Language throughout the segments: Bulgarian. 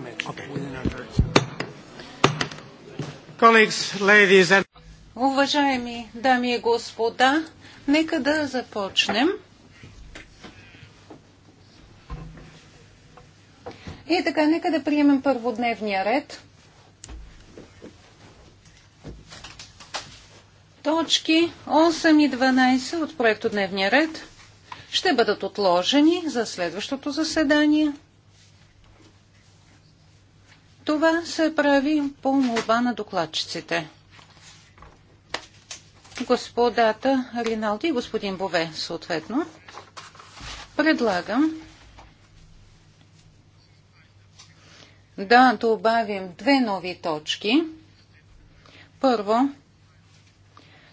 Okay. Уважаеми дами и господа, нека да започнем. И така, нека да приемем първодневния ред. Точки 8 и 12 от проекто дневния ред ще бъдат отложени за следващото заседание – това се прави по молба на докладчиците. Господата Риналди и господин Бове, съответно, предлагам да добавим две нови точки. Първо,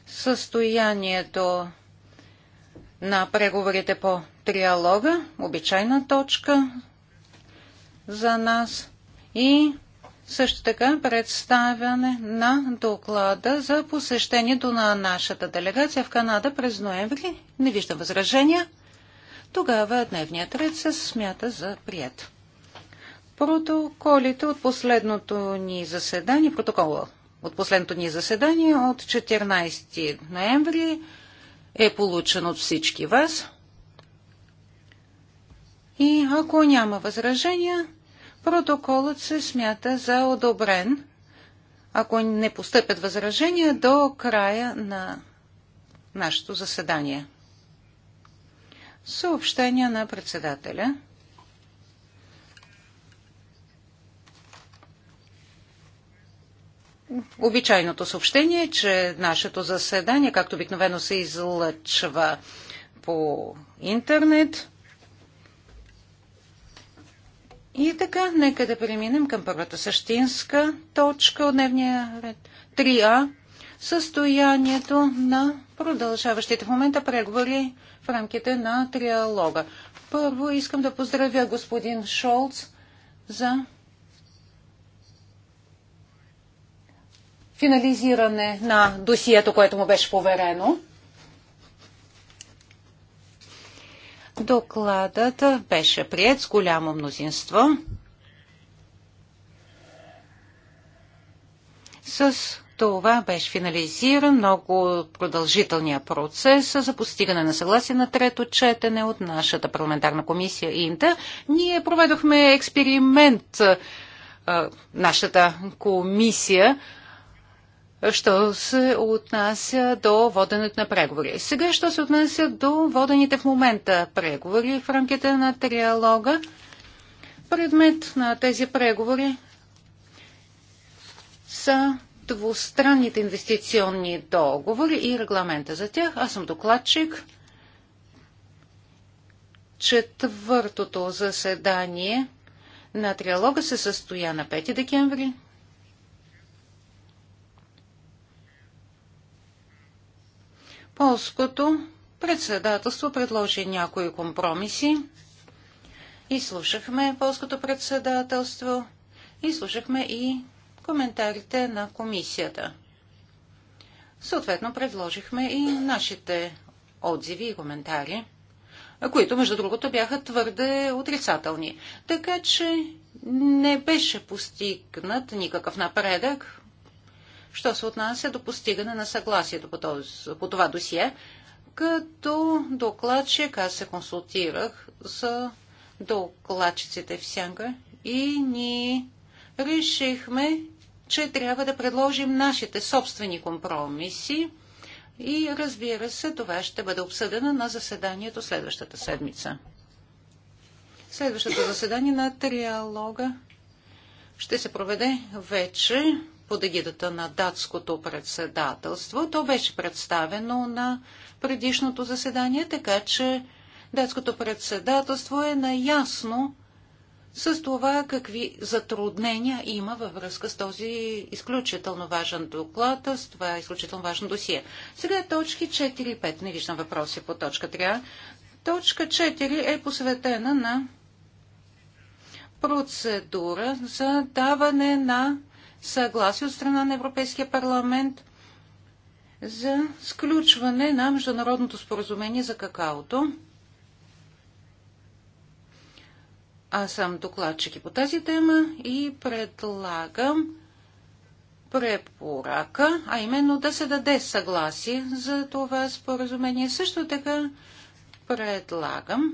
състоянието на преговорите по триалога, обичайна точка за нас и също така представяне на доклада за посещението на нашата делегация в Канада през ноември. Не вижда възражения. Тогава дневният ред се смята за прият. Протоколите от последното ни заседание, протокола от последното ни заседание от 14 ноември е получен от всички вас. И ако няма възражения, протоколът се смята за одобрен, ако не постъпят възражения до края на нашето заседание. Съобщения на председателя. Обичайното съобщение е, че нашето заседание, както обикновено се излъчва по интернет, и така, нека да преминем към първата същинска точка от дневния ред. 3А. Състоянието на продължаващите в момента преговори в рамките на триалога. Първо искам да поздравя господин Шолц за финализиране на досието, което му беше поверено. Докладът беше прият с голямо мнозинство. С това беше финализиран много продължителния процес за постигане на съгласие на трето четене от нашата парламентарна комисия Инта. Ние проведохме експеримент нашата комисия що се отнася до воденето на преговори. Сега, що се отнася до водените в момента преговори в рамките на триалога, предмет на тези преговори са двустранните инвестиционни договори и регламента за тях. Аз съм докладчик. Четвъртото заседание на триалога се състоя на 5 декември Полското председателство предложи някои компромиси. И слушахме полското председателство, и слушахме и коментарите на комисията. Съответно, предложихме и нашите отзиви и коментари, които, между другото, бяха твърде отрицателни. Така че не беше постигнат никакъв напредък що се отнася до постигане на съгласието по, този, по това досие. Като докладчик аз се консултирах с докладчиците в Сянга и ние решихме, че трябва да предложим нашите собствени компромиси и разбира се, това ще бъде обсъдено на заседанието следващата седмица. Следващото заседание на триалога ще се проведе вече под егидата на датското председателство. То беше представено на предишното заседание, така че датското председателство е наясно с това какви затруднения има във връзка с този изключително важен доклад, с това изключително важно досие. Сега е точки 4 и 5. Не виждам въпроси по точка 3. Точка 4 е посветена на процедура за даване на съгласие от страна на Европейския парламент за сключване на международното споразумение за какаото. Аз съм докладчик и по тази тема и предлагам препоръка, а именно да се даде съгласие за това споразумение. Също така предлагам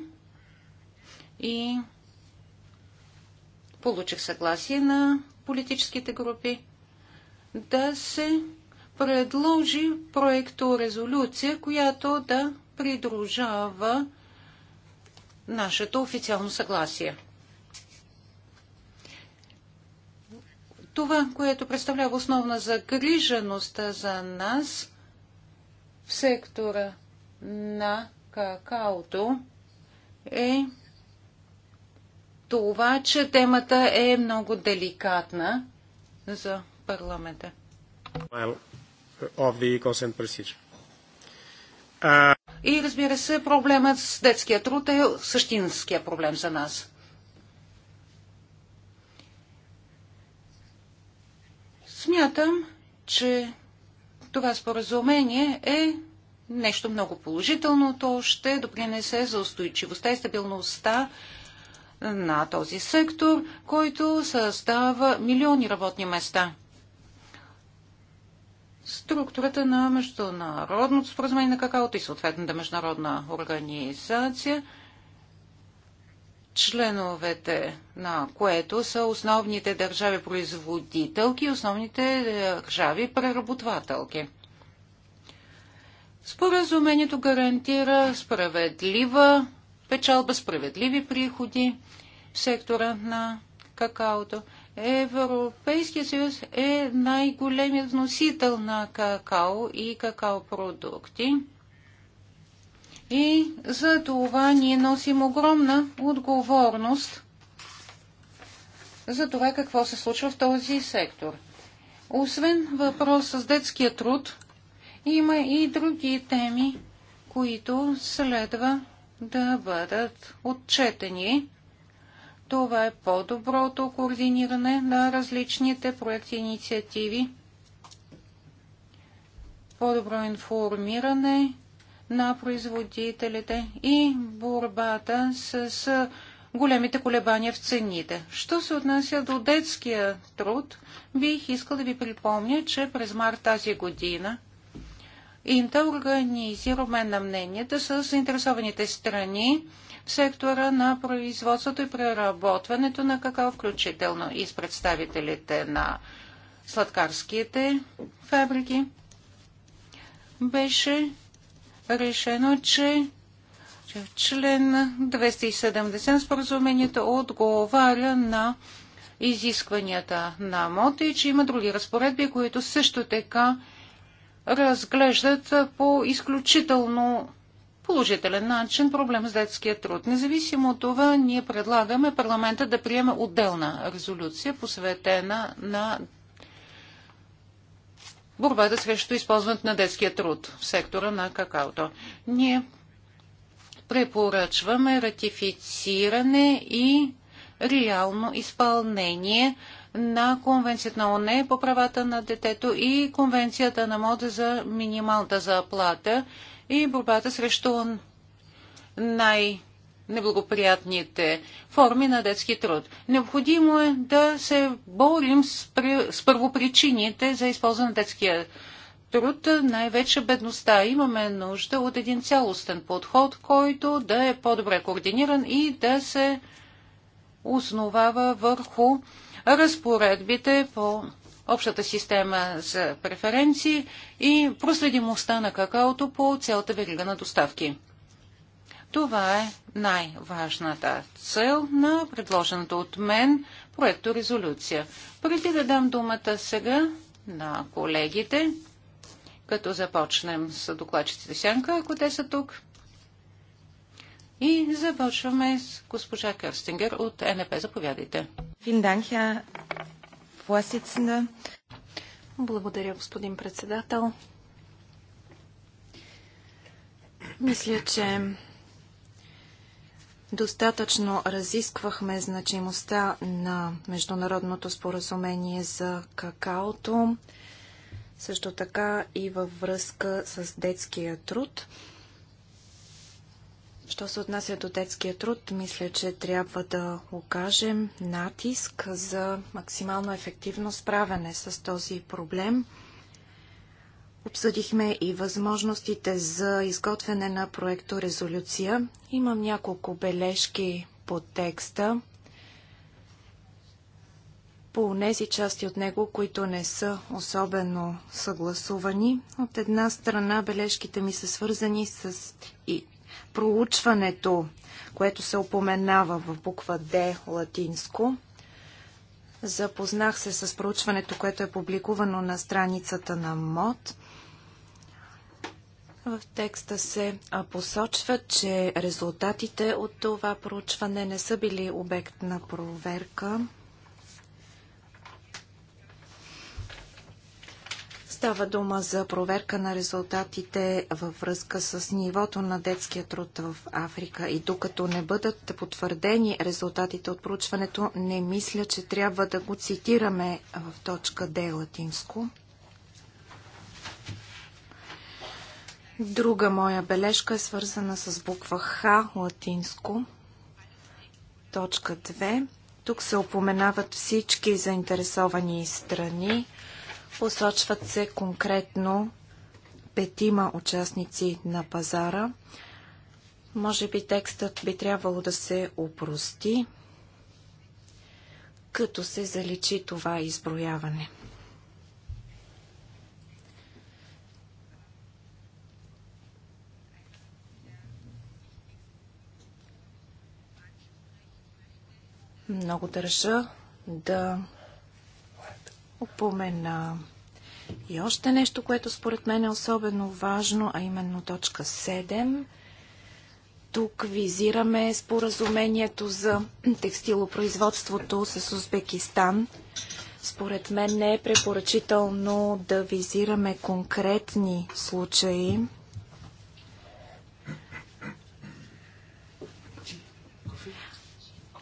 и получих съгласие на политическите групи да се предложи проекто резолюция, която да придружава нашето официално съгласие. Това, което представлява основна загриженост за нас в сектора на какаото е това, че темата е много деликатна за парламента. И разбира се, проблемът с детския труд е същинския проблем за нас. Смятам, че това споразумение е нещо много положително. То ще допринесе за устойчивостта и стабилността на този сектор, който създава милиони работни места. Структурата на Международното споразумение на какаото и съответната международна организация, членовете на което са основните държави производителки и основните е, държави преработвателки. Споразумението гарантира справедлива печалба, справедливи приходи в сектора на какаото. Европейския съюз е най-големият вносител на какао и какао продукти. И за това ние носим огромна отговорност за това какво се случва в този сектор. Освен въпрос с детския труд, има и други теми, които следва да бъдат отчетени. Това е по-доброто координиране на различните проекти и инициативи, по-добро информиране на производителите и борбата с големите колебания в цените. Що се отнася до детския труд, бих искал да ви припомня, че през март тази година – Инта организираме на мненията с заинтересованите страни в сектора на производството и преработването на какао, включително и с представителите на сладкарските фабрики. Беше решено, че член 270 на споразумението отговаря на изискванията на МОТ и че има други разпоредби, които също така разглеждат по изключително положителен начин проблем с детския труд. Независимо от това, ние предлагаме парламента да приеме отделна резолюция, посветена на борбата срещу използването на детския труд в сектора на какаото. Ние препоръчваме ратифициране и реално изпълнение на Конвенцията на ОНЕ по правата на детето и Конвенцията на мода за минималната заплата и борбата срещу най- неблагоприятните форми на детски труд. Необходимо е да се борим с първопричините за използване на детския труд, най-вече бедността. Имаме нужда от един цялостен подход, който да е по-добре координиран и да се основава върху разпоредбите по общата система за преференции и проследимостта на какаото по цялата верига на доставки. Това е най-важната цел на предложената от мен проекто резолюция. Преди да дам думата сега на колегите, като започнем с докладчиците Сянка, ако те са тук. И започваме с госпожа Кърстингер от НП. Заповядайте. Благодаря, господин председател. Мисля, че достатъчно разисквахме значимостта на Международното споразумение за какаото, също така и във връзка с детския труд. Що се отнася до детския труд, мисля, че трябва да окажем натиск за максимално ефективно справяне с този проблем. Обсъдихме и възможностите за изготвяне на проекто резолюция. Имам няколко бележки по текста. По тези части от него, които не са особено съгласувани. От една страна бележките ми са свързани с и проучването, което се упоменава в буква Д латинско. Запознах се с проучването, което е публикувано на страницата на МОД. В текста се посочва, че резултатите от това проучване не са били обект на проверка. Става дума за проверка на резултатите във връзка с нивото на детския труд в Африка. И докато не бъдат потвърдени резултатите от проучването, не мисля, че трябва да го цитираме в точка Д латинско. Друга моя бележка е свързана с буква Х латинско. Точка 2. Тук се опоменават всички заинтересовани страни Посочват се конкретно петима участници на пазара. Може би текстът би трябвало да се опрости, като се заличи това изброяване. Много държа да упомена и още нещо, което според мен е особено важно, а именно точка 7. Тук визираме споразумението за текстилопроизводството с Узбекистан. Според мен не е препоръчително да визираме конкретни случаи,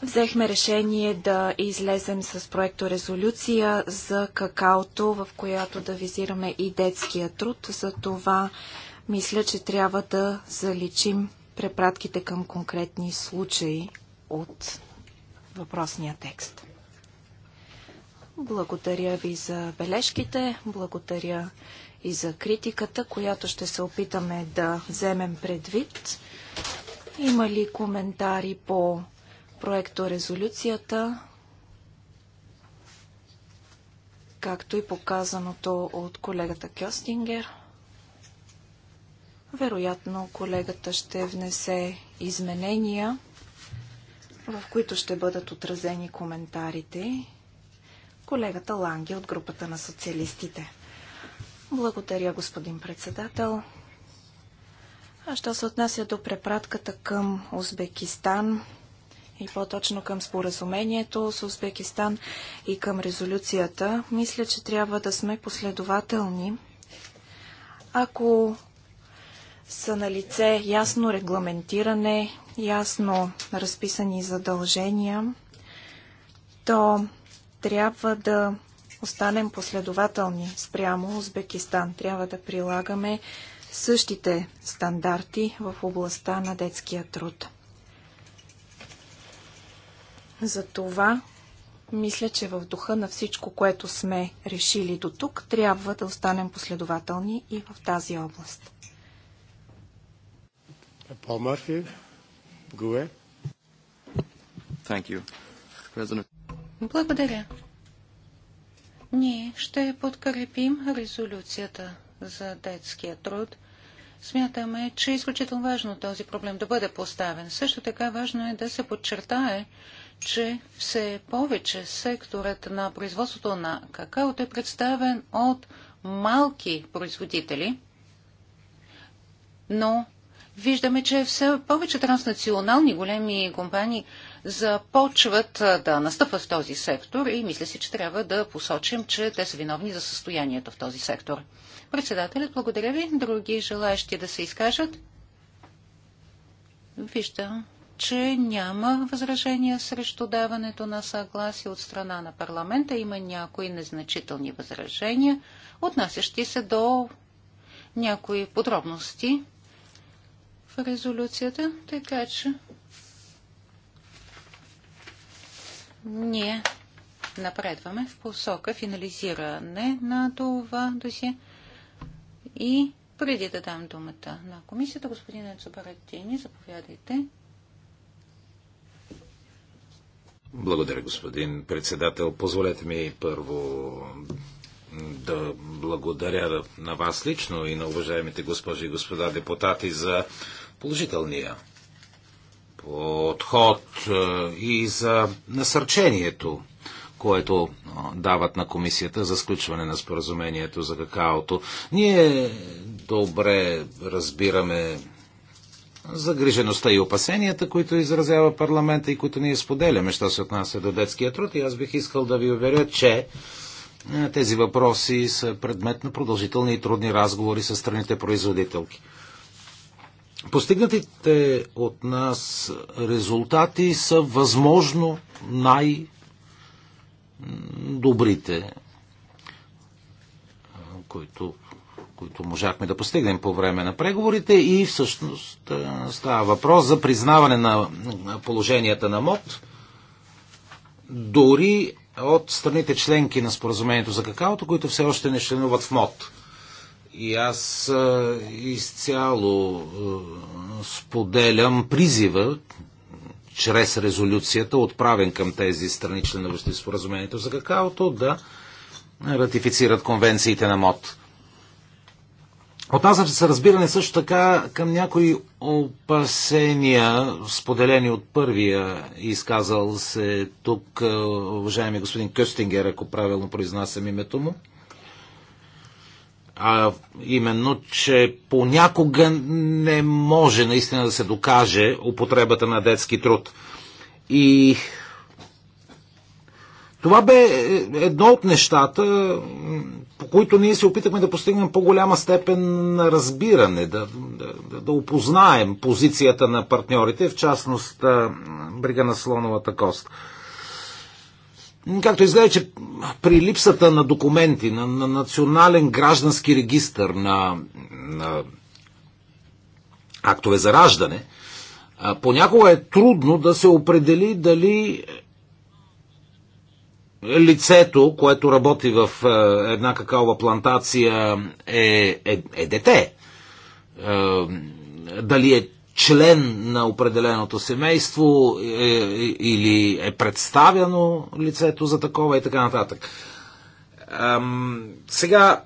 Взехме решение да излезем с проекто резолюция за какаото, в която да визираме и детския труд. За това мисля, че трябва да заличим препратките към конкретни случаи от въпросния текст. Благодаря ви за бележките, благодаря и за критиката, която ще се опитаме да вземем предвид. Има ли коментари по проекто резолюцията, както и показаното от колегата Кьостингер. Вероятно, колегата ще внесе изменения, в които ще бъдат отразени коментарите. Колегата Ланги от групата на социалистите. Благодаря, господин председател. А що се отнася до препратката към Узбекистан, и по-точно към споразумението с Узбекистан и към резолюцията, мисля, че трябва да сме последователни. Ако са на лице ясно регламентиране, ясно разписани задължения, то трябва да останем последователни спрямо Узбекистан. Трябва да прилагаме същите стандарти в областта на детския труд. За това, мисля, че в духа на всичко, което сме решили до тук, трябва да останем последователни и в тази област. Пол Благодаря. Ние ще подкрепим резолюцията за детския труд. Смятаме, че е изключително важно този проблем да бъде поставен. Също така важно е да се подчертае, че все повече секторът на производството на какаото е представен от малки производители, но виждаме, че все повече транснационални големи компании започват да настъпват в този сектор и мисля си, че трябва да посочим, че те са виновни за състоянието в този сектор. Председателят, благодаря ви. Други желаящи да се изкажат? Виждам, че няма възражения срещу даването на съгласие от страна на парламента. Има някои незначителни възражения, отнасящи се до някои подробности в резолюцията, така че ние напредваме в посока финализиране на това досие. И преди да дам думата на комисията, господин Ецо Баратини, заповядайте. Благодаря, господин председател. Позволете ми първо да благодаря на вас лично и на уважаемите госпожи и господа депутати за положителния подход е, и за насърчението, което е, дават на комисията за сключване на споразумението за какаото. Ние добре разбираме загрижеността и опасенията, които изразява парламента и които ние споделяме, що се отнася до детския труд. И аз бих искал да ви уверя, че е, тези въпроси са предмет на продължителни и трудни разговори с страните производителки. Постигнатите от нас резултати са възможно най-добрите, които които можахме да постигнем по време на преговорите и всъщност става въпрос за признаване на положенията на МОД дори от страните членки на споразумението за какаото, които все още не членуват в МОД. И аз изцяло споделям призива чрез резолюцията, отправен към тези страни членуващи в споразумението за какаото, да ратифицират конвенциите на МОД. Отнасям се разбиране също така към някои опасения, споделени от първия изказал се тук, е, уважаеми господин Къстингер, ако правилно произнасям името му. А именно, че понякога не може наистина да се докаже употребата на детски труд. И това бе е, едно от нещата, по които ние се опитахме да постигнем по-голяма степен на разбиране, да, да, да опознаем позицията на партньорите, в частност Брига на Слоновата кост. Както изглежда, че при липсата на документи, на, на национален граждански регистр, на, на актове за раждане, понякога е трудно да се определи дали лицето, което работи в е, една какаова плантация, е, е, е дете. Е, дали е член на определеното семейство е, или е представено лицето за такова и така нататък. сега,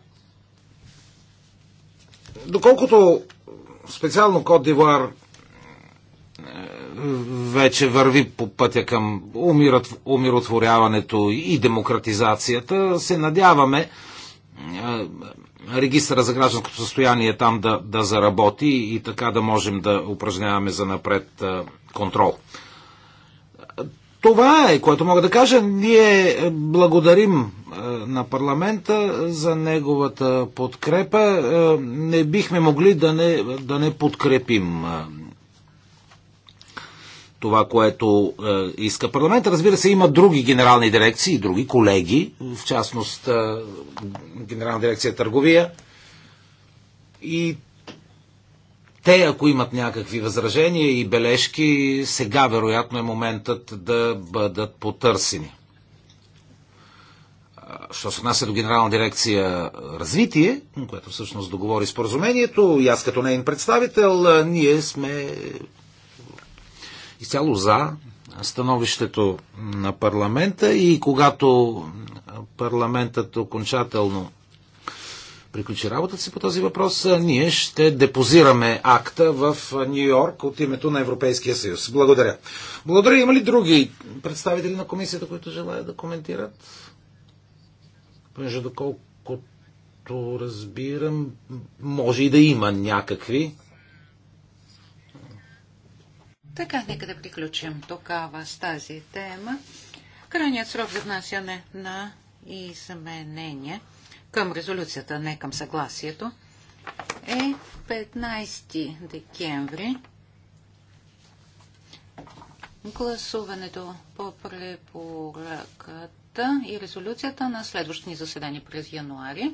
доколкото специално Кот Дивуар вече върви по пътя към умиротворяването и демократизацията. Се надяваме е, регистъра за гражданското състояние там да, да заработи и така да можем да упражняваме за напред е, контрол. Това е, което мога да кажа. Ние благодарим е, на парламента за неговата подкрепа. Не бихме могли да не, да не подкрепим това, което е, иска парламента. Разбира се, има други генерални дирекции и други колеги, в частност е, Генерална дирекция търговия. И те, ако имат някакви възражения и бележки, сега вероятно е моментът да бъдат потърсени. Що се отнася до Генерална дирекция е, развитие, което всъщност договори споразумението, и аз като нейн представител, е, ние сме изцяло за становището на парламента и когато парламентът окончателно приключи работата си по този въпрос, ние ще депозираме акта в Нью Йорк от името на Европейския съюз. Благодаря. Благодаря. Има ли други представители на комисията, които желаят да коментират? Понеже доколкото разбирам, може и да има някакви. Така, нека да приключим тогава с тази тема. Крайният срок за внасяне на изменение към резолюцията, не към съгласието, е 15 декември. Гласуването по препоръката и резолюцията на следващото ни заседание през януари.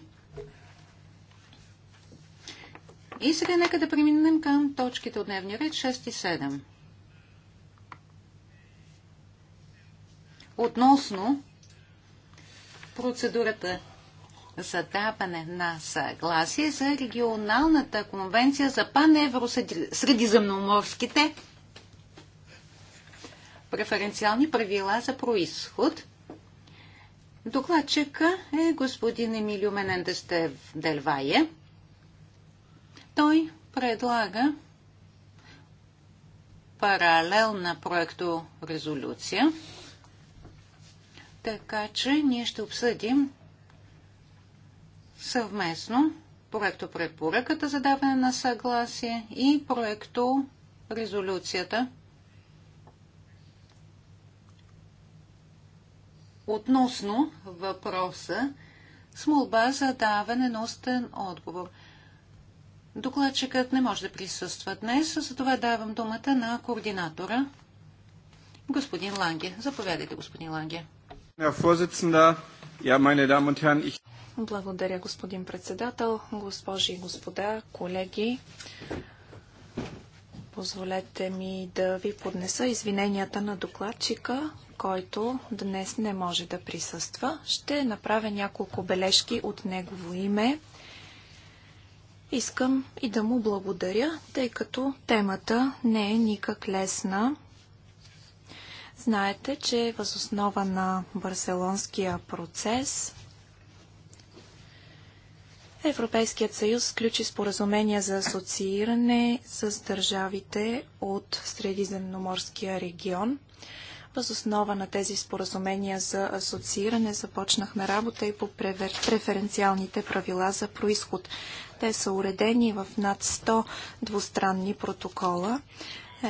И сега нека да преминем към точките от дневния ред 6 и 7. относно процедурата за даване на съгласие за регионалната конвенция за паневросредиземноморските преференциални правила за происход. Докладчика е господин Емилио Менендестев Делвае. Той предлага паралелна проекто резолюция. Така че ние ще обсъдим съвместно проекто препоръката за даване на съгласие и проекто резолюцията относно въпроса с молба за даване на устен отговор. Докладчикът не може да присъства днес, затова давам думата на координатора господин Ланге. Заповядайте, господин Ланге. Благодаря, господин председател, госпожи и господа, колеги. Позволете ми да ви поднеса извиненията на докладчика, който днес не може да присъства. Ще направя няколко бележки от негово име. Искам и да му благодаря, тъй като темата не е никак лесна. Знаете, че възоснова на Барселонския процес Европейският съюз включи споразумения за асоцииране с държавите от Средиземноморския регион. Въз основа на тези споразумения за асоцииране започнахме работа и по преференциалните правила за происход. Те са уредени в над 100 двустранни протокола.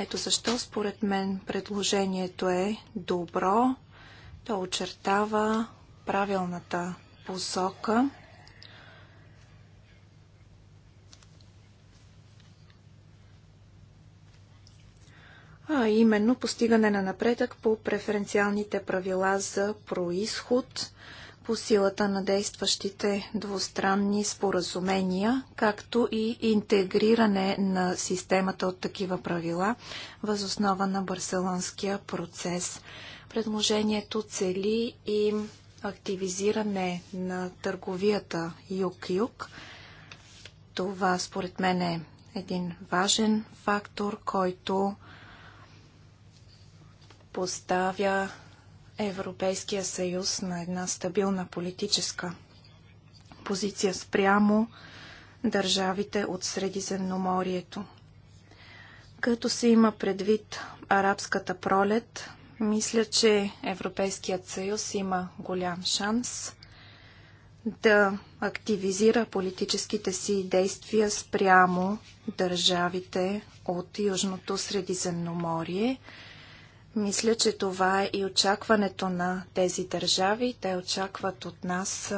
Ето защо според мен предложението е добро. То очертава правилната посока. а именно постигане на напредък по преференциалните правила за происход, по силата на действащите двустранни споразумения, както и интегриране на системата от такива правила възоснова на барселонския процес. Предложението цели и активизиране на търговията юг-юг. Това според мен е един важен фактор, който поставя Европейския съюз на една стабилна политическа позиция спрямо държавите от Средиземноморието. Като се има предвид арабската пролет, мисля, че Европейският съюз има голям шанс да активизира политическите си действия спрямо държавите от Южното Средиземноморие – мисля, че това е и очакването на тези държави. Те очакват от нас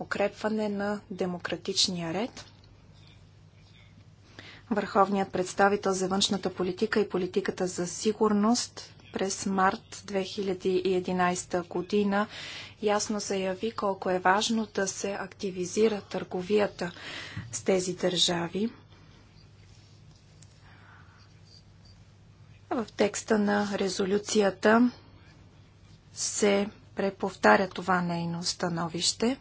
укрепване на демократичния ред. Върховният представител за външната политика и политиката за сигурност през март 2011 година ясно заяви колко е важно да се активизира търговията с тези държави. В текста на резолюцията се преповтаря това нейно становище.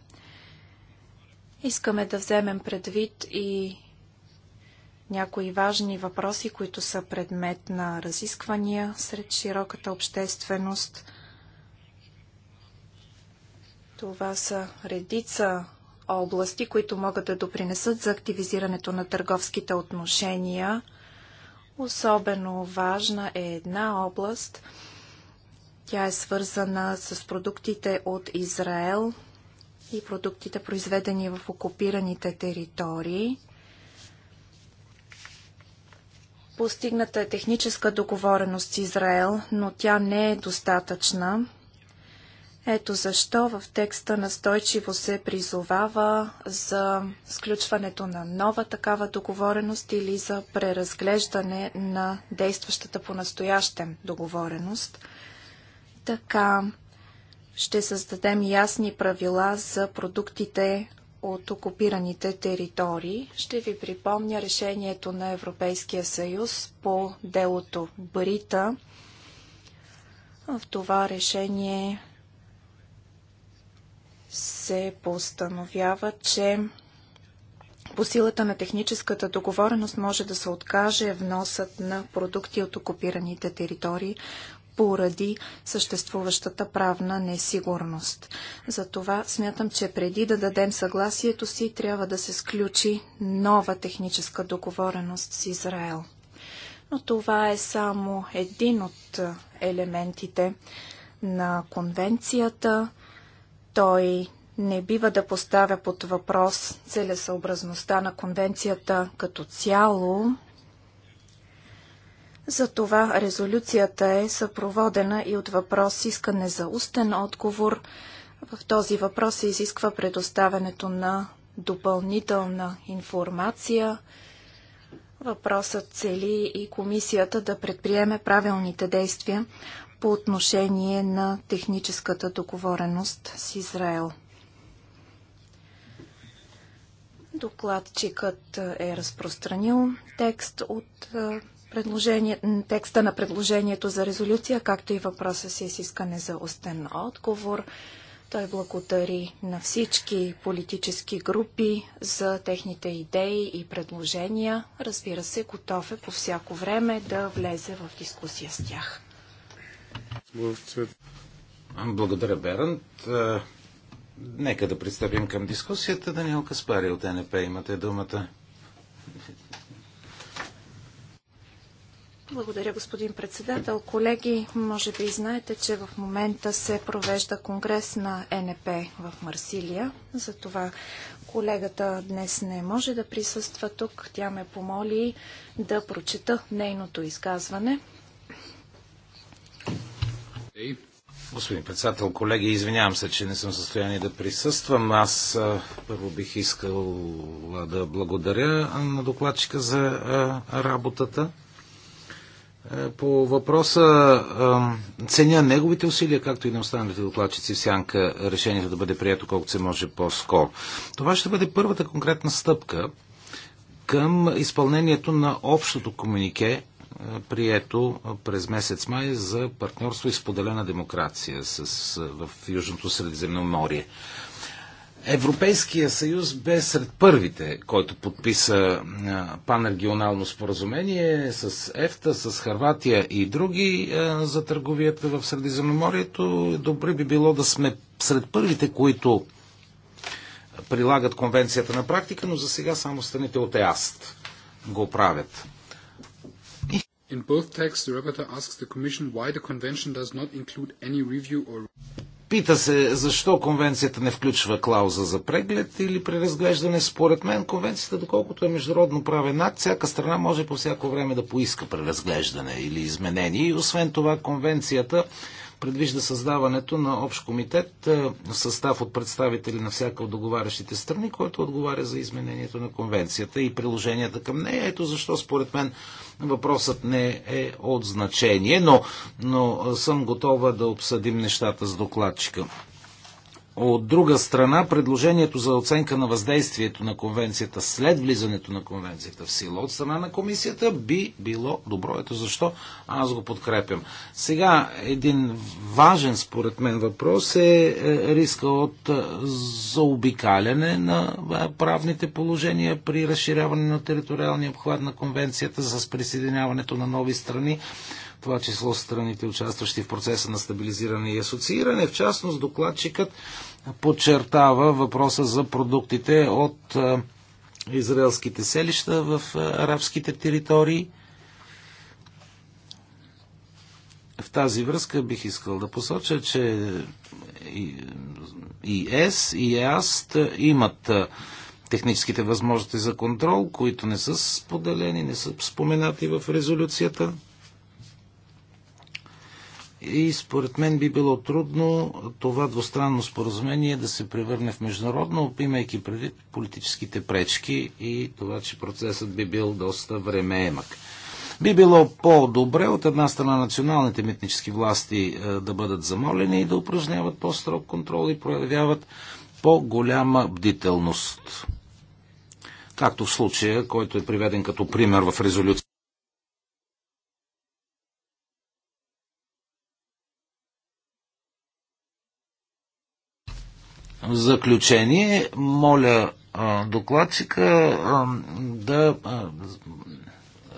Искаме да вземем предвид и някои важни въпроси, които са предмет на разисквания сред широката общественост. Това са редица области, които могат да допринесат за активизирането на търговските отношения – Особено важна е една област. Тя е свързана с продуктите от Израел и продуктите, произведени в окупираните територии. Постигната е техническа договореност с Израел, но тя не е достатъчна. Ето защо в текста настойчиво се призовава за сключването на нова такава договореност или за преразглеждане на действащата по настоящем договореност. Така ще създадем ясни правила за продуктите от окупираните територии. Ще ви припомня решението на Европейския съюз по делото Брита. В това решение се постановява, че по силата на техническата договореност може да се откаже вносът на продукти от окупираните територии поради съществуващата правна несигурност. Затова смятам, че преди да дадем съгласието си, трябва да се сключи нова техническа договореност с Израел. Но това е само един от елементите на конвенцията. Той не бива да поставя под въпрос целесъобразността на конвенцията като цяло. Затова резолюцията е съпроводена и от въпрос искане за устен отговор. В този въпрос се изисква предоставянето на допълнителна информация. Въпросът цели и комисията да предприеме правилните действия по отношение на техническата договореност с Израел. Докладчикът е, е разпространил текст от е, предложение, текста на предложението за резолюция, както и въпроса си с искане за устен отговор. Той благодари на всички политически групи за техните идеи и предложения. Разбира се, готов е по всяко време да влезе в дискусия с тях. Благодаря, Берант. Е, нека да пристъпим към дискусията. Даниел Каспари от НП имате думата. Благодаря, господин председател. Колеги, може би знаете, че в момента се провежда конгрес на НП в Марсилия. Затова колегата днес не може да присъства тук. Тя ме помоли да прочета нейното изказване. Господин председател, колеги, извинявам се, че не съм в състояние да присъствам. Аз първо бих искал да благодаря на докладчика за работата. По въпроса ценя неговите усилия, както и на останалите докладчици в сянка, решението да бъде прието колкото се може по-скоро. Това ще бъде първата конкретна стъпка към изпълнението на общото комунике прието през месец май за партньорство и споделена демокрация с, в Южното Средиземноморие. Европейския съюз бе сред първите, който подписа панрегионално споразумение с ЕФТА, с Харватия и други за търговията в Средиземноморието. Добре би било да сме сред първите, които прилагат конвенцията на практика, но за сега само страните от ЕАСТ го правят. In both texts, the rapporteur asks the Commission why the convention does not include any review or... Пита се, защо конвенцията не включва клауза за преглед или преразглеждане. Според мен конвенцията, доколкото е международно правен акт, всяка страна може по всяко време да поиска преразглеждане или изменение. И освен това, конвенцията предвижда създаването на общ комитет е, в състав от представители на всяка от договарящите страни, който отговаря за изменението на конвенцията и приложенията към нея. Ето защо, според мен, въпросът не е от значение, но, но съм готова да обсъдим нещата с докладчика. От друга страна, предложението за оценка на въздействието на конвенцията след влизането на конвенцията в сила от страна на комисията би било добро. Ето защо аз го подкрепям. Сега един важен според мен въпрос е, е риска от е, заобикаляне на е, правните положения при разширяване на териториалния обхват на конвенцията с присъединяването на нови страни това число страните, участващи в процеса на стабилизиране и асоцииране. В частност, докладчикът подчертава въпроса за продуктите от израелските селища в арабските територии. В тази връзка бих искал да посоча, че и ЕС, и ЕАСТ имат техническите възможности за контрол, които не са споделени, не са споменати в резолюцията и според мен би било трудно това двустранно споразумение да се превърне в международно, имайки предвид политическите пречки и това, че процесът би бил доста времеемък. Би било по-добре от една страна националните митнически власти е, да бъдат замолени и да упражняват по-строг контрол и проявяват по-голяма бдителност. Както в случая, който е приведен като пример в резолюцията. заключение, моля докладчика да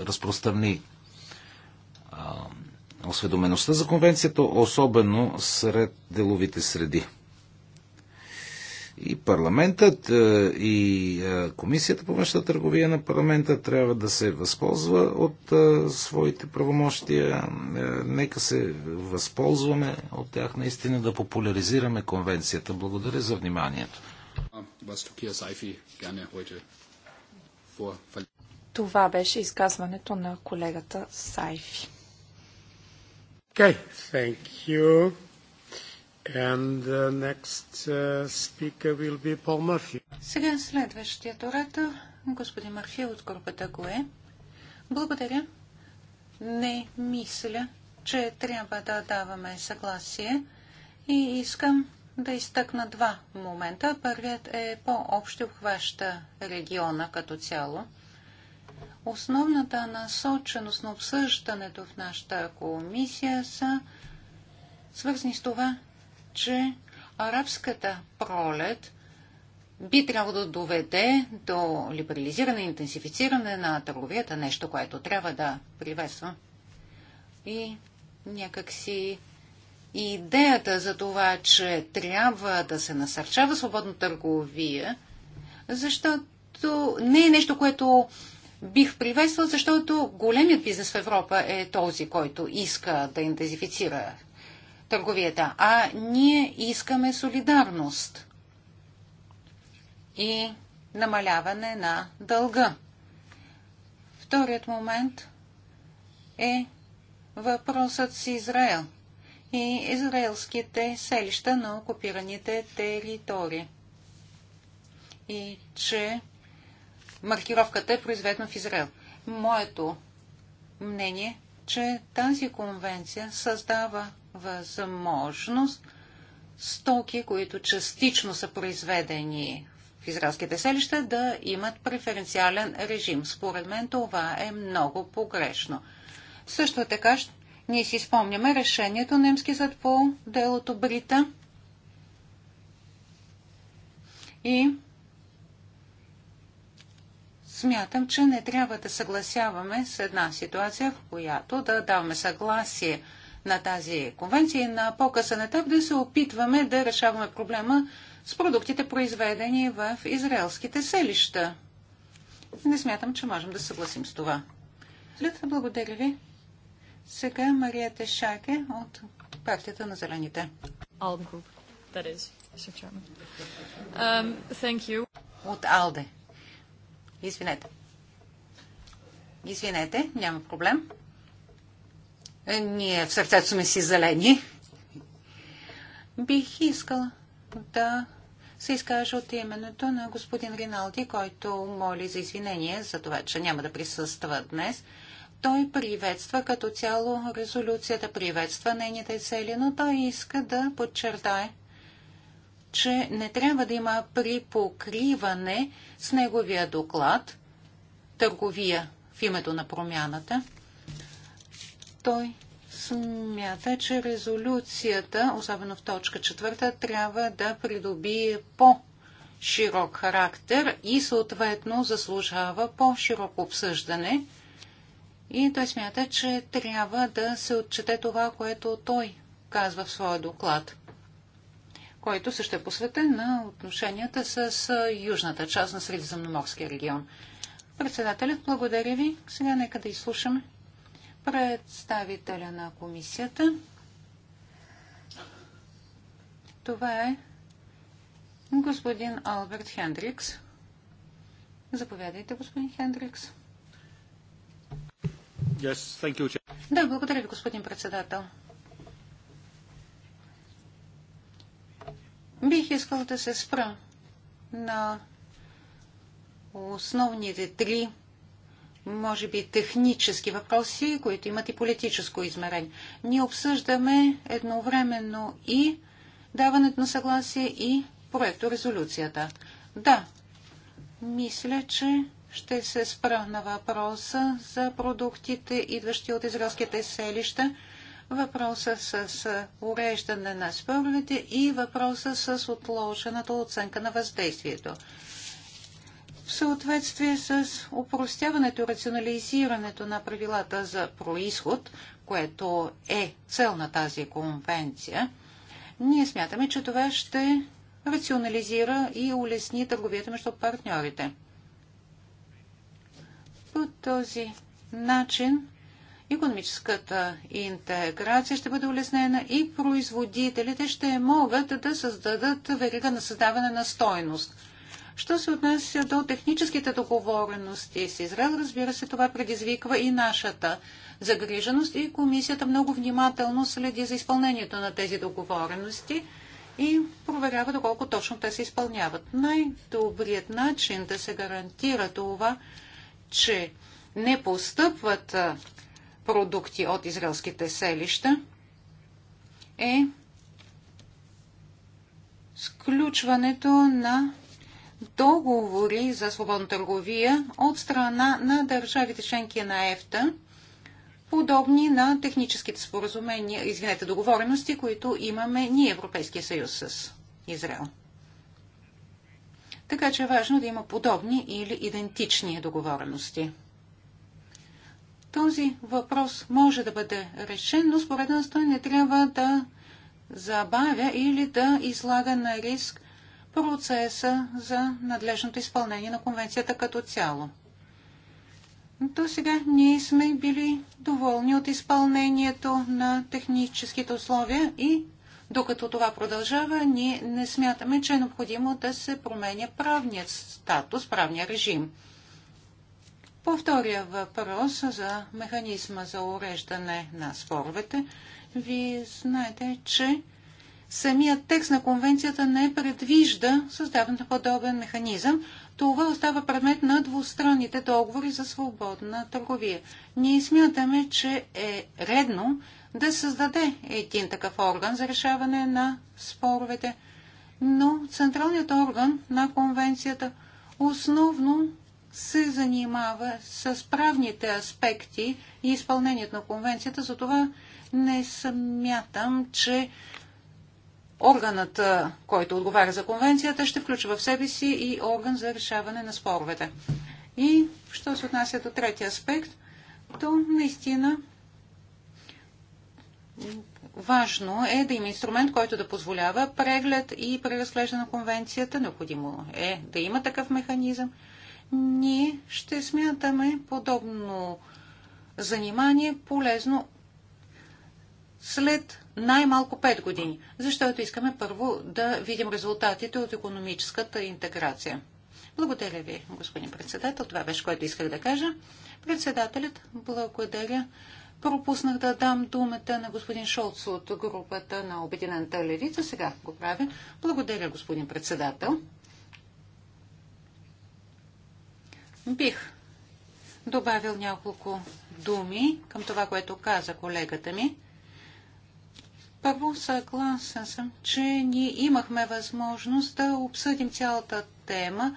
разпространи осведомеността за конвенцията, особено сред деловите среди. И парламентът, е, и е, комисията по външна търговия на парламента трябва да се възползва от е, своите правомощия. Нека се възползваме от тях наистина да популяризираме конвенцията. Благодаря за вниманието. Това беше изказването на колегата Сайфи. Okay, thank you. And the uh, next uh, speaker will be Paul Murphy. Сега следващият оратор, господин Мърфи от групата ГОЕ. Благодаря. Не мисля, че трябва да даваме съгласие и искам да изтъкна два момента. Първият е по-общо обхваща региона като цяло. Основната насоченост на обсъждането в нашата комисия са свързани с това, че арабската пролет би трябвало да доведе до либерализиране и интенсифициране на търговията, нещо, което трябва да привесва. И някакси идеята за това, че трябва да се насърчава свободна търговия, защото не е нещо, което бих привествал, защото големият бизнес в Европа е този, който иска да интензифицира търговията, а ние искаме солидарност и намаляване на дълга. Вторият момент е въпросът с Израел и израелските селища на окупираните територии. И че маркировката е произведена в Израел. Моето мнение, че тази конвенция създава възможност стоки, които частично са произведени в израелските селища, да имат преференциален режим. Според мен това е много погрешно. Също така, ние си спомняме решението немски съд по делото Брита и смятам, че не трябва да съгласяваме с една ситуация, в която да даваме съгласие – на тази конвенция и на по-късен етап да се опитваме да решаваме проблема с продуктите, произведени в израелските селища. Не смятам, че можем да съгласим с това. След благодаря ви. Сега Мария Тешаке от партията на зелените. Um, от Алде. Извинете. Извинете, няма проблем. Е, ние в сърцето сме си зелени. Бих искала да се изкажа от името на господин Риналди, който моли за извинение за това, че няма да присъства днес. Той приветства като цяло резолюцията, приветства нейните цели, но той иска да подчертае, че не трябва да има припокриване с неговия доклад търговия в името на промяната той смята, че резолюцията, особено в точка четвърта, трябва да придобие по-широк характер и съответно заслужава по-широко обсъждане. И той смята, че трябва да се отчете това, което той казва в своя доклад, който също е посветен на отношенията с южната част на Средиземноморския регион. Председателят, благодаря ви. Сега нека да изслушаме представителя на комисията. Това е господин Алберт Хендрикс. Заповядайте, господин Хендрикс. Yes, thank you. Да, благодаря ви, господин председател. Бих искал да се спра на основните три може би, технически въпроси, които имат и политическо измерение. Ние обсъждаме едновременно и даването на съгласие и проекто резолюцията. Да, мисля, че ще се спра на въпроса за продуктите, идващи от израелските селища, въпроса с уреждане на споровете и въпроса с отложената оценка на въздействието в съответствие с упростяването и рационализирането на правилата за происход, което е цел на тази конвенция, ние смятаме, че това ще рационализира и улесни търговията между партньорите. По този начин економическата интеграция ще бъде улеснена и производителите ще могат да създадат верига на създаване на стойност – Що се отнася до техническите договорености с Израел, разбира се, това предизвиква и нашата загриженост и комисията много внимателно следи за изпълнението на тези договорености и проверява доколко точно те се изпълняват. Най-добрият начин да се гарантира това, че не постъпват продукти от израелските селища, е сключването на договори за свободна търговия от страна на държавите членки на ЕФТА, подобни на техническите споразумения, извинете, договорености, които имаме ние, Европейския съюз с Израел. Така че е важно да има подобни или идентични договорености. Този въпрос може да бъде решен, но според нас той не трябва да забавя или да излага на риск процеса за надлежното изпълнение на конвенцията като цяло. До сега ние сме били доволни от изпълнението на техническите условия и докато това продължава, ние не смятаме, че е необходимо да се променя правният статус, правния режим. По втория въпрос за механизма за уреждане на споровете, вие знаете, че самият текст на конвенцията не предвижда създаден подобен механизъм. Това остава предмет на двустранните договори за свободна търговия. Ние смятаме, че е редно да създаде един такъв орган за решаване на споровете, но Централният орган на конвенцията основно се занимава с правните аспекти и изпълнението на конвенцията, затова не смятам, че органът, който отговаря за конвенцията, ще включва в себе си и орган за решаване на споровете. И, що се отнася до третия аспект, то наистина важно е да има инструмент, който да позволява преглед и преразглеждане на конвенцията. Необходимо е да има такъв механизъм. Ние ще смятаме подобно занимание полезно след най-малко 5 години, защото искаме първо да видим резултатите от економическата интеграция. Благодаря ви, господин председател. Това беше, което исках да кажа. Председателят, благодаря. Пропуснах да дам думата на господин Шолц от групата на Обединената левица. Сега го правя. Благодаря, господин председател. Бих добавил няколко думи към това, което каза колегата ми. Първо, съгласен съм, че ние имахме възможност да обсъдим цялата тема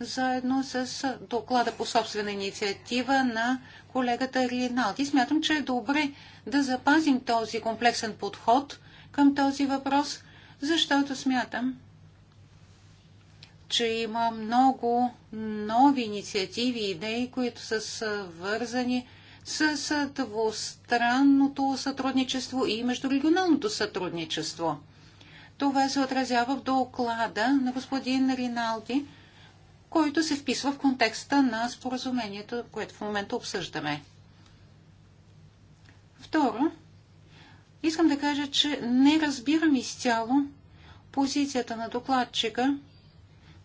заедно с доклада по собствена инициатива на колегата Риналди. Смятам, че е добре да запазим този комплексен подход към този въпрос, защото смятам, че има много нови инициативи и идеи, които са свързани с двустранното сътрудничество и междурегионалното сътрудничество. Това се отразява в доклада на господин Риналди, който се вписва в контекста на споразумението, което в момента обсъждаме. Второ, искам да кажа, че не разбирам изцяло позицията на докладчика,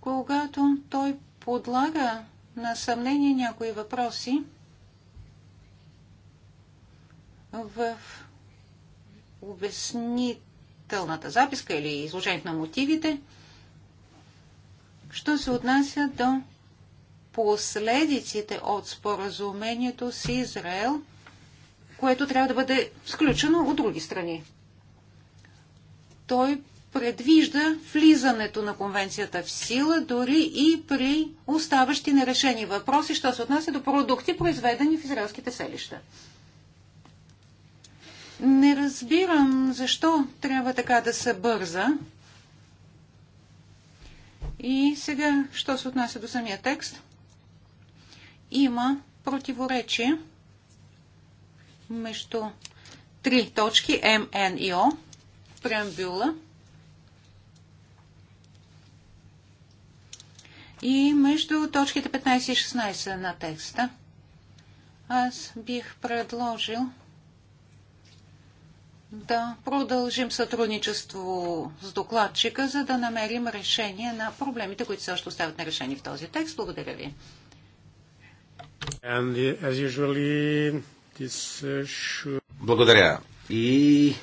когато той подлага на съмнение някои въпроси, в обяснителната записка или изложението на мотивите, що се отнася до последиците от споразумението с Израел, което трябва да бъде сключено от други страни. Той предвижда влизането на конвенцията в сила дори и при оставащи нерешени въпроси, що се отнася до продукти, произведени в израелските селища. Не разбирам защо трябва така да се бърза. И сега, що се отнася до самия текст, има противоречие между три точки М, Н и О, преамбюла и между точките 15 и 16 на текста. Аз бих предложил да продължим сътрудничество с докладчика, за да намерим решение на проблемите, които също остават нерешени в този текст. Благодаря ви. Usually, uh, should... Благодаря. И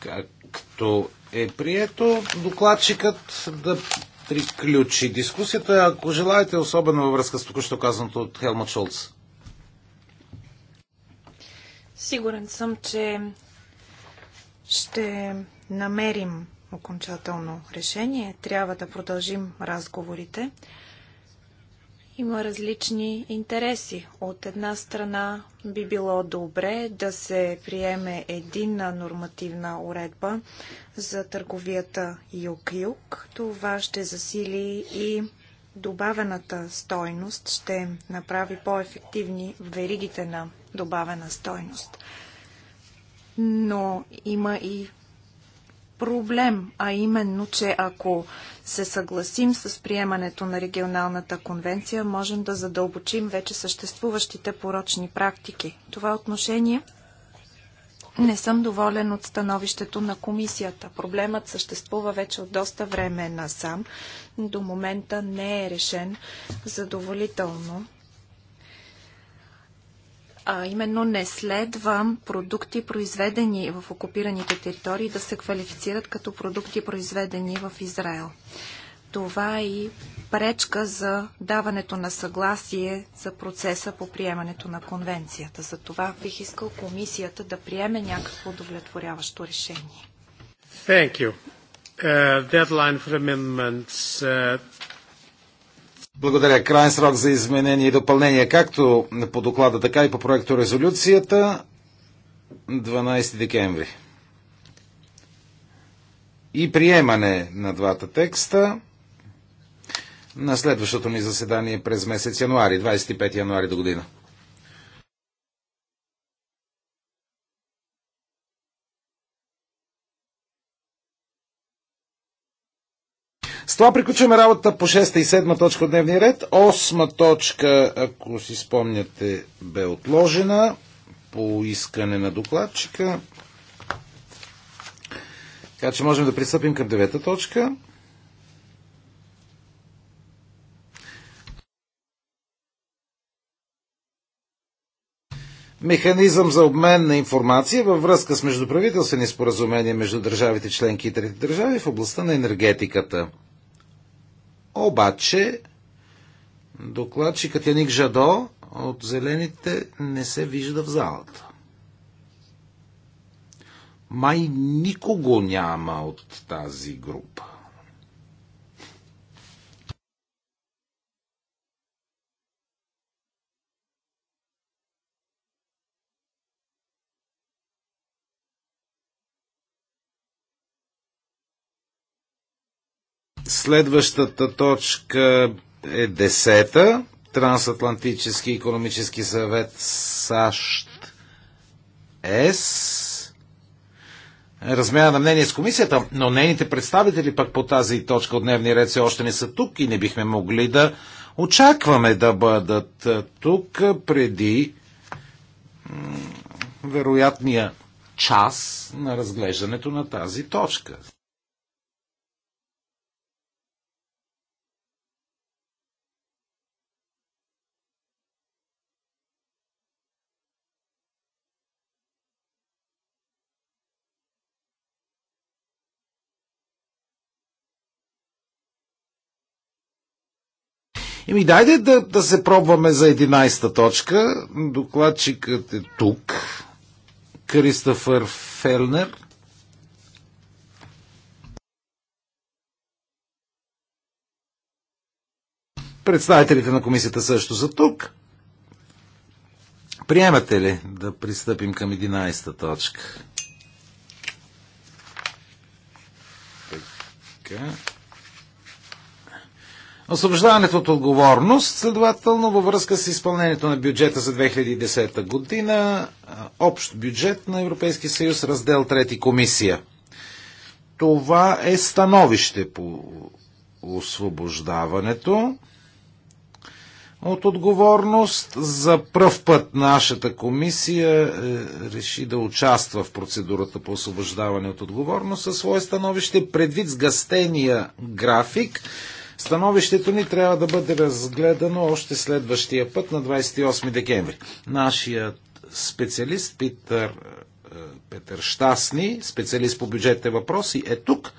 както е прието, докладчикът да приключи дискусията. Ако желаете, особено във връзка с току-що казаното от Хелма Шолц. Сигурен съм, че ще намерим окончателно решение. Трябва да продължим разговорите. Има различни интереси. От една страна би било добре да се приеме единна нормативна уредба за търговията юг-юг. Това ще засили и добавената стойност, ще направи по-ефективни веригите на добавена стойност. Но има и проблем, а именно, че ако се съгласим с приемането на регионалната конвенция, можем да задълбочим вече съществуващите порочни практики. Това отношение не съм доволен от становището на комисията. Проблемът съществува вече от доста време насам. До момента не е решен задоволително а именно не следва продукти, произведени в окупираните територии, да се квалифицират като продукти, произведени в Израел. Това е и пречка за даването на съгласие за процеса по приемането на конвенцията. За това бих искал комисията да приеме някакво удовлетворяващо решение. Thank you. Uh, deadline for amendments uh, благодаря. Крайен срок за изменение и допълнение, както по доклада, така и по проекто резолюцията 12 декември. И приемане на двата текста на следващото ми заседание през месец януари, 25 януари до година. това приключваме работата по 6 и 7 точка от дневния ред. 8 точка, ако си спомняте, бе отложена по искане на докладчика. Така че можем да пристъпим към девета точка. Механизъм за обмен на информация във връзка с междуправителствени споразумения между държавите членки и трети държави в областта на енергетиката. Обаче, докладчикът Яник Жадо от Зелените не се вижда в залата. Май никого няма от тази група. Следващата точка е десета. Трансатлантически економически съвет САЩ ЕС. Размяна на мнение с комисията, но нейните представители пък по тази точка от дневни ред все още не са тук и не бихме могли да очакваме да бъдат тук преди вероятния час на разглеждането на тази точка. Еми, дайде да, да се пробваме за 11-та точка. Докладчикът е тук. Кристофър Фелнер. Представителите на комисията също са тук. Приемате ли да пристъпим към 11-та точка? Така. Освобождаването от отговорност, следователно във връзка с изпълнението на бюджета за 2010 година, общ бюджет на Европейския съюз, раздел 3 комисия. Това е становище по освобождаването от отговорност. За пръв път нашата комисия е, реши да участва в процедурата по освобождаване от отговорност със свое становище предвид сгъстения график Становището ни трябва да бъде разгледано още следващия път на 28 декември. Нашият специалист Питър, е, Петър Штасни, специалист по бюджетните въпроси, е тук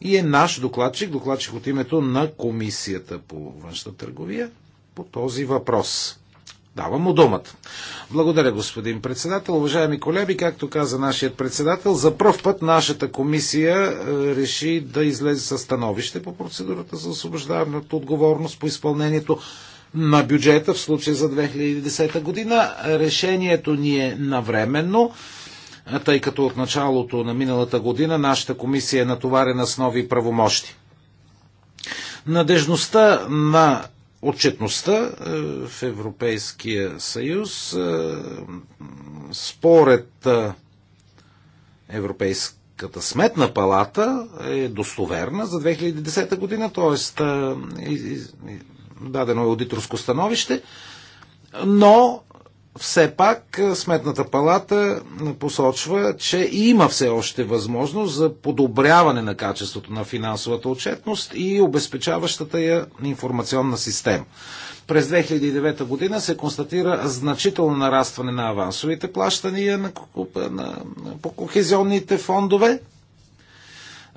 и е наш докладчик, докладчик от името на Комисията по външна търговия по този въпрос. Давам му думата. Благодаря, господин председател. Уважаеми колеги, както каза нашият председател, за първ път нашата комисия е, реши да излезе със становище по процедурата за освобождаване от отговорност по изпълнението на бюджета, в случая за 2010 година. Решението ни е навременно е, тъй като от началото на миналата година нашата комисия е натоварена с нови правомощи. Надежността на отчетността е, в Европейския съюз е, според е, Европейската сметна палата е достоверна за 2010 година, т.е. дадено е аудиторско становище, но все пак е, Сметната палата посочва, че има все още възможност за подобряване на качеството на финансовата отчетност и обезпечаващата я информационна система. През 2009 година се констатира значително нарастване на авансовите плащания на, на, на, по кохезионните фондове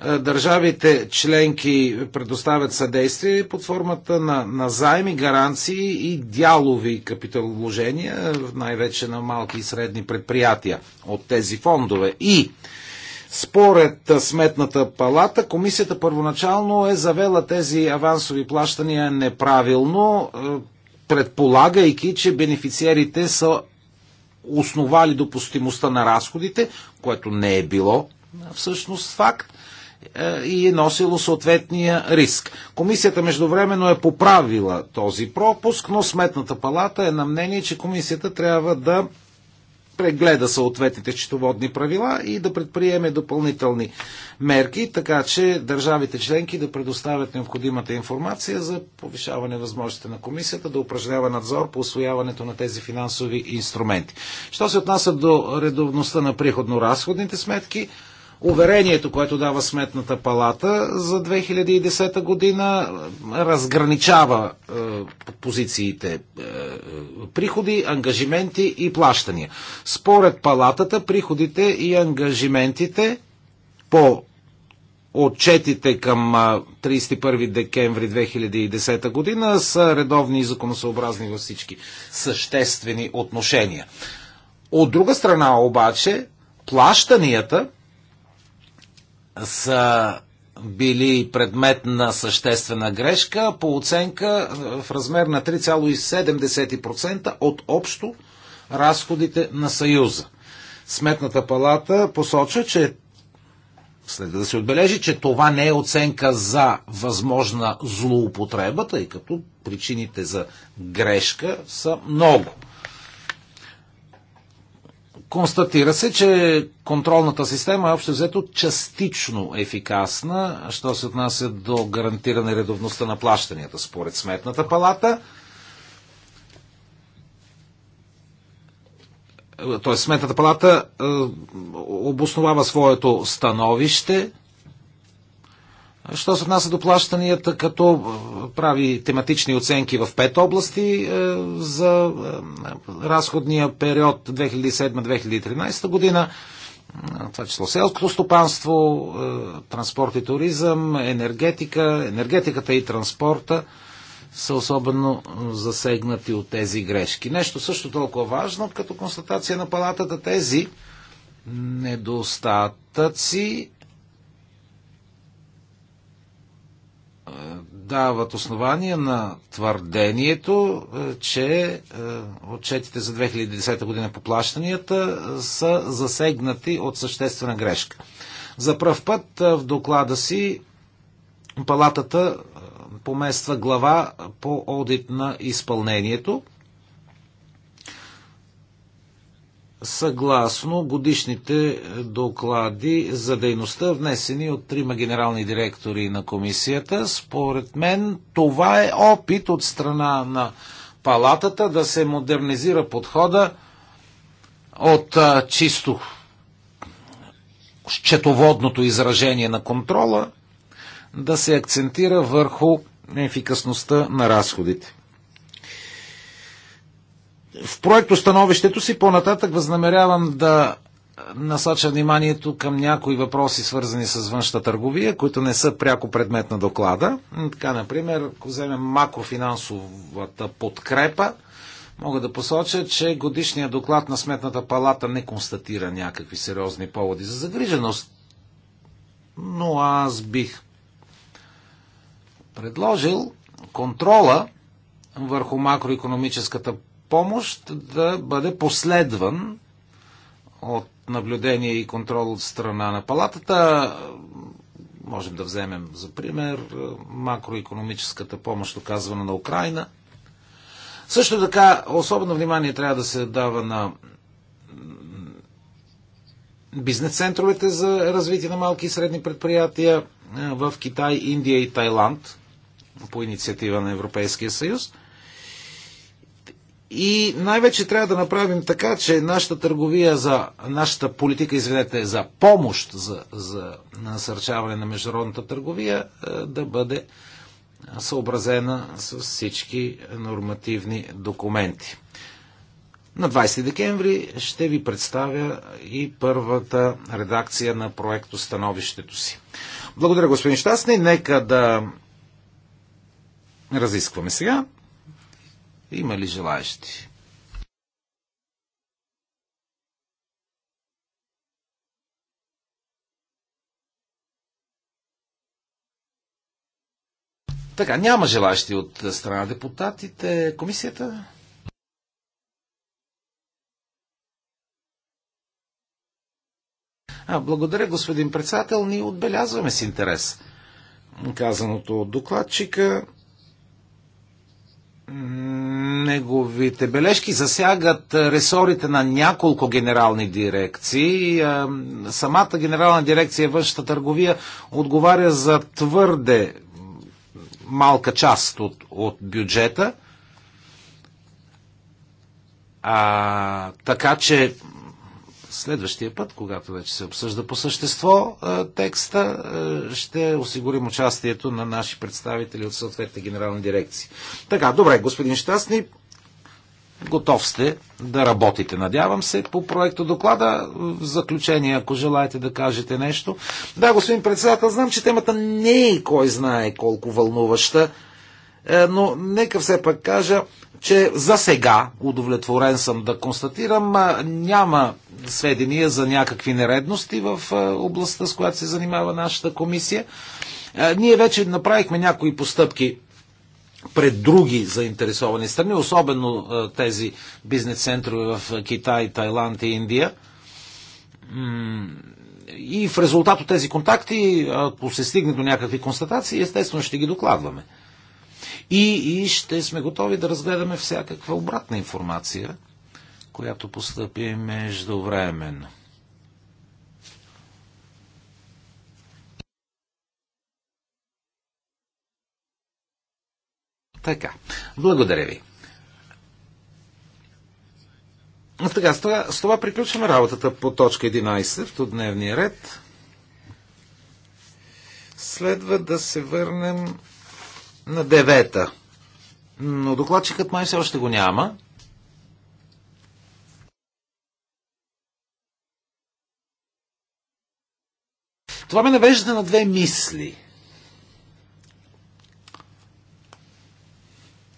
е, държавите членки предоставят съдействие под формата на, на заеми, гаранции и дялови капиталовложения, най-вече на малки и средни предприятия от тези фондове. И според Сметната палата, комисията първоначално е завела тези авансови плащания неправилно, е, предполагайки, че бенефициерите са основали допустимостта на разходите, което не е било всъщност факт е, и е носило съответния риск. Комисията междувременно е поправила този пропуск, но Сметната палата е на мнение, че комисията трябва да прегледа съответните счетоводни правила и да предприеме допълнителни мерки, така че държавите членки да предоставят необходимата информация за повишаване възможностите на комисията да упражнява надзор по освояването на тези финансови инструменти. Що се отнася до редовността на приходно-разходните сметки, уверението, което дава Сметната палата за 2010 година, разграничава е, позициите е, приходи, ангажименти и плащания. Според палатата, приходите и ангажиментите по отчетите към 31 е, декември 2010 година са редовни и законосъобразни във всички съществени отношения. От друга страна обаче, плащанията са били предмет на съществена грешка по оценка в размер на 3,7% от общо разходите на Съюза. Сметната палата посоча, че следва да се отбележи, че това не е оценка за възможна злоупотреба, тъй като причините за грешка са много. Констатира се, че контролната система е общо взето частично ефикасна, що се отнася до гарантиране редовността на плащанията според Сметната палата. Т.е. Сметната палата е, обосновава своето становище Що се отнася до плащанията, като е, прави тематични оценки в пет области е, за е, разходния период 2007-2013 година, това число селското стопанство, транспорт и туризъм, енергетика, енергетиката и транспорта са особено засегнати от тези грешки. Нещо също толкова важно, като констатация на палатата тези недостатъци Е, дават основания на твърдението, е, че е, отчетите за 2010 година по плащанията са засегнати от съществена грешка. За пръв път в доклада си палатата помества глава по одит на изпълнението, съгласно годишните доклади за дейността, внесени от трима генерални директори на комисията. Според мен това е опит от страна на палатата да се модернизира подхода от а, чисто счетоводното изражение на контрола, да се акцентира върху ефикасността на разходите. В проекто становището си по-нататък възнамерявам да насоча вниманието към някои въпроси, свързани с външната търговия, които не са пряко предмет на доклада. Така, например, ако вземем макрофинансовата подкрепа, мога да посоча, че годишният доклад на Сметната палата не констатира някакви сериозни поводи за загриженост, но аз бих предложил контрола върху макроекономическата помощ да бъде последван от наблюдение и контрол от страна на палатата. Можем да вземем за пример макроекономическата помощ, оказвана на Украина. Също така, особено внимание трябва да се дава на бизнес центровете за развитие на малки и средни предприятия в Китай, Индия и Тайланд по инициатива на Европейския съюз. И най-вече трябва да направим така, че нашата търговия за, нашата политика, извинете, за помощ за, за насърчаване на международната търговия е, да бъде съобразена с всички нормативни документи. На 20 декември ще ви представя и първата редакция на проекто становището си. Благодаря, господин Щастни. Нека да разискваме сега. Има ли желаящи? Така, няма желащи от страна депутатите. Комисията? А, благодаря, господин председател. Ние отбелязваме с интерес казаното от докладчика. Неговите бележки засягат ресорите на няколко генерални дирекции. Е, самата генерална дирекция външната търговия отговаря за твърде малка част от, от бюджета. А, така че следващия път, когато вече се обсъжда по същество текста, ще осигурим участието на наши представители от съответните генерални дирекции. Така, добре, господин Щастни, готов сте да работите, надявам се, по проекто доклада. В заключение, ако желаете да кажете нещо. Да, господин председател, знам, че темата не е кой знае колко вълнуваща, е, но нека все пак кажа, че за сега, удовлетворен съм да констатирам, няма сведения за някакви нередности в областта, с която се занимава нашата комисия. Ние вече направихме някои постъпки пред други заинтересовани страни, особено тези бизнес центрове в Китай, Тайланд и Индия. И в резултат от тези контакти, ако се стигне до някакви констатации, естествено ще ги докладваме. И, и ще сме готови да разгледаме всякаква обратна информация, която постъпи междувременно. Така. Благодаря ви. Така, с това, с това приключваме работата по точка 11 от дневния ред. Следва да се върнем на девета. Но докладчикът май все още го няма. Това ме навежда на две мисли.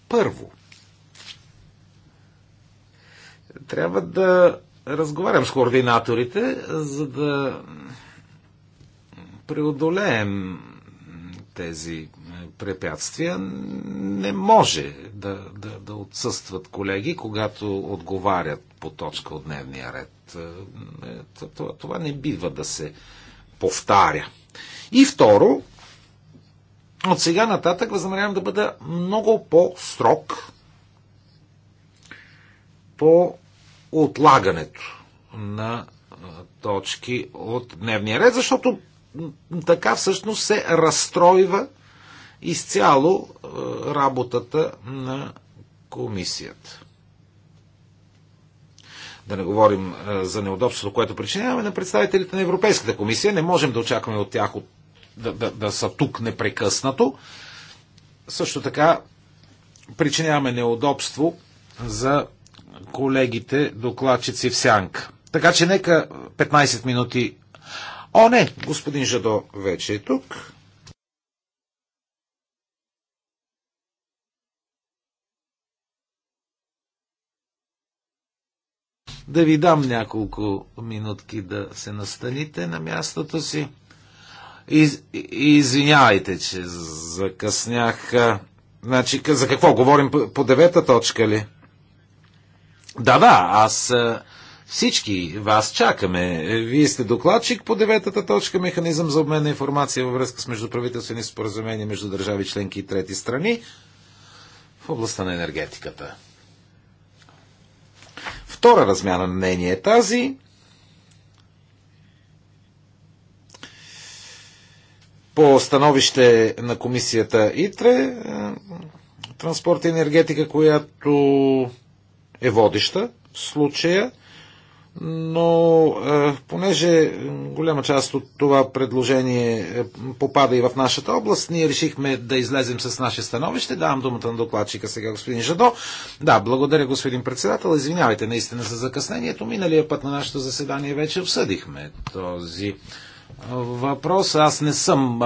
Първо, трябва да разговарям с координаторите, за да преодолеем тези препятствия. Не може да, да, да отсъстват колеги, когато отговарят по точка от дневния ред. Е, е, това, това не бива да се повтаря. И второ, от сега нататък възнамерявам да бъда много по-строг по отлагането на е, точки от дневния ред, защото така всъщност се разстройва изцяло е, работата на комисията. Да не говорим е, за неудобството, което причиняваме на представителите на Европейската комисия. Не можем да очакваме от тях от, да, да, да са тук непрекъснато. Също така причиняваме неудобство за колегите докладчици в сянка. Така че нека 15 минути. О, не, господин Жадо вече е тук. Да ви дам няколко минутки да се настаните на мястото си. Из, извинявайте, че закъснях. Значи, за какво говорим по девета точка ли? Да, да, аз всички вас чакаме. Вие сте докладчик по деветата точка механизъм за обмен на информация във връзка с междуправителствени споразумения между държави членки и трети страни в областта на енергетиката. Втора размяна на мнение е тази. По становище на комисията ИТРЕ, е, транспорт и енергетика, която е водеща в случая – но е, понеже голяма част от това предложение е, попада и в нашата област, ние решихме да излезем с наше становище. Давам думата на докладчика сега, господин Жадо. Да, благодаря, господин председател. Извинявайте наистина за закъснението. Миналия път на нашето заседание вече обсъдихме този е, въпрос. Аз не съм,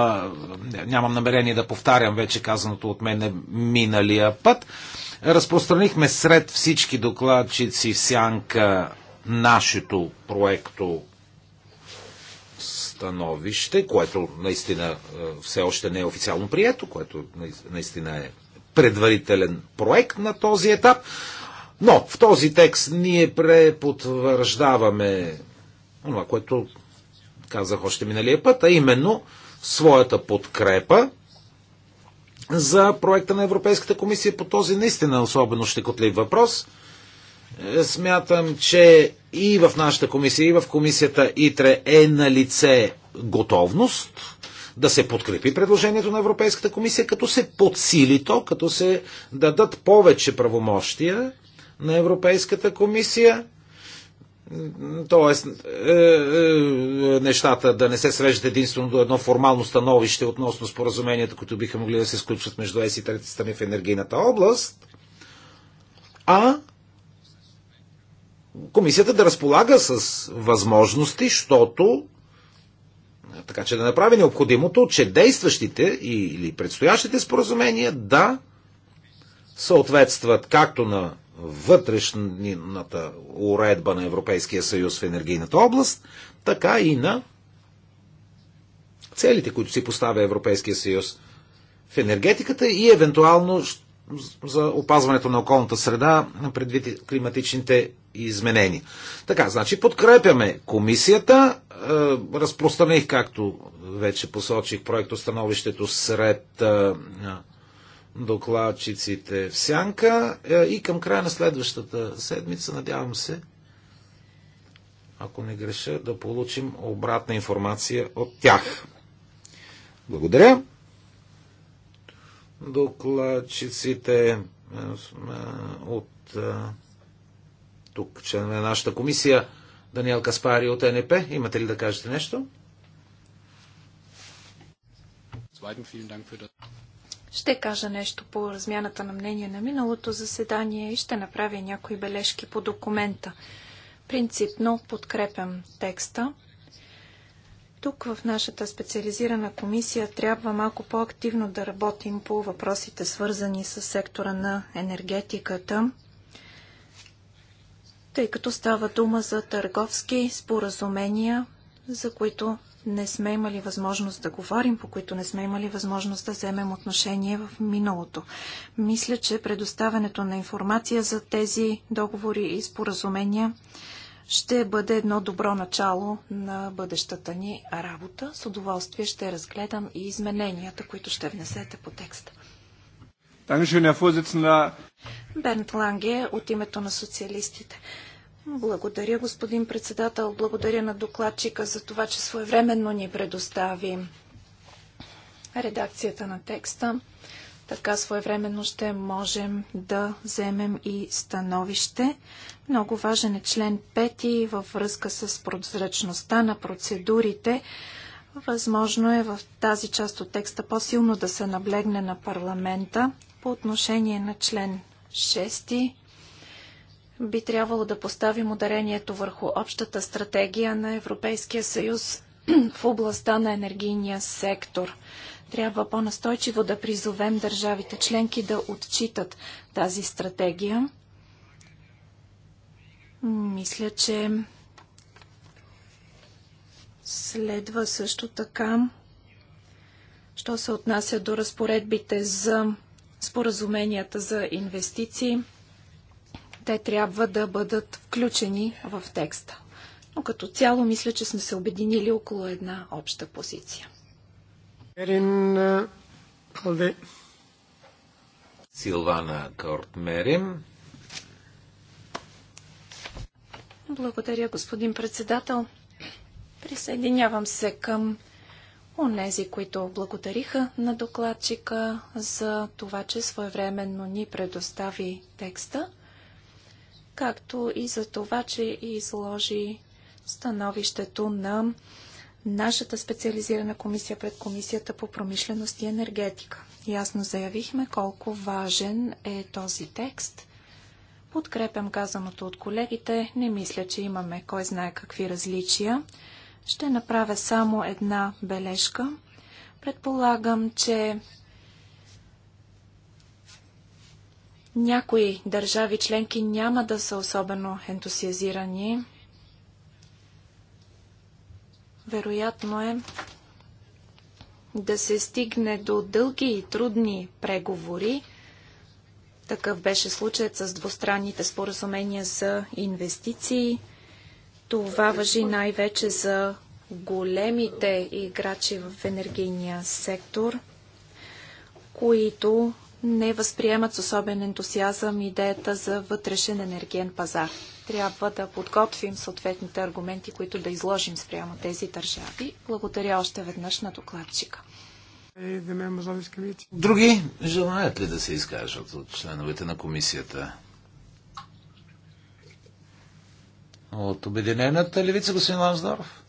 е, нямам намерение да повтарям вече казаното от мене миналия път. Разпространихме сред всички докладчици в сянка нашето проекто становище, което наистина е, все още не е официално прието, което наистина е предварителен проект на този етап. Но в този текст ние преподвърждаваме това, което казах още миналия път, а именно своята подкрепа за проекта на Европейската комисия по този наистина особено щекотлив въпрос – Смятам, че и в нашата комисия, и в комисията ИТРЕ е на лице готовност да се подкрепи предложението на Европейската комисия, като се подсили то, като се дадат повече правомощия на Европейската комисия, Тоест, е, е, нещата да не се срежат единствено до едно формално становище относно споразуменията, които биха могли да се сключват между ЕС и трети страни в енергийната област, а комисията да разполага с възможности, защото така че да направи необходимото, че действащите или предстоящите споразумения да съответстват както на вътрешната уредба на Европейския съюз в енергийната област, така и на целите, които си поставя Европейския съюз в енергетиката и евентуално за опазването на околната среда предвид климатичните изменения. Така, значи подкрепяме комисията. Е, разпространих, както вече посочих, становището сред е, докладчиците в Сянка е, и към края на следващата седмица, надявам се, ако не греша, да получим обратна информация от тях. Благодаря докладчиците е, от е, тук, членове на нашата комисия, Даниел Каспари от НП. Имате ли да кажете нещо? Ще кажа нещо по размяната на мнение на миналото заседание и ще направя някои бележки по документа. Принципно подкрепям текста. Тук в нашата специализирана комисия трябва малко по-активно да работим по въпросите, свързани с сектора на енергетиката, тъй като става дума за търговски споразумения, за които не сме имали възможност да говорим, по които не сме имали възможност да вземем отношение в миналото. Мисля, че предоставянето на информация за тези договори и споразумения ще бъде едно добро начало на бъдещата ни работа. С удоволствие ще разгледам и измененията, които ще внесете по текста. Бернт Ланге от името на социалистите. Благодаря, господин председател. Благодаря на докладчика за това, че своевременно ни предостави редакцията на текста. Така своевременно ще можем да вземем и становище. Много важен е член 5 във връзка с прозрачността на процедурите. Възможно е в тази част от текста по-силно да се наблегне на парламента. По отношение на член 6 би трябвало да поставим ударението върху общата стратегия на Европейския съюз в областта на енергийния сектор – трябва по-настойчиво да призовем държавите членки да отчитат тази стратегия. Мисля, че следва също така, що се отнася до разпоредбите за споразуменията за инвестиции, те трябва да бъдат включени в текста. Но като цяло мисля, че сме се обединили около една обща позиция. Мерин Силвана Корт Мерин. Благодаря, господин председател. Присъединявам се към онези, които благодариха на докладчика за това, че своевременно ни предостави текста, както и за това, че изложи становището на нашата специализирана комисия пред Комисията по промишленост и енергетика. Ясно заявихме колко важен е този текст. Подкрепям казаното от колегите. Не мисля, че имаме кой знае какви различия. Ще направя само една бележка. Предполагам, че някои държави членки няма да са особено ентусиазирани вероятно е да се стигне до дълги и трудни преговори. Такъв беше случаят с двустранните споразумения за инвестиции. Това въжи най-вече за големите играчи в енергийния сектор, които не възприемат с особен ентусиазъм идеята за вътрешен енергиен пазар. Трябва да подготвим съответните аргументи, които да изложим спрямо тези държави. Благодаря още веднъж на докладчика. Други желаят ли да се изкажат от членовете на комисията? От Обединената левица, господин Лансдорф?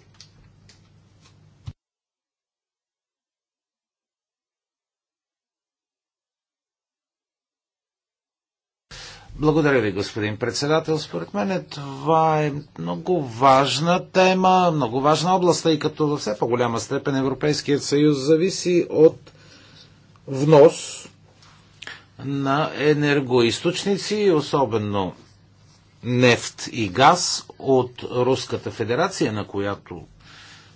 Благодаря ви, господин председател. Според мен това е много важна тема, много важна област, тъй като във все по-голяма степен Европейският съюз зависи от внос на енергоисточници, особено нефт и газ от Руската федерация, на която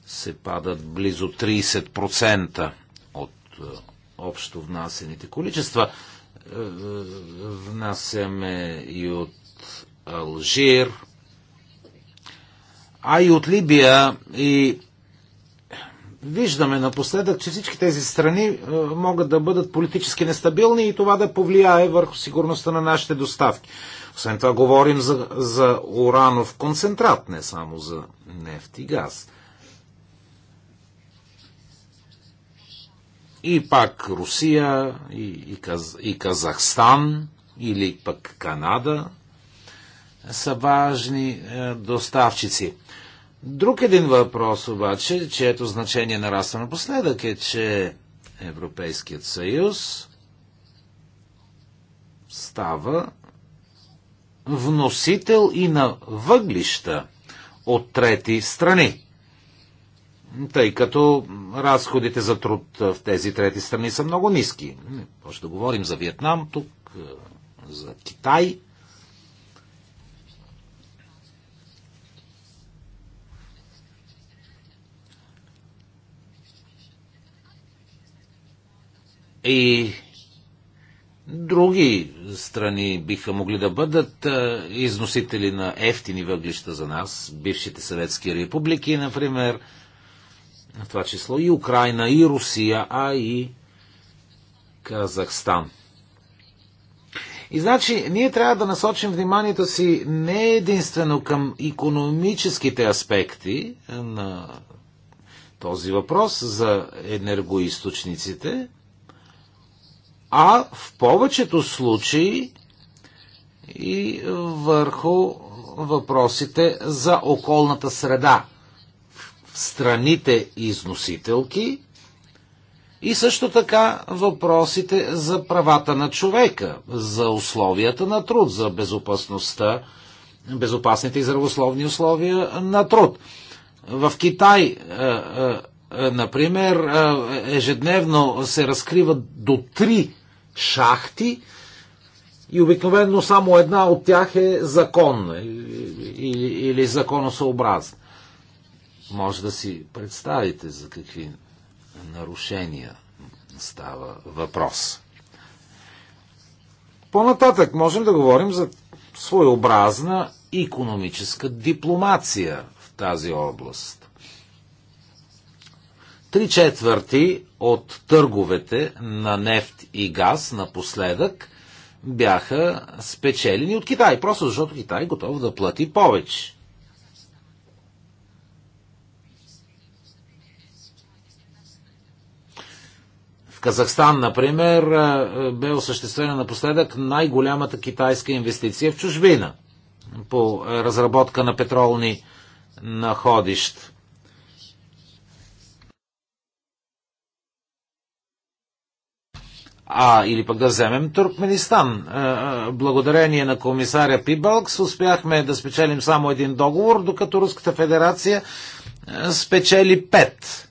се падат близо 30% от е, общо внасените количества внасяме и от Алжир, а и от Либия и виждаме напоследък, че всички тези страни е, могат да бъдат политически нестабилни и това да повлияе върху сигурността на нашите доставки. Освен това говорим за, за уранов концентрат, не само за нефт и газ. И пак Русия, и, и, Каз, и Казахстан, или пък Канада са важни е, доставчици. Друг един въпрос обаче, чието значение нараства напоследък е, че Европейският съюз става вносител и на въглища от трети страни тъй като разходите за труд в тези трети страни са много ниски. Може да говорим за Виетнам тук, е, за Китай. И други страни биха могли да бъдат е, износители на ефтини въглища за нас, бившите съветски републики, например, в това число и Украина, и Русия, а и Казахстан. И значи, ние трябва да насочим вниманието си не единствено към економическите аспекти на този въпрос за енергоисточниците, а в повечето случаи и върху въпросите за околната среда страните износителки и също така въпросите за правата на човека, за условията на труд, за безопасността, безопасните и здравословни условия на труд. В Китай, е, е, е, например, ежедневно се разкриват до три шахти и обикновено само една от тях е законна или, законосъобразна. Може да си представите за какви нарушения става въпрос. По-нататък можем да говорим за своеобразна економическа дипломация в тази област. Три четвърти от търговете на нефт и газ напоследък бяха спечелени от Китай, просто защото Китай е готов да плати повече. Казахстан, например, е, е, бе осъществена напоследък най-голямата китайска инвестиция в чужбина по е, разработка на петролни находища. А, или пък да вземем Туркменистан. Благодарение на комисаря Пибалкс успяхме да спечелим само един договор, докато Руската федерация спечели пет.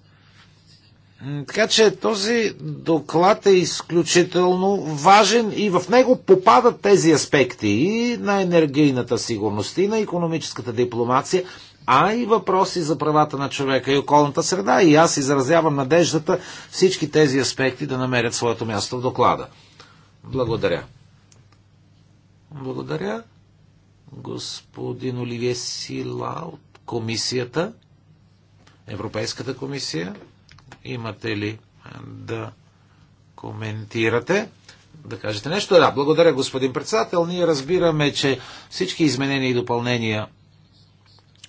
Така че този доклад е изключително важен и в него попадат тези аспекти и на енергийната сигурност, и на економическата дипломация, а и въпроси за правата на човека и околната среда. И аз изразявам надеждата всички тези аспекти да намерят своето място в доклада. Благодаря. Благодаря. Господин Оливие Сила от комисията, Европейската комисия. Имате ли да коментирате? Да кажете нещо? Да, благодаря, господин председател. Ние разбираме, че всички изменения и допълнения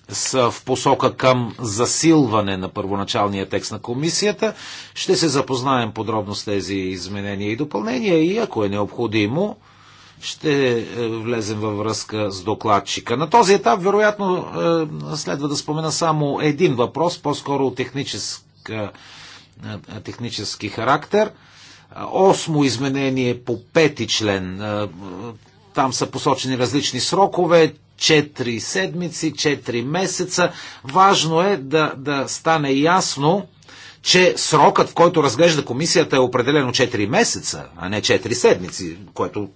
са в посока към засилване на първоначалния текст на комисията. Ще се запознаем подробно с тези изменения и допълнения и ако е необходимо, ще е, влезем във връзка с докладчика. На този етап, вероятно, е, следва да спомена само един въпрос, по-скоро технически е, е, технически характер. Осмо изменение по пети член. Е, там са посочени различни срокове. 4 седмици, 4 месеца. Важно е да, да стане ясно, че срокът, в който разглежда комисията е определено 4 месеца, а не 4 седмици, което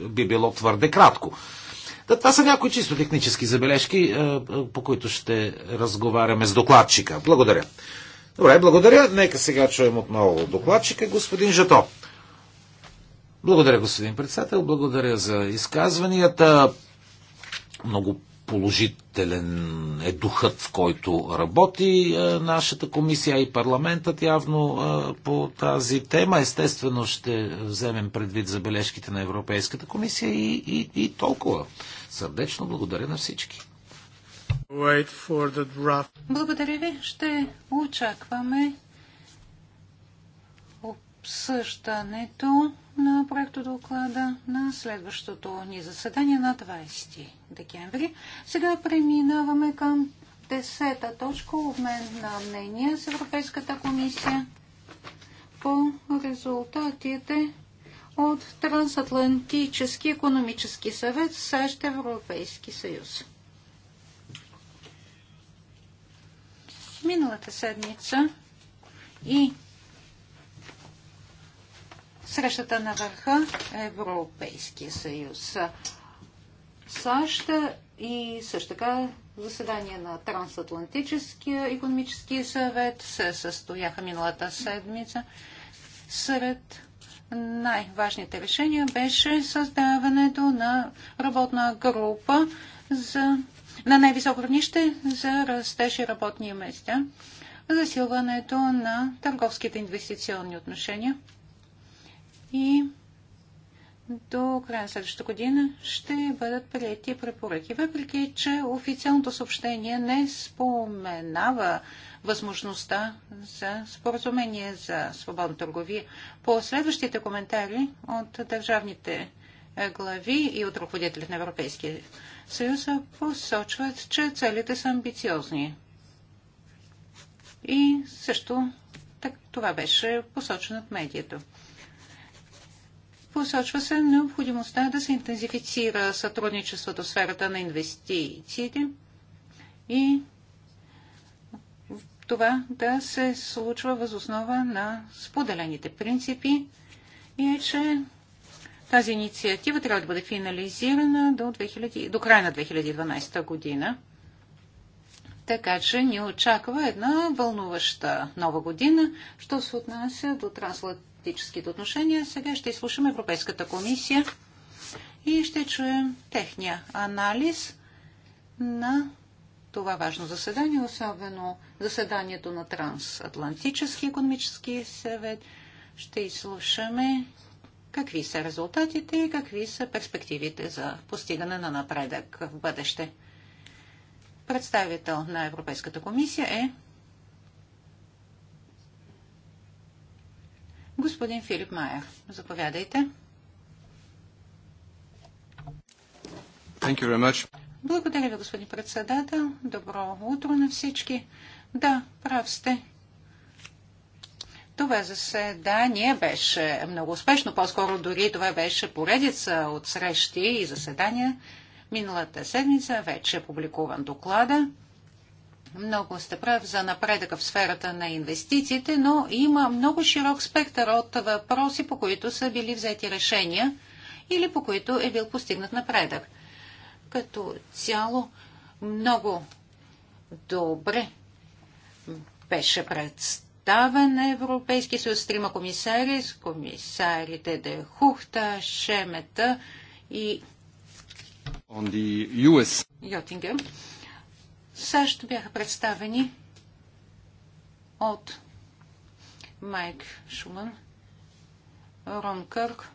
би било твърде кратко. Да, това са някои чисто технически забележки, по които ще разговаряме с докладчика. Благодаря. Добре, благодаря. Нека сега чуем отново докладчика, господин Жато. Благодаря, господин председател. Благодаря за изказванията. Много положителен е духът, в който работи е, нашата комисия и парламентът явно е, по тази тема. Естествено ще вземем предвид забележките на Европейската комисия и, и, и толкова. Сърдечно благодаря на всички. Благодаря ви. Ще очакваме обсъждането на проекто доклада на следващото ни заседание на 20 декември. Сега преминаваме към 10-та точка обмен на мнения с Европейската комисия по резултатите от Трансатлантически економически съвет САЩ-Европейски съюз. миналата седмица и срещата на върха Европейския съюз. САЩ и също така заседание на Трансатлантическия економически съвет се състояха миналата седмица. Сред най-важните решения беше създаването на работна група за на най-високо равнище за растеж и работни места, засилването на търговските инвестиционни отношения и до края на следващата година ще бъдат прияти препоръки. Въпреки, че официалното съобщение не споменава възможността за споразумение за свободна търговия. По следващите коментари от държавните е, глави и от ръководителите на Европейския съюз посочват, че целите са амбициозни. И също так, това беше посочено от медията. Посочва се необходимостта да се интензифицира сътрудничеството в сферата на инвестициите и това да се случва възоснова на споделените принципи и че тази инициатива трябва да бъде финализирана до, 2000, до края на 2012 година. Така че ни очаква една вълнуваща нова година. Що се отнася до трансатлантическите отношения, сега ще изслушаме Европейската комисия и ще чуем техния анализ на това важно заседание, особено заседанието на Трансатлантически економически съвет. Ще изслушаме какви са резултатите и какви са перспективите за постигане на напредък в бъдеще. Представител на Европейската комисия е господин Филип Майер. Заповядайте. Thank you very much. Благодаря ви, господин председател. Добро утро на всички. Да, прав сте. Това заседание беше много успешно, по-скоро дори това беше поредица от срещи и заседания. Миналата седмица вече е публикуван доклада. Много сте прав за напредъка в сферата на инвестициите, но има много широк спектър от въпроси, по които са били взети решения или по които е бил постигнат напредък. Като цяло много добре беше представен на Европейски съюз, трима комисари, с комисарите Де Хухта, Шемета и Йотингем. САЩ бяха представени от Майк Шуман, Рон Кърк,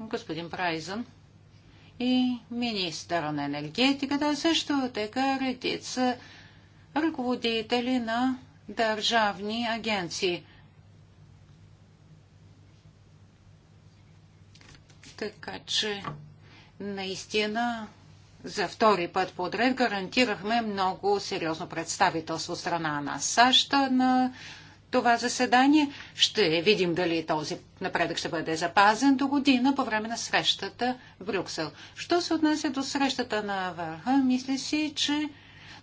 господин Прайзън и министъра на енергетиката, също така редица ръководители на държавни агенции. Така че наистина за втори път подред гарантирахме много сериозно представителство страна на САЩ на това заседание. Ще видим дали този напредък ще бъде запазен до година по време на срещата в Брюксел. Що се отнася до срещата на върха, мисля си, че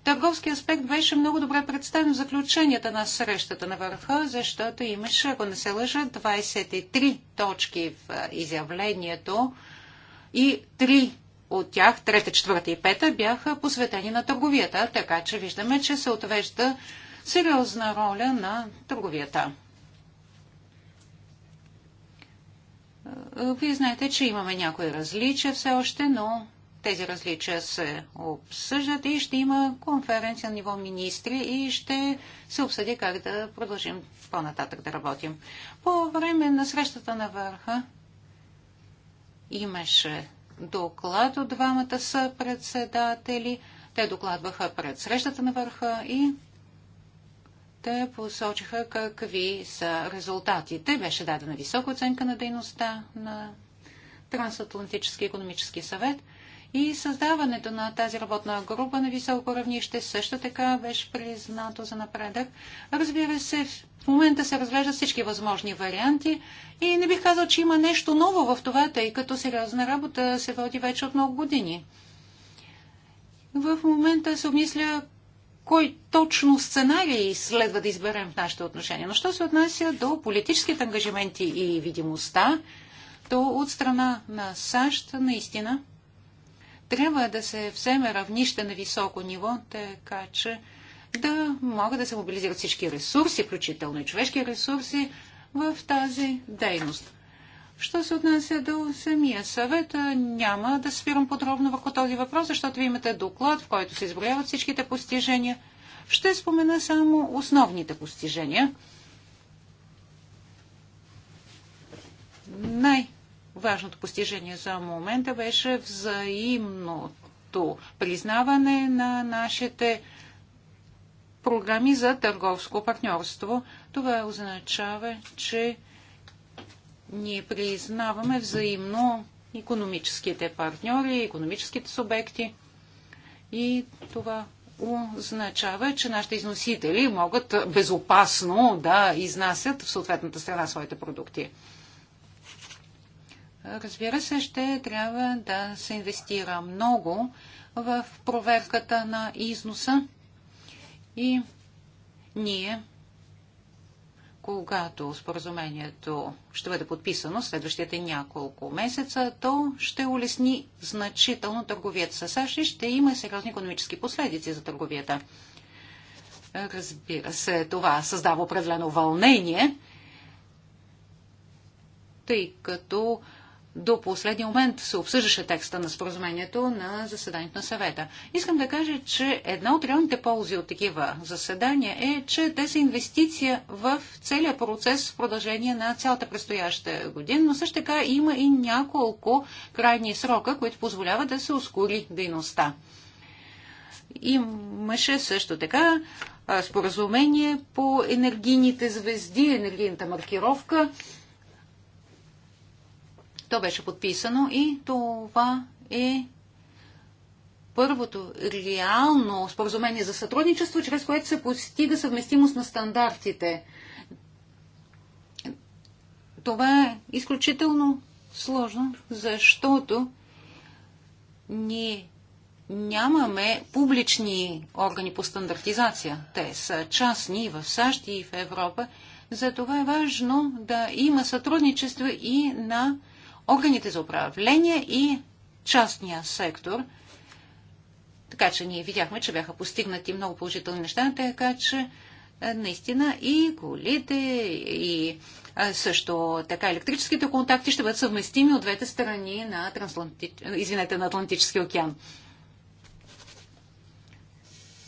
Търговски аспект беше много добре представен в заключенията на срещата на върха, защото имаше, ако не се лъжа, 23 точки в изявлението и 3 от тях, трета, четвърта и пета, бяха посветени на търговията, така че виждаме, че се отвежда сериозна роля на търговията. Вие знаете, че имаме някои различия все още, но тези различия се обсъждат и ще има конференция на ниво министри и ще се обсъди как да продължим по-нататък да работим. По време на срещата на върха имаше доклад от двамата са председатели. Те докладваха пред срещата на върха и те посочиха какви са резултатите. Беше дадена висока оценка на дейността на Трансатлантически економически съвет. И създаването на тази работна група на високо равнище също така беше признато за напредък. Разбира се, в момента се разглеждат всички възможни варианти и не бих казал, че има нещо ново в това, тъй като сериозна работа се води вече от много години. В момента се обмисля кой точно сценарий следва да изберем в нашите отношения. Но що се отнася до политическите ангажименти и видимостта, то от страна на САЩ наистина трябва да се вземе равнище на високо ниво, така че да могат да се мобилизират всички ресурси, включително и човешки ресурси, в тази дейност. Що се отнася до самия съвет, няма да спирам подробно върху този въпрос, защото ви имате доклад, в който се изброяват всичките постижения. Ще спомена само основните постижения. Най- важното постижение за момента беше взаимното признаване на нашите програми за търговско партньорство. Това означава, че ние признаваме взаимно економическите партньори, економическите субекти и това означава, че нашите износители могат безопасно да изнасят в съответната страна своите продукти. Разбира се, ще трябва да се инвестира много в проверката на износа и ние, когато споразумението ще бъде подписано следващите няколко месеца, то ще улесни значително търговията с САЩ и ще има сериозни економически последици за търговията. Разбира се, това създава определено вълнение, тъй като до последния момент се обсъждаше текста на споразумението на заседанието на съвета. Искам да кажа, че една от реалните ползи от такива заседания е, че те са инвестиция в целия процес в продължение на цялата предстояща година, но също така има и няколко крайни срока, които позволяват да се ускори дейността. Имаше също така споразумение по енергийните звезди, енергийната маркировка. То беше подписано и това е първото реално споразумение за сътрудничество, чрез което се постига съвместимост на стандартите. Това е изключително сложно, защото ние нямаме публични органи по стандартизация. Те са частни и в САЩ и в Европа. Затова е важно да има сътрудничество и на органите за управление и частния сектор. Така че ние видяхме, че бяха постигнати много положителни неща, така че е, наистина и колите, и е, също така електрическите контакти ще бъдат съвместими от двете страни на, Трансатлантич... Извинете, на Атлантическия океан.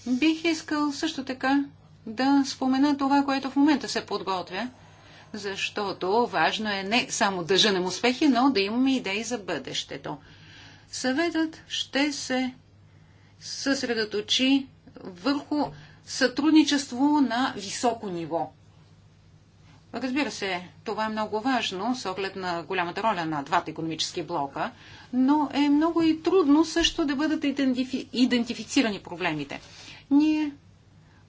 Бих искал също така да спомена това, което в момента се подготвя защото важно е не само да женем успехи, но да имаме идеи за бъдещето. Съветът ще се съсредоточи върху сътрудничество на високо ниво. Разбира се, това е много важно с оглед на голямата роля на двата економически блока, но е много и трудно също да бъдат идентифицирани проблемите. Ние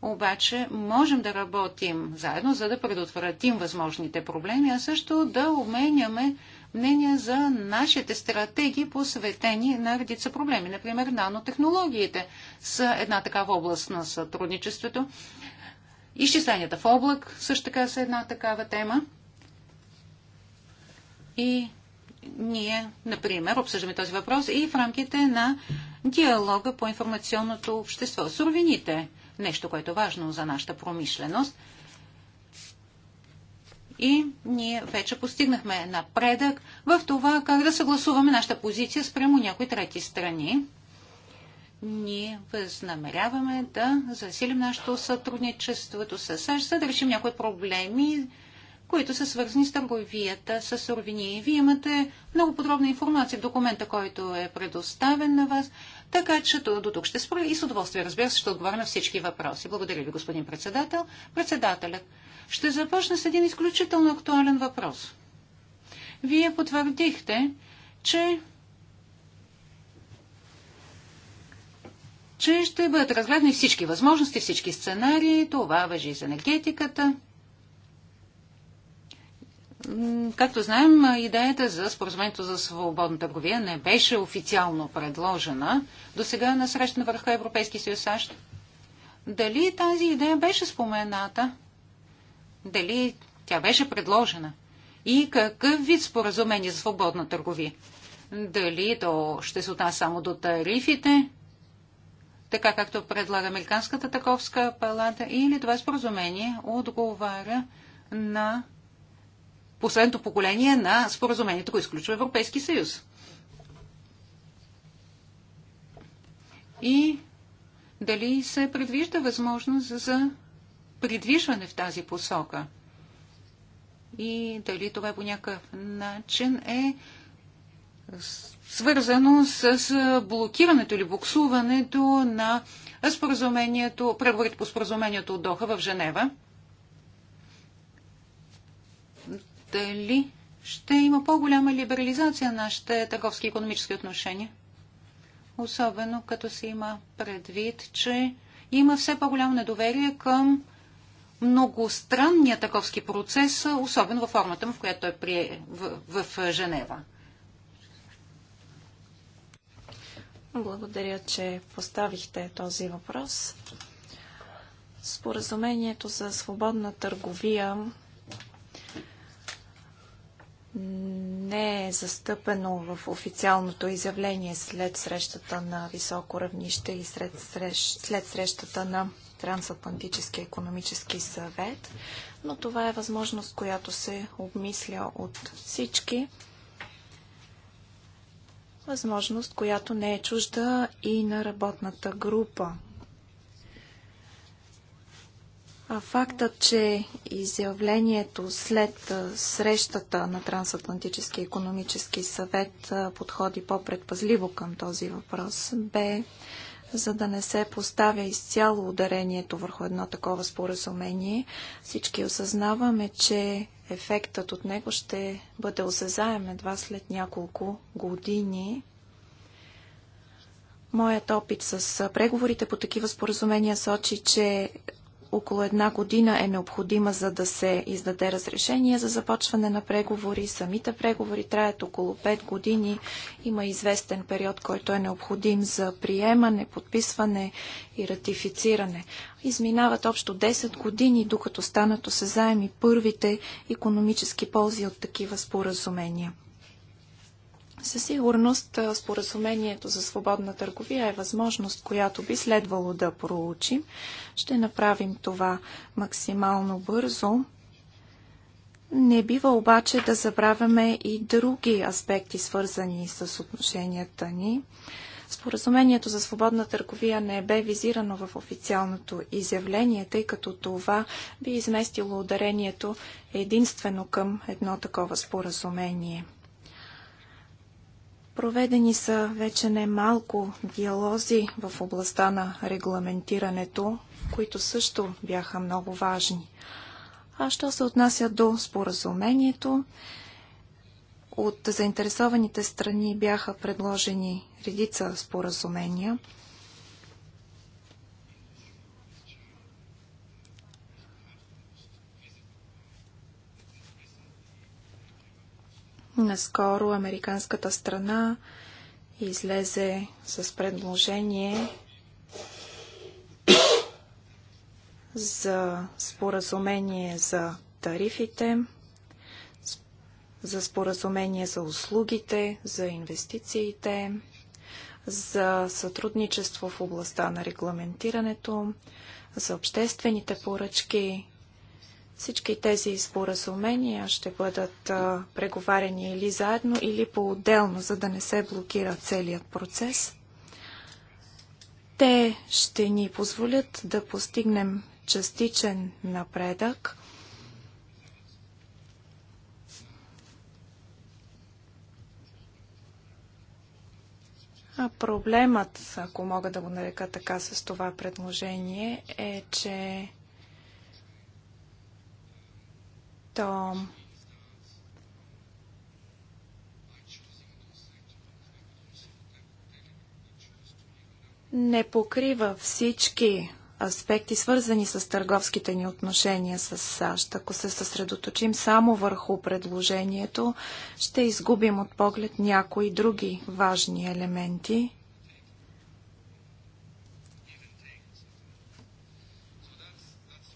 обаче можем да работим заедно, за да предотвратим възможните проблеми, а също да обменяме мнения за нашите стратегии, посветени на редица проблеми. Например, нанотехнологиите са една такава област на сътрудничеството. Изчисленията в облак също така са една такава тема. И ние, например, обсъждаме този въпрос и в рамките на диалога по информационното общество. Суровините – нещо, което е важно за нашата промишленост. И ние вече постигнахме напредък в това как да съгласуваме нашата позиция спрямо някои трети страни. Ние възнамеряваме да засилим нашето сътрудничеството с САЩ, за да решим някои проблеми, които са свързани с търговията, с суровини. Вие имате много подробна информация в документа, който е предоставен на вас. Така че до, до тук ще спра и с удоволствие, разбира се, ще отговоря на всички въпроси. Благодаря ви, господин председател. Председателят, ще започна с един изключително актуален въпрос. Вие потвърдихте, че че ще бъдат разгледани всички възможности, всички сценарии. Това въжи и за енергетиката, Както знаем, идеята за споразумението за свободна търговия не беше официално предложена до сега на среща на върха Европейски съюз САЩ. Дали тази идея беше спомената? Дали тя беше предложена? И какъв вид споразумение за свободна търговия? Дали то ще се отнася само до тарифите, така както предлага Американската таковска палата, или това споразумение отговаря на последното поколение на споразумението, което изключва Европейски съюз. И дали се предвижда възможност за придвижване в тази посока? И дали това по някакъв начин е свързано с блокирането или буксуването на споразумението, преговорите по споразумението от Доха в Женева? дали ще има по-голяма либерализация на нашите търговски и економически отношения. Особено като се има предвид, че има все по-голямо недоверие към многостранния таковски процес, особено във формата му, в която той е прие в, в Женева. Благодаря, че поставихте този въпрос. Споразумението за свободна търговия не е застъпено в официалното изявление след срещата на високо равнище и след, срещ, след срещата на Трансатлантическия економически съвет, но това е възможност, която се обмисля от всички. Възможност, която не е чужда и на работната група а фактът, че изявлението след срещата на Трансатлантически економически съвет подходи по-предпазливо към този въпрос, бе за да не се поставя изцяло ударението върху едно такова споразумение. Всички осъзнаваме, че ефектът от него ще бъде осезаем едва след няколко години. Моят опит с преговорите по такива споразумения сочи, че около една година е необходима за да се издаде разрешение за започване на преговори. Самите преговори траят около 5 години. Има известен период, който е необходим за приемане, подписване и ратифициране. Изминават общо 10 години, докато станат осезаеми първите економически ползи от такива споразумения. Със сигурност споразумението за свободна търговия е възможност, която би следвало да проучим. Ще направим това максимално бързо. Не бива обаче да забравяме и други аспекти, свързани с отношенията ни. Споразумението за свободна търговия не бе визирано в официалното изявление, тъй като това би изместило ударението единствено към едно такова споразумение – Проведени са вече немалко диалози в областта на регламентирането, които също бяха много важни. А що се отнася до споразумението, от заинтересованите страни бяха предложени редица споразумения. Наскоро американската страна излезе с предложение за споразумение за тарифите, за споразумение за услугите, за инвестициите, за сътрудничество в областта на регламентирането, за обществените поръчки, всички тези споразумения ще бъдат преговарени или заедно, или по-отделно, за да не се блокира целият процес. Те ще ни позволят да постигнем частичен напредък. А проблемът, ако мога да го нарека така с това предложение, е, че то не покрива всички аспекти, свързани с търговските ни отношения с САЩ. Ако се съсредоточим само върху предложението, ще изгубим от поглед някои други важни елементи.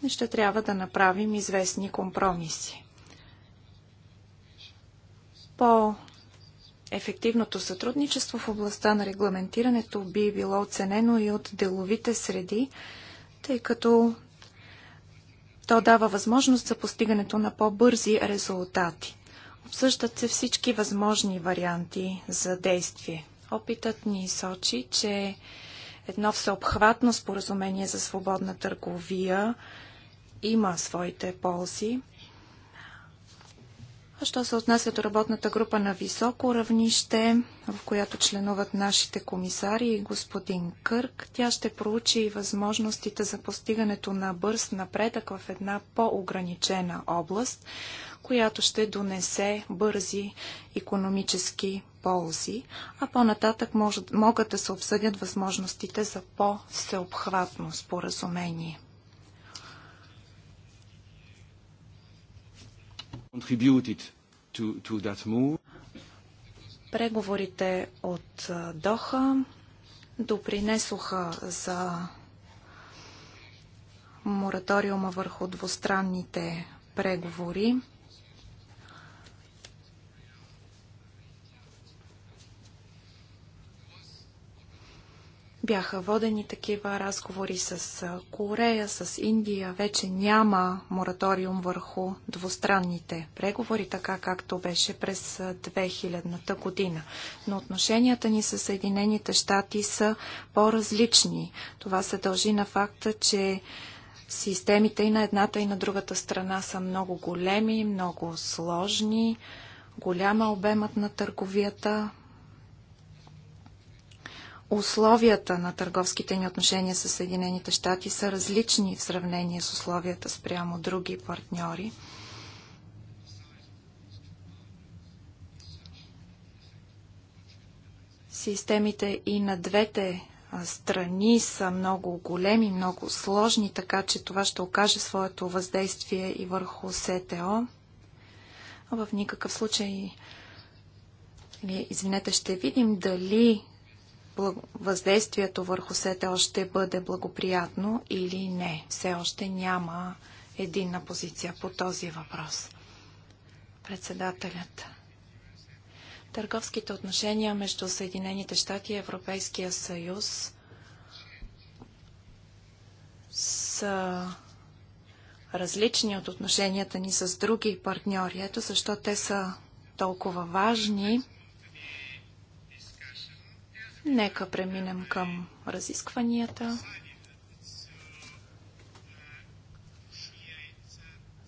ще трябва да направим известни компромиси. По ефективното сътрудничество в областта на регламентирането би било оценено и от деловите среди, тъй като то дава възможност за постигането на по-бързи резултати. Обсъждат се всички възможни варианти за действие. Опитът ни сочи, че едно всеобхватно споразумение за свободна търговия има своите ползи. А що се отнася до работната група на високо равнище, в която членуват нашите комисари и господин Кърк, тя ще проучи и възможностите за постигането на бърз напредък в една по-ограничена област, която ще донесе бързи економически ползи, а по-нататък могат да се обсъдят възможностите за по-всеобхватно споразумение. Преговорите от Доха допринесоха за мораториума върху двустранните преговори. Бяха водени такива разговори с Корея, с Индия. Вече няма мораториум върху двустранните преговори, така както беше през 2000-та година. Но отношенията ни с Съединените щати са по-различни. Това се дължи на факта, че системите и на едната и на другата страна са много големи, много сложни. Голяма обемът на търговията, условията на търговските ни отношения с Съединените щати са различни в сравнение с условията спрямо други партньори. Системите и на двете страни са много големи, много сложни, така че това ще окаже своето въздействие и върху СТО. В никакъв случай, извинете, ще видим дали въздействието върху сете ще бъде благоприятно или не. Все още няма единна позиция по този въпрос. Председателят. Търговските отношения между Съединените щати и Европейския съюз са различни от отношенията ни с други партньори. Ето защо те са толкова важни Нека преминем към разискванията.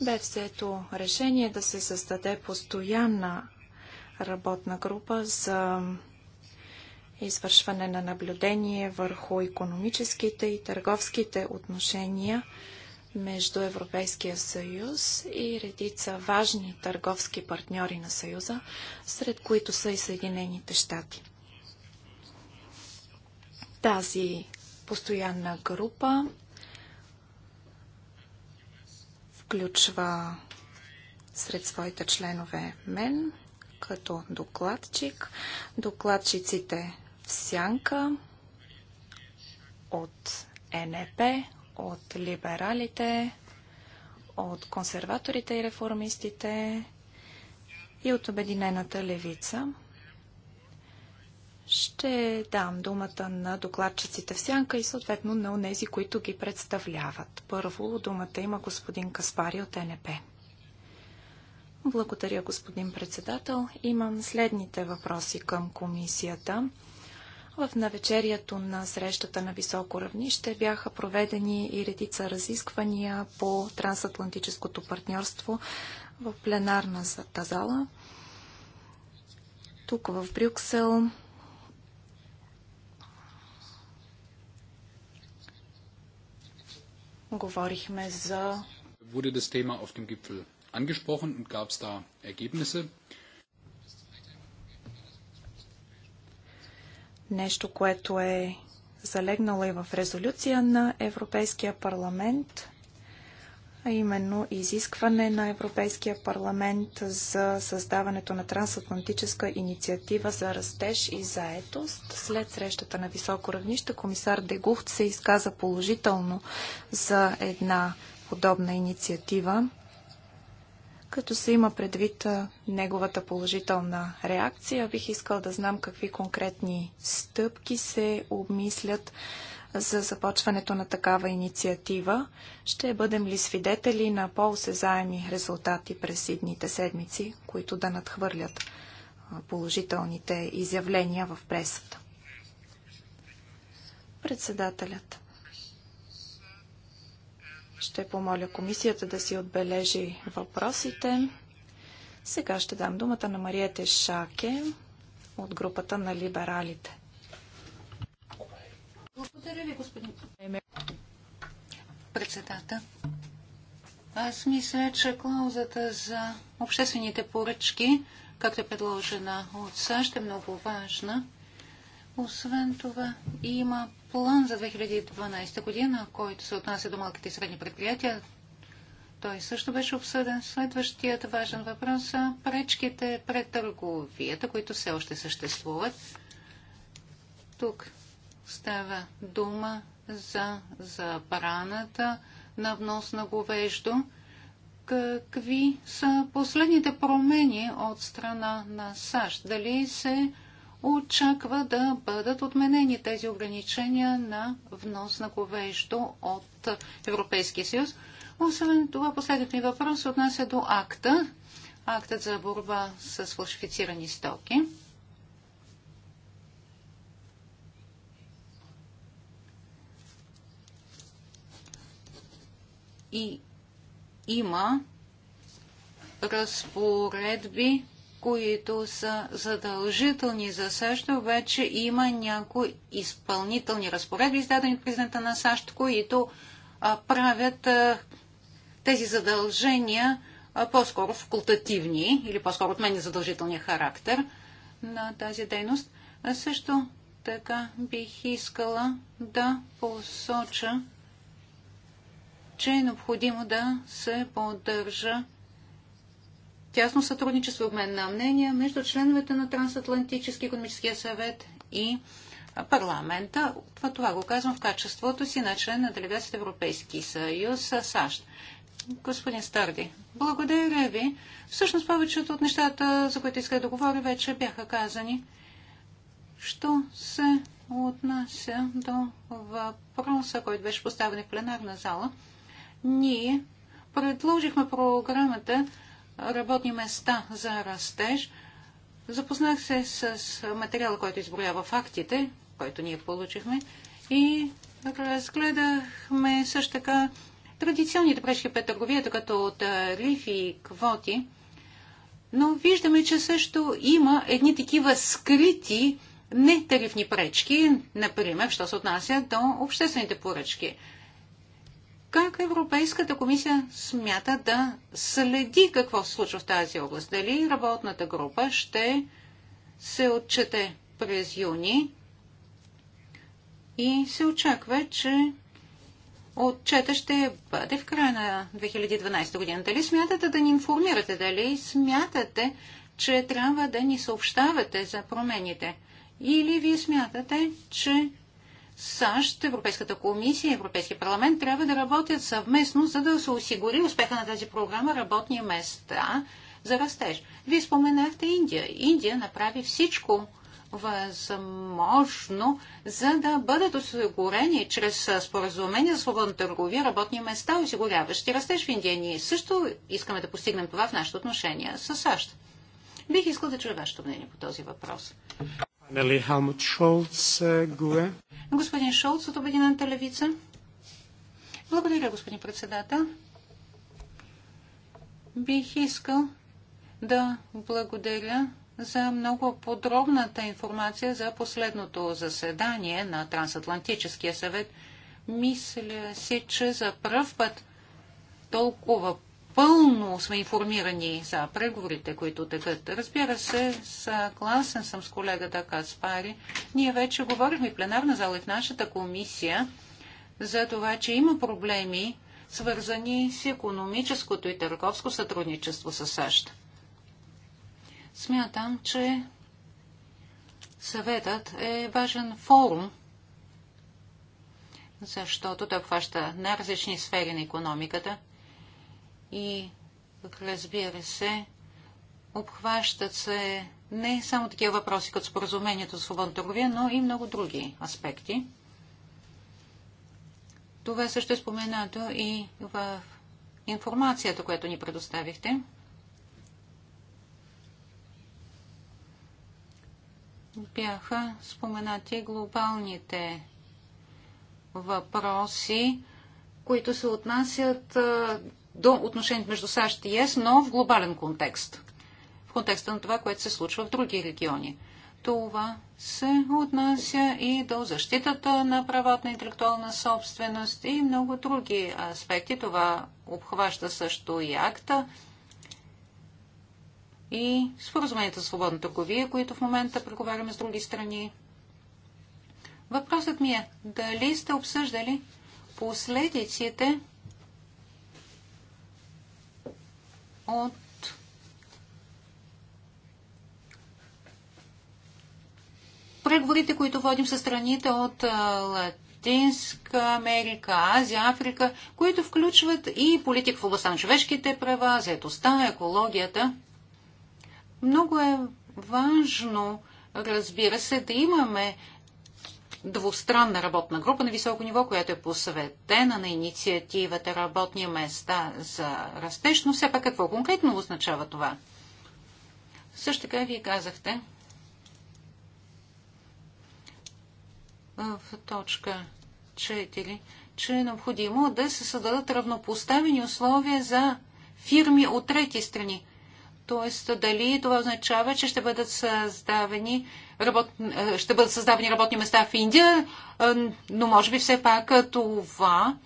Бе взето решение да се създаде постоянна работна група за извършване на наблюдение върху економическите и търговските отношения между Европейския съюз и редица важни търговски партньори на съюза, сред които са и Съединените щати. Тази постоянна група включва сред своите членове мен като докладчик, докладчиците в сянка от НП, от либералите, от консерваторите и реформистите и от Обединената левица – ще дам думата на докладчиците в сянка и съответно на онези, които ги представляват. Първо думата има господин Каспари от НП. Благодаря, господин председател. Имам следните въпроси към комисията. В навечерието на срещата на високо равнище бяха проведени и редица разисквания по трансатлантическото партньорство в пленарната зала. Тук в Брюксел Говорихме за... Wurde das Thema auf dem Gipfel angesprochen und gab es da Ergebnisse? Нещо, което е залегнало и в резолюция на Европейския парламент а именно изискване на Европейския парламент за създаването на трансатлантическа инициатива за растеж и заетост. След срещата на високо равнище комисар Дегухт се изказа положително за една подобна инициатива, като се има предвид неговата положителна реакция, бих искал да знам какви конкретни стъпки се обмислят за започването на такава инициатива? Ще бъдем ли свидетели на по-осезаеми резултати през идните седмици, които да надхвърлят положителните изявления в пресата? Председателят. Ще помоля комисията да си отбележи въпросите. Сега ще дам думата на Мария Тешаке от групата на либералите. Благодаря ви, господин председател. Аз мисля, че клаузата за обществените поръчки, както е предложена от САЩ, е много важна. Освен това, има план за 2012 година, който се отнася до малките и средни предприятия. Той също беше обсъден. Следващият важен въпрос са пречките пред търговията, които все още съществуват. Тук Става дума за забраната на внос на говеждо. Какви са последните промени от страна на САЩ? Дали се очаква да бъдат отменени тези ограничения на внос на говеждо от Европейския съюз? Освен това, последният ми въпрос се отнася до акта, актът за борба с фалшифицирани стоки. и има разпоредби, които са задължителни за САЩ, обаче има някои изпълнителни разпоредби, издадени от президента на САЩ, които а, правят а, тези задължения по-скоро факултативни или по-скоро от мен задължителния характер на тази дейност. А също така бих искала да посоча че е необходимо да се поддържа тясно сътрудничество обмен на мнения между членовете на Трансатлантически економическия съвет и парламента. Това, това го казвам в качеството си на член на делегацията Европейски съюз САЩ. Господин Старди, благодаря ви. Всъщност повечето от нещата, за които исках да говоря, вече бяха казани. Що се отнася до въпроса, който беше поставен в пленарна зала – ние предложихме програмата Работни места за растеж. Запознах се с материала, който изброява фактите, който ние получихме и разгледахме също така традиционните пречки пред търговията, като тарифи и квоти. Но виждаме, че също има едни такива скрити нетарифни пречки, например, що се отнася до обществените поръчки. Как Европейската комисия смята да следи какво се случва в тази област? Дали работната група ще се отчете през юни и се очаква, че отчета ще бъде в края на 2012 година. Дали смятате да ни информирате? Дали смятате, че трябва да ни съобщавате за промените? Или вие смятате, че САЩ, Европейската комисия и Европейския парламент трябва да работят съвместно, за да се осигури успеха на тази програма работни места за растеж. Вие споменахте Индия. Индия направи всичко възможно, за да бъдат осигурени чрез споразумение за свободна търговия работни места, осигуряващи растеж в Индия. Ние също искаме да постигнем това в нашите отношения с САЩ. Бих искал да чуя вашето мнение по този въпрос. Finally, Helmut Scholz, GUE. Господин Шолц от Обединената левица. Благодаря, господин председател. Бих искал да благодаря за много подробната информация за последното заседание на Трансатлантическия съвет. Мисля си, че за пръв път толкова Пълно сме информирани за преговорите, които текат. Разбира се, съгласен съм с колегата Каспари. Ние вече говорихме в пленарна зала и в нашата комисия за това, че има проблеми, свързани с економическото и търговско сътрудничество с САЩ. Смятам, че съветът е важен форум, защото той хваща най-различни сфери на економиката – и разбира се, обхващат се не само такива въпроси като споразумението за свободна търговия, но и много други аспекти. Това също е споменато и в информацията, която ни предоставихте. Бяха споменати глобалните въпроси, които се отнасят до отношението между САЩ и ЕС, но в глобален контекст. В контекста на това, което се случва в други региони. Това се отнася и до защитата на правата на интелектуална собственост и много други аспекти. Това обхваща също и акта и споразумението за свободна търговия, които в момента преговаряме с други страни. Въпросът ми е, дали сте обсъждали последиците от преговорите, които водим със страните от Латинска Америка, Азия, Африка, които включват и политик в областта на човешките права, заедостта, екологията. Много е важно, разбира се, да имаме двустранна работна група на високо ниво, която е посветена на инициативата работни места за растеж, но все пак какво конкретно означава това? Също така вие казахте в точка 4, че е необходимо да се създадат равнопоставени условия за фирми от трети страни. Тоест, дали това означава, че ще бъдат създавани, работ... Е, ще бъдат създавани работни места в Индия, е, но може би все пак е, това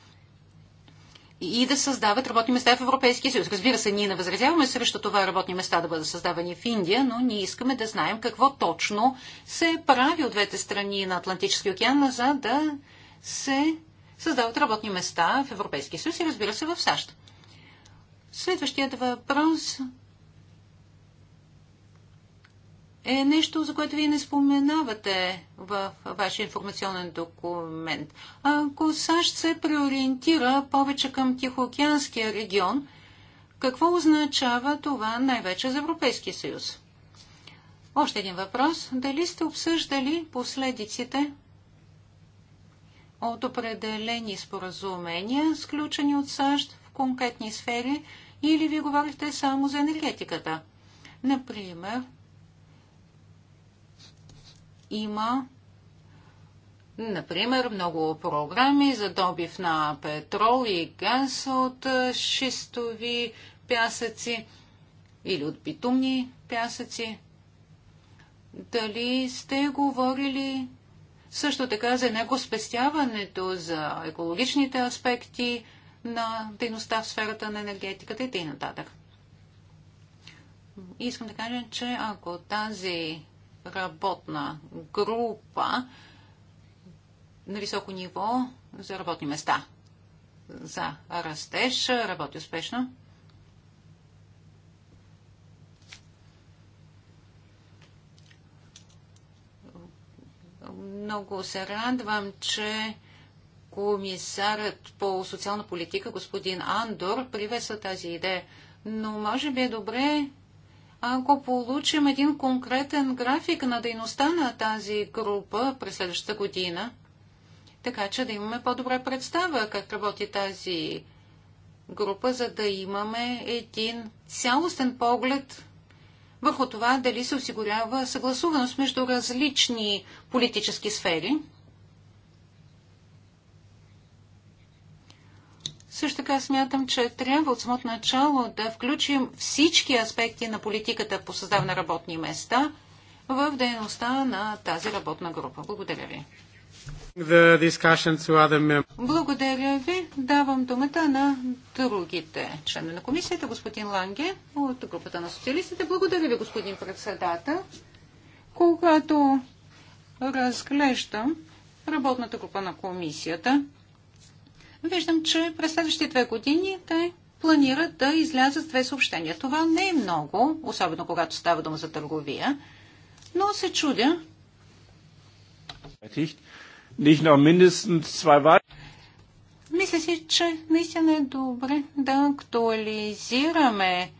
и да създават работни места в Европейския съюз. Разбира се, ние не възразяваме срещу това работни места да бъдат създавани в Индия, но ние искаме да знаем какво точно се прави от двете страни на Атлантическия океан, за да се създават работни места в Европейския съюз и разбира се в САЩ. Следващият въпрос е нещо, за което вие не споменавате в вашия информационен документ. Ако САЩ се преориентира повече към Тихоокеанския регион, какво означава това най-вече за Европейския съюз? Още един въпрос. Дали сте обсъждали последиците от определени споразумения, сключени от САЩ в конкретни сфери, или ви говорихте само за енергетиката? Например, има Например, много програми за добив на петрол и газ от шистови пясъци или от битумни пясъци. Дали сте говорили също така за енергоспестяването, за екологичните аспекти на дейността в сферата на енергетиката и т.н. Искам да кажа, че ако тази работна група на високо ниво за работни места. За растеж работи успешно. Много се радвам, че комисарът по социална политика, господин Андор, привесва тази идея. Но може би е добре ако получим един конкретен график на дейността на тази група през следващата година, така че да имаме по-добра представа как работи тази група, за да имаме един цялостен поглед върху това дали се осигурява съгласуваност между различни политически сфери. Също така смятам, че трябва от самото начало да включим всички аспекти на политиката по създаване на работни места в дейността на тази работна група. Благодаря ви. Other... Благодаря ви. Давам думата на другите члени на комисията. Господин Ланге от групата на социалистите. Благодаря ви, господин председател. Когато разглеждам работната група на комисията, виждам, че през следващите две години те планират да излязат две съобщения. Това не е много, особено когато става дума за търговия, но се чудя. Мисля си, че наистина е добре да актуализираме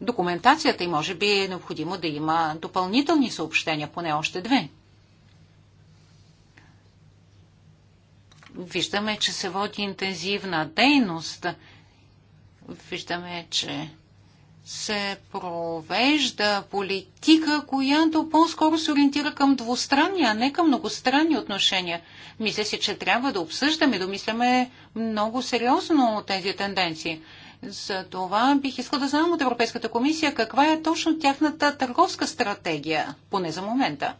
документацията и може би е необходимо да има допълнителни съобщения, поне още две. Виждаме, че се води интензивна дейност. Виждаме, че се провежда политика, която по-скоро се ориентира към двустранни, а не към многостранни отношения. Мисля си, че трябва да обсъждаме, да мисляме много сериозно тези тенденции. За това бих искал да знам от Европейската комисия каква е точно тяхната търговска стратегия, поне за момента.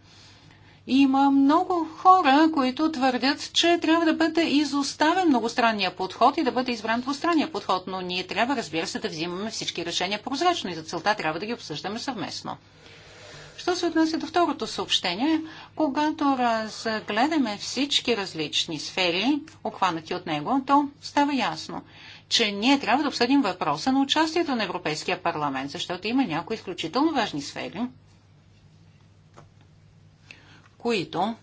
Има много хора, които твърдят, че трябва да бъде изоставен многостранния подход и да бъде избран двустранния подход, но ние трябва, разбира се, да взимаме всички решения прозрачно и за целта трябва да ги обсъждаме съвместно. Що се отнася до второто съобщение, когато разгледаме всички различни сфери, обхванати от него, то става ясно, че ние трябва да обсъдим въпроса на участието на Европейския парламент, защото има някои изключително важни сфери – които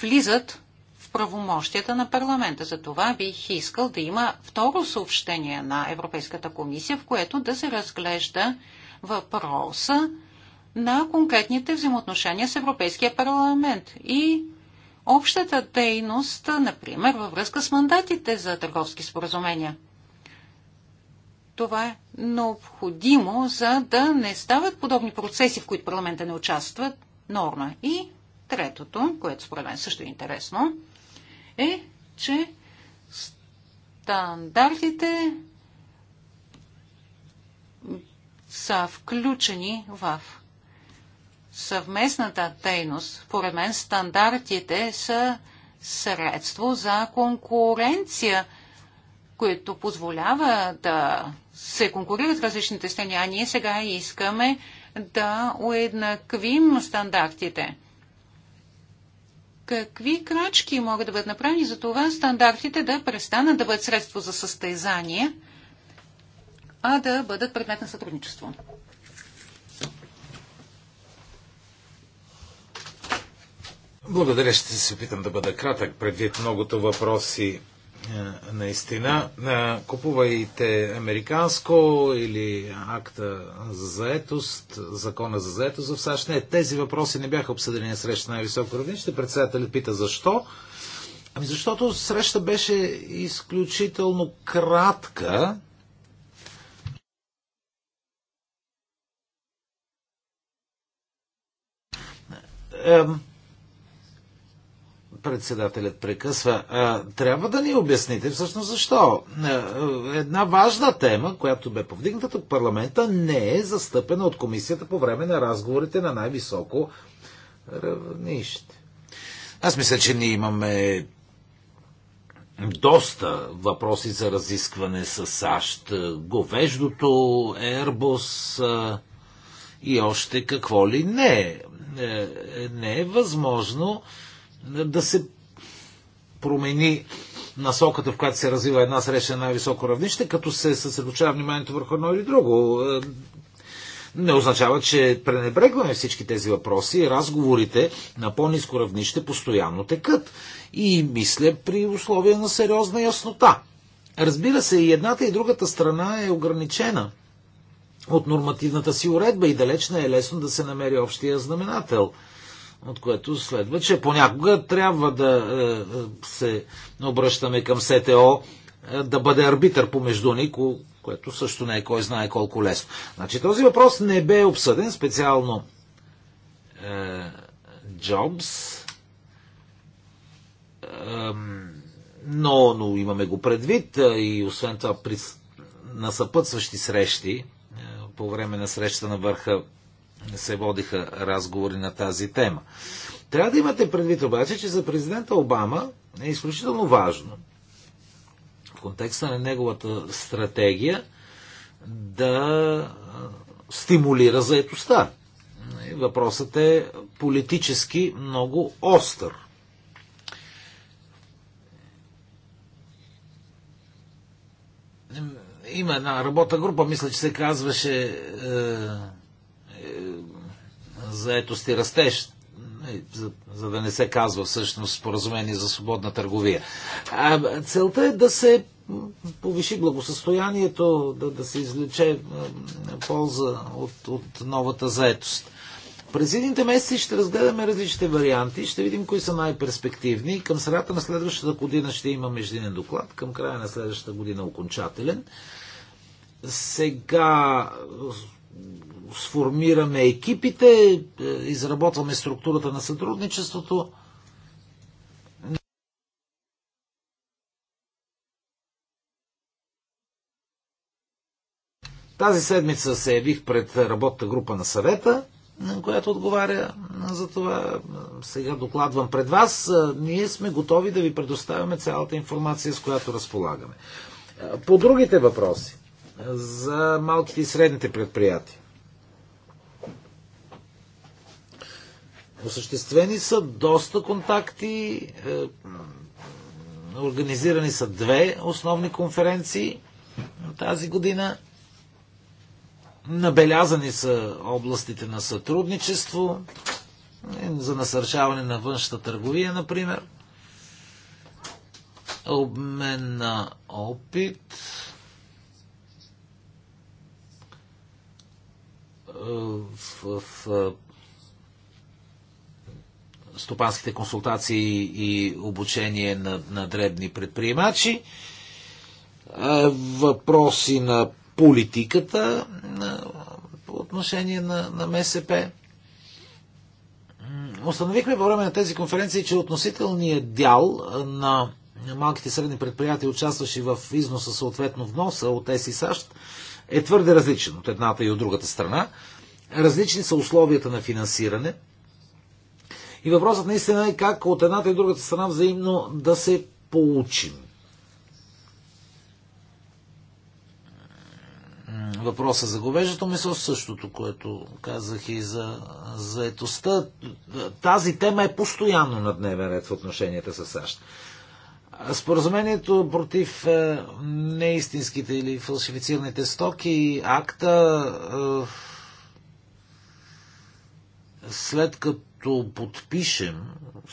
влизат в правомощията на парламента. За това бих искал да има второ съобщение на Европейската комисия, в което да се разглежда въпроса на конкретните взаимоотношения с Европейския парламент и общата дейност, например, във връзка с мандатите за търговски споразумения това е необходимо, за да не стават подобни процеси, в които парламента не участват, норма. И третото, което според мен също е интересно, е, че стандартите са включени в съвместната дейност. Поред мен стандартите са средство за конкуренция, което позволява да се конкурират различните страни, а ние сега искаме да уеднаквим стандартите. Какви крачки могат да бъдат направени за това стандартите да престанат да бъдат средство за състезание, а да бъдат предмет на сътрудничество? Благодаря, ще се опитам да бъда кратък предвид многото въпроси е, наистина. Е, купувайте американско или акта за заетост, закона за заетост в САЩ. Не, тези въпроси не бяха обсъдени на среща на най-високо равнище. Председателят пита защо. Ами защото среща беше изключително кратка. Ем, Председателят прекъсва. Трябва да ни обясните всъщност защо. Една важна тема, която бе повдигната от парламента, не е застъпена от комисията по време на разговорите на най-високо равнище. Аз мисля, че ние имаме доста въпроси за разискване с САЩ. Говеждото, Airbus и още какво ли не. Е, не е възможно да се промени насоката, в която се развива една среща на най-високо равнище, като се съсредоточава вниманието върху едно или друго. Е, не означава, че пренебрегваме всички тези въпроси и разговорите на по-низко равнище постоянно текат. И мисля при условия на сериозна яснота. Разбира се, и едната и другата страна е ограничена от нормативната си уредба и далеч не е лесно да се намери общия знаменател – от което следва, че понякога трябва да е, е, се обръщаме към СТО е, да бъде арбитър помежду ни, което също не е кой знае колко лесно. Значи този въпрос не бе обсъден специално е, Джобс, е, но, но имаме го предвид е, и освен това при, на съпътстващи срещи е, по време на среща на върха се водиха разговори на тази тема. Трябва да имате предвид обаче, че за президента Обама е изключително важно в контекста на неговата стратегия да стимулира заетостта. Въпросът е политически много остър. Има една работа група, мисля, че се казваше е, заетост и растеж, нали, за, за да не се казва всъщност споразумение за свободна търговия. А, целта е да се повиши благосъстоянието, да, да се а, полза от, от новата заетост. През едните месеци ще разгледаме различните варианти, ще видим кои са най-перспективни. Към средата на следващата година ще има междинен доклад, към края на следващата година окончателен. Сега сформираме екипите, е, изработваме структурата на сътрудничеството. Тази седмица се явих пред работната група на съвета, която отговаря за това. Сега докладвам пред вас. Е, ние сме готови да ви предоставяме цялата информация, с която разполагаме. Е, по другите въпроси за малките и средните предприятия. Осъществени са доста контакти, е, организирани са две основни конференции тази година. Набелязани са областите на сътрудничество, е, за насърчаване на външната търговия, например. Обмен на опит. Е, в, в стопанските консултации и обучение на, на дребни предприемачи, е, въпроси на политиката на, е, по отношение на, на МСП. Установихме по време на тези конференции, че относителният дял на малките и средни предприятия, участващи в износа, съответно вноса от ЕС и САЩ, е твърде различен от едната и от другата страна. Различни са условията на финансиране – и въпросът наистина е как от едната и другата страна взаимно да се получим. Въпроса за говежето месо, същото, което казах и за заетостта. Тази тема е постоянно на дневен ред в отношенията с САЩ. Споразумението против е, неистинските или фалшифицираните стоки, акта, е, след като като подпишем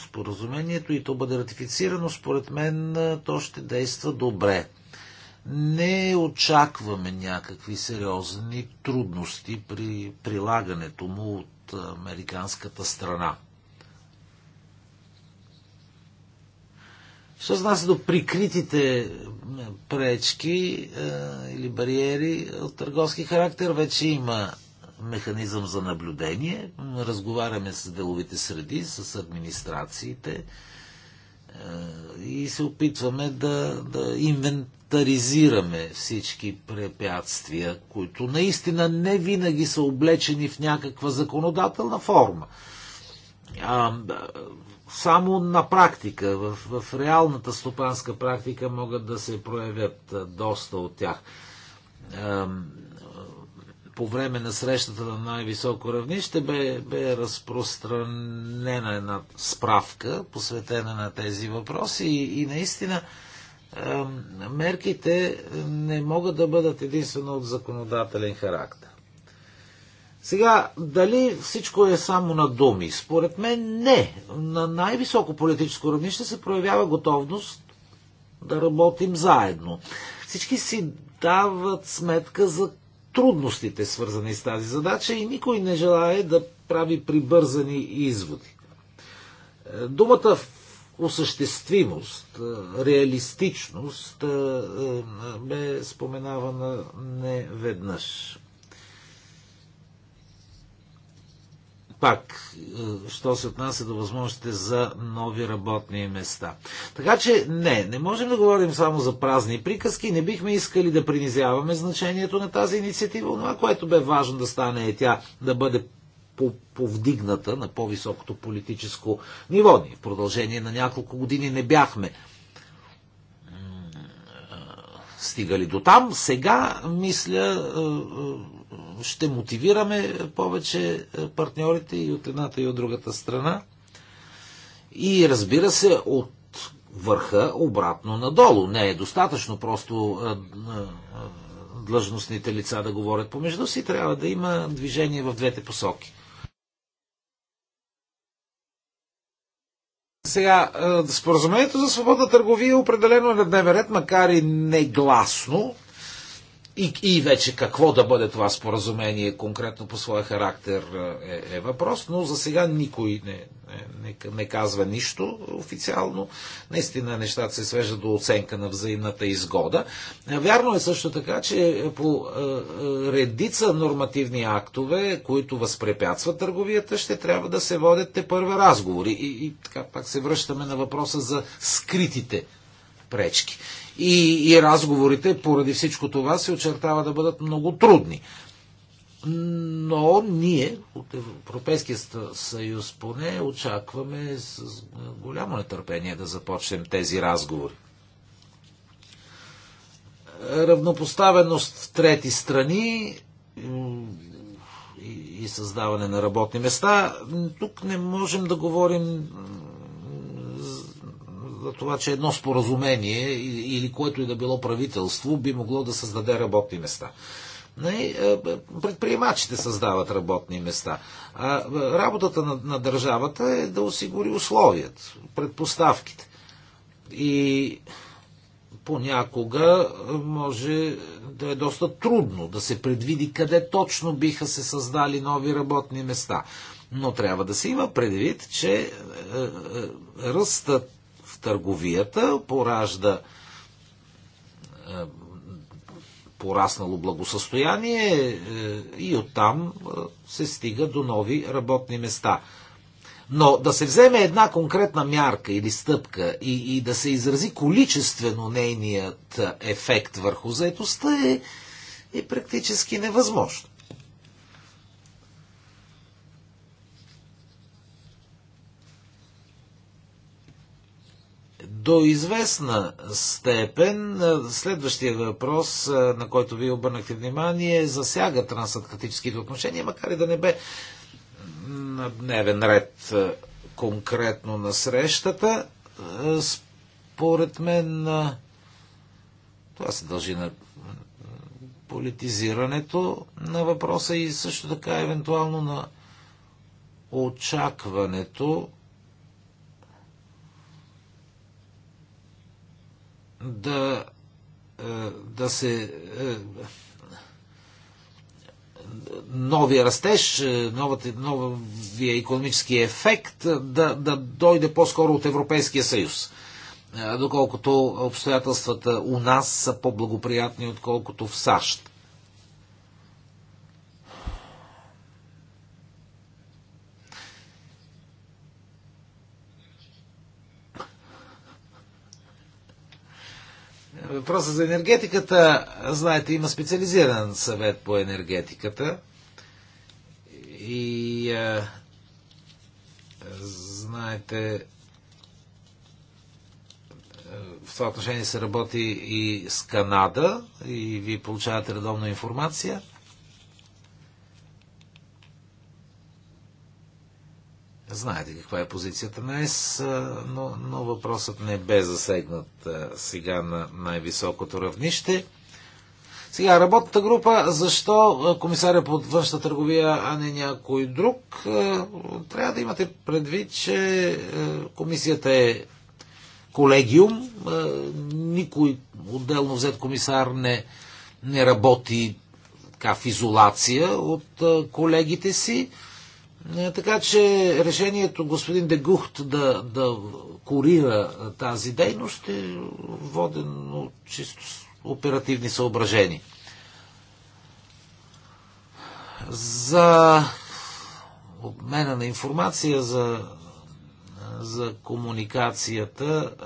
споразумението и то бъде ратифицирано, според мен то ще действа добре. Не очакваме някакви сериозни трудности при прилагането му от американската страна. Що се нас до прикритите пречки е, или бариери от търговски характер, вече има механизъм за наблюдение. Разговаряме с деловите среди, с администрациите е, и се опитваме да, да инвентаризираме всички препятствия, които наистина не винаги са облечени в някаква законодателна форма. А, само на практика, в, в реалната стопанска практика могат да се проявят е, доста от тях по време на срещата на най-високо равнище бе, бе разпространена една справка, посветена на тези въпроси и, и наистина е, мерките не могат да бъдат единствено от законодателен характер. Сега, дали всичко е само на думи? Според мен не. На най-високо политическо равнище се проявява готовност да работим заедно. Всички си дават сметка за трудностите, свързани с тази задача и никой не желае да прави прибързани изводи. Е, думата осъществимост, е, реалистичност бе е, споменавана не веднъж. пак, е, що се отнася до възможностите за нови работни места. Така че не, не можем да говорим само за празни приказки, не бихме искали да принизяваме значението на тази инициатива. но, което бе важно да стане е тя да бъде повдигната на по-високото политическо ниво. Ни в продължение на няколко години не бяхме е, стигали до там. Сега, мисля, е, ще мотивираме повече е, партньорите и от едната и от другата страна. И разбира се, от върха обратно надолу. Не е достатъчно просто е, е, длъжностните лица да говорят помежду си, трябва да има движение в двете посоки. Сега, споразумението за свободна търговия определено е на дневен ред, макар и негласно, и, и вече какво да бъде това споразумение конкретно по своя характер е, е, е въпрос, но за сега никой не, не, не казва нищо официално. Наистина нещата се свеждат до оценка на взаимната изгода. Е, вярно е също така, че по е, е, редица нормативни актове, които възпрепятстват търговията, ще трябва да се водят те първа разговори. И, и така пак се връщаме на въпроса за скритите пречки. И, и разговорите поради всичко това се очертава да бъдат много трудни. Но ние от Европейския съюз поне очакваме с голямо нетърпение да започнем тези разговори. Равнопоставеност в трети страни и създаване на работни места. Тук не можем да говорим за това, че едно споразумение или което и да било правителство би могло да създаде работни места. Нали, е, е, предприемачите създават работни места. А е, работата на, на държавата е да осигури условията, предпоставките. И понякога може да е доста трудно да се предвиди къде точно биха се създали нови работни места. Но трябва да се има предвид, че ръстът търговията, поражда е, пораснало благосъстояние е, и оттам е, се стига до нови работни места. Но да се вземе една конкретна мярка или стъпка и, и да се изрази количествено нейният ефект върху заетостта е, е практически невъзможно. До известна степен следващия въпрос, на който ви обърнахте внимание, засяга трансатлантическите отношения, макар и да не бе на дневен ред конкретно на срещата. Според мен това се дължи на политизирането на въпроса и също така евентуално на очакването да, е, да се е, новия растеж, е, новата, новия економически ефект да, да дойде по-скоро от Европейския съюз. Доколкото обстоятелствата у нас са по-благоприятни, отколкото в САЩ. въпроса за енергетиката, знаете, има специализиран съвет по енергетиката. И а, знаете, в това отношение се работи и с Канада и вие получавате редовна информация – Знаете каква е позицията на ЕС, но, но въпросът не бе засегнат сега на най-високото равнище. Сега, работната група, защо комисаря по външна търговия, а не някой друг? Трябва да имате предвид, че комисията е колегиум, никой отделно взет комисар не, не работи така, в изолация от колегите си. Е, така че решението господин Дегухт да, да корира тази дейност е водено чисто оперативни съображения. За обмена на информация за, за комуникацията е,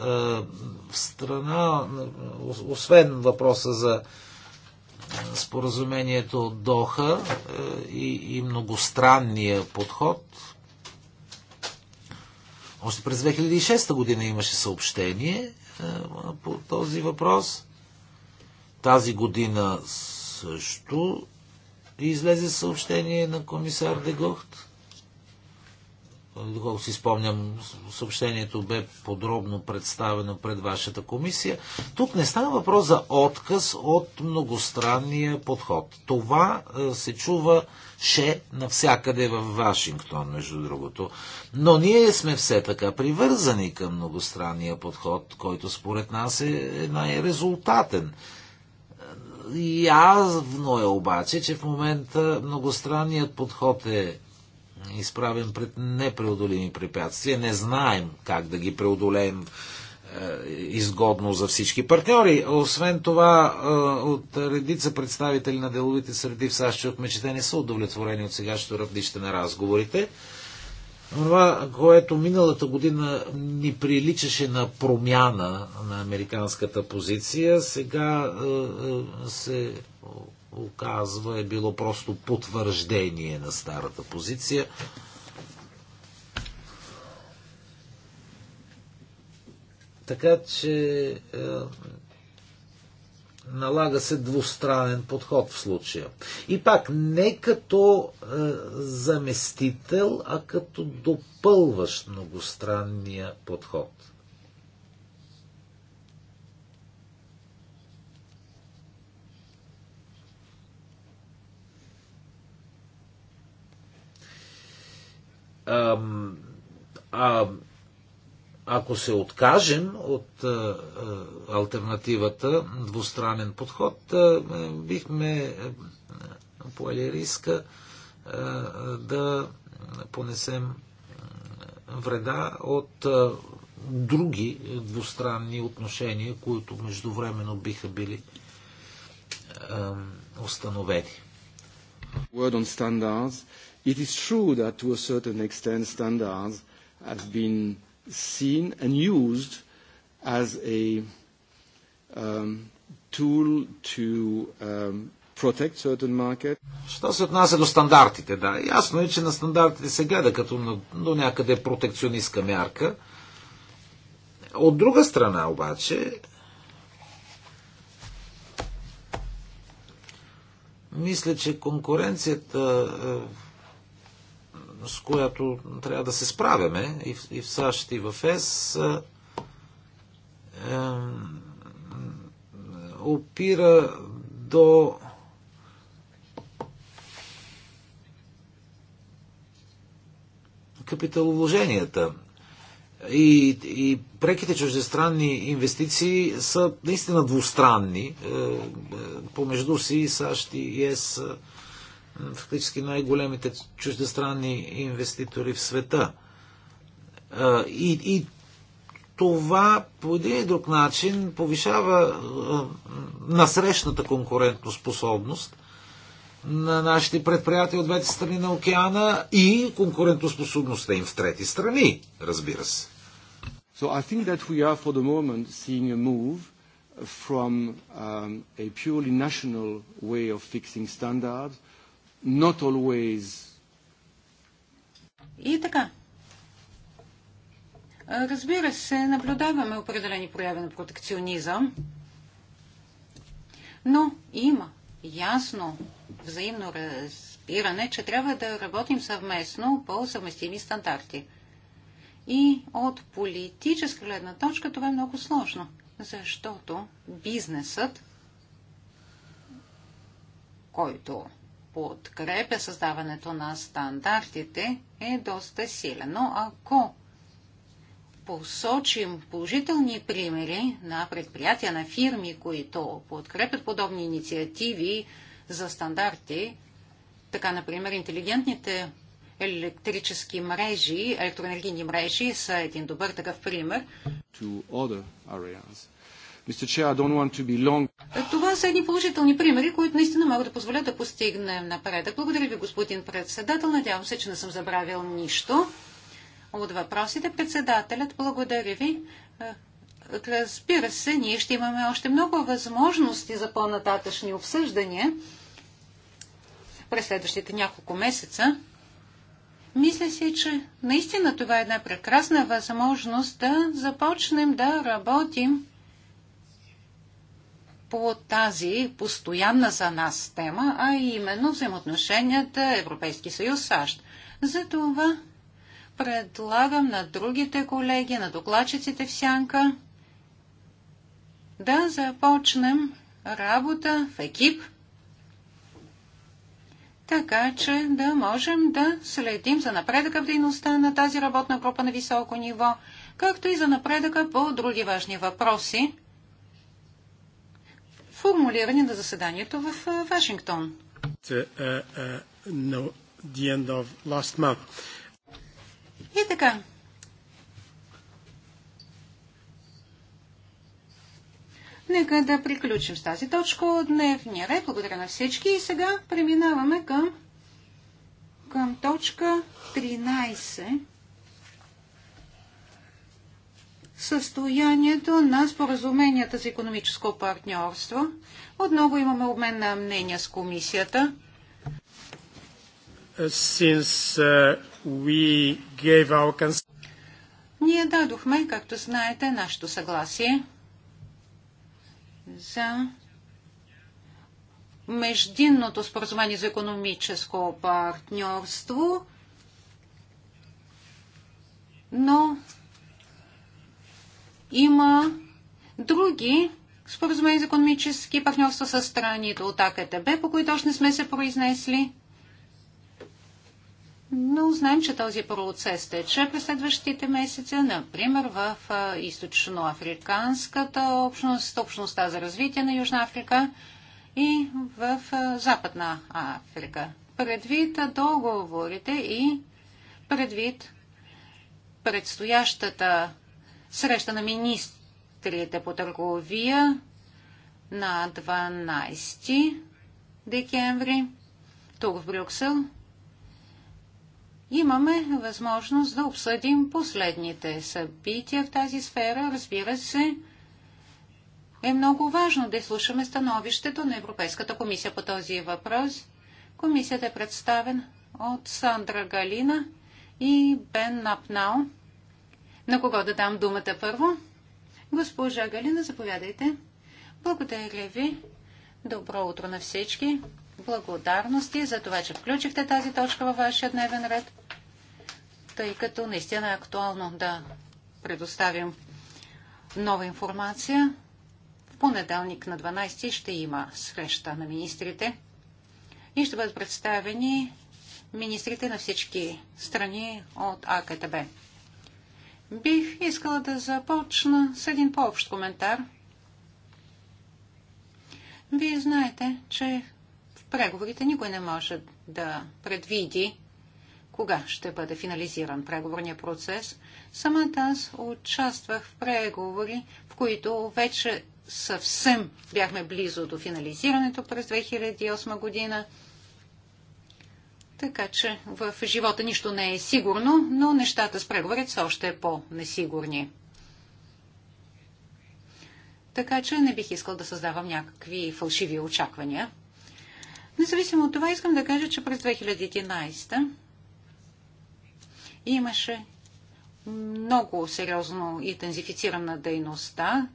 в страна, освен въпроса за споразумението от Доха е, и, и многостранния подход. Още през 2006 година имаше съобщение е, по този въпрос. Тази година също излезе съобщение на комисар Дегохт доколко си спомням, съобщението бе подробно представено пред вашата комисия. Тук не става въпрос за отказ от многостранния подход. Това е, се чува ше навсякъде в Вашингтон, между другото. Но ние сме все така привързани към многостранния подход, който според нас е, е най-резултатен. Явно е обаче, че в момента многостранният подход е изправен пред непреодолими препятствия. Не знаем как да ги преодолеем е, изгодно за всички партньори. Освен това, е, от редица представители на деловите среди в САЩ чухме, че те не са удовлетворени от сегашното равнище на разговорите. Това, което миналата година ни приличаше на промяна на американската позиция, сега е, се оказва е било просто потвърждение на старата позиция. Така че е, налага се двустранен подход в случая. И пак, не като е, заместител, а като допълващ многостранния подход. Ам, а, ако се откажем от а, а, альтернативата, двустранен подход, а, е, бихме е, поели риска а, да понесем вреда от а, други двустранни отношения, които междувременно биха били а, установени. Word on standards. It is true that to a certain extent standards have been seen and used as a um, tool to um, protect certain market. Що се отнася до стандартите, да. Ясно е, че на стандартите се гледа като на, до някъде протекционистка мярка. От друга страна обаче, мисля, че конкуренцията е, с която трябва да се справяме и в, и в САЩ, и в ЕС, е, опира до капиталовложенията. И, и преките чуждестранни инвестиции са наистина двустранни е, е, помежду си САЩ и ЕС. Е, фактически най-големите чуждестранни инвеститори в света. И, и това по един и друг начин повишава насрещната конкурентоспособност на нашите предприятия от двете страни на океана и конкурентоспособността им в трети страни, разбира се. So I think that we are for the moment seeing a move from um, a purely national way of fixing standards not always. И така. Разбира се, наблюдаваме определени прояви на протекционизъм, но има ясно взаимно разбиране, че трябва да работим съвместно по съвместими стандарти. И от политическа гледна точка това е много сложно, защото бизнесът, който подкрепя създаването на стандартите е доста силен. Но ако посочим положителни примери на предприятия, на фирми, които подкрепят подобни инициативи за стандарти, така, например, интелигентните електрически мрежи, електроенергийни мрежи са един добър такъв пример. Това са едни положителни примери, които наистина могат да позволят да постигнем напредък. Благодаря ви, господин председател. Надявам се, че не съм забравил нищо от въпросите. Председателят, благодаря ви. Разбира се, ние ще имаме още много възможности за по-нататъчни обсъждания през следващите няколко месеца. Мисля си, че наистина това е една прекрасна възможност да започнем да работим по тази постоянна за нас тема, а именно взаимоотношенията Европейски съюз-САЩ. Затова предлагам на другите колеги, на докладчиците в Сянка, да започнем работа в екип, така че да можем да следим за напредъка в дейността на тази работна група на високо ниво, както и за напредъка по други важни въпроси, формулирани на заседанието в е, Вашингтон. Е, е, И така. Нека да приключим с тази точка от дневния ред. Благодаря на всички. И сега преминаваме към, към точка 13. състоянието на споразуменията за економическо партньорство. Отново имаме обмен на мнения с комисията. Since, uh, we gave our... Ние дадохме, както знаете, нашето съгласие за междинното споразумение за економическо партньорство, но има други споразумения за економически партньорства с страните от АКТБ, по които още не сме се произнесли. Но знаем, че този процес тече през следващите месеци, например в източноафриканската общност, общността за развитие на Южна Африка и в Западна Африка. Предвид договорите и предвид предстоящата среща на министрите по търговия на 12 декември тук в Брюксел. Имаме възможност да обсъдим последните събития в тази сфера. Разбира се, е много важно да изслушаме становището на Европейската комисия по този въпрос. Комисията е представен от Сандра Галина и Бен Напнау. На кого да дам думата първо? Госпожа Галина, заповядайте. Благодаря ви. Добро утро на всички. Благодарности за това, че включихте тази точка във вашия дневен ред, тъй като наистина е актуално да предоставим нова информация. В понеделник на 12 ще има среща на министрите и ще бъдат представени министрите на всички страни от АКТБ. Бих искала да започна с един по-общ коментар. Вие знаете, че в преговорите никой не може да предвиди кога ще бъде финализиран преговорния процес. Самата аз участвах в преговори, в които вече съвсем бяхме близо до финализирането през 2008 година – така че в живота нищо не е сигурно, но нещата с преговорите са още по-несигурни. Така че не бих искал да създавам някакви фалшиви очаквания. Независимо от това, искам да кажа, че през 2011 имаше много сериозно интензифицирана дейността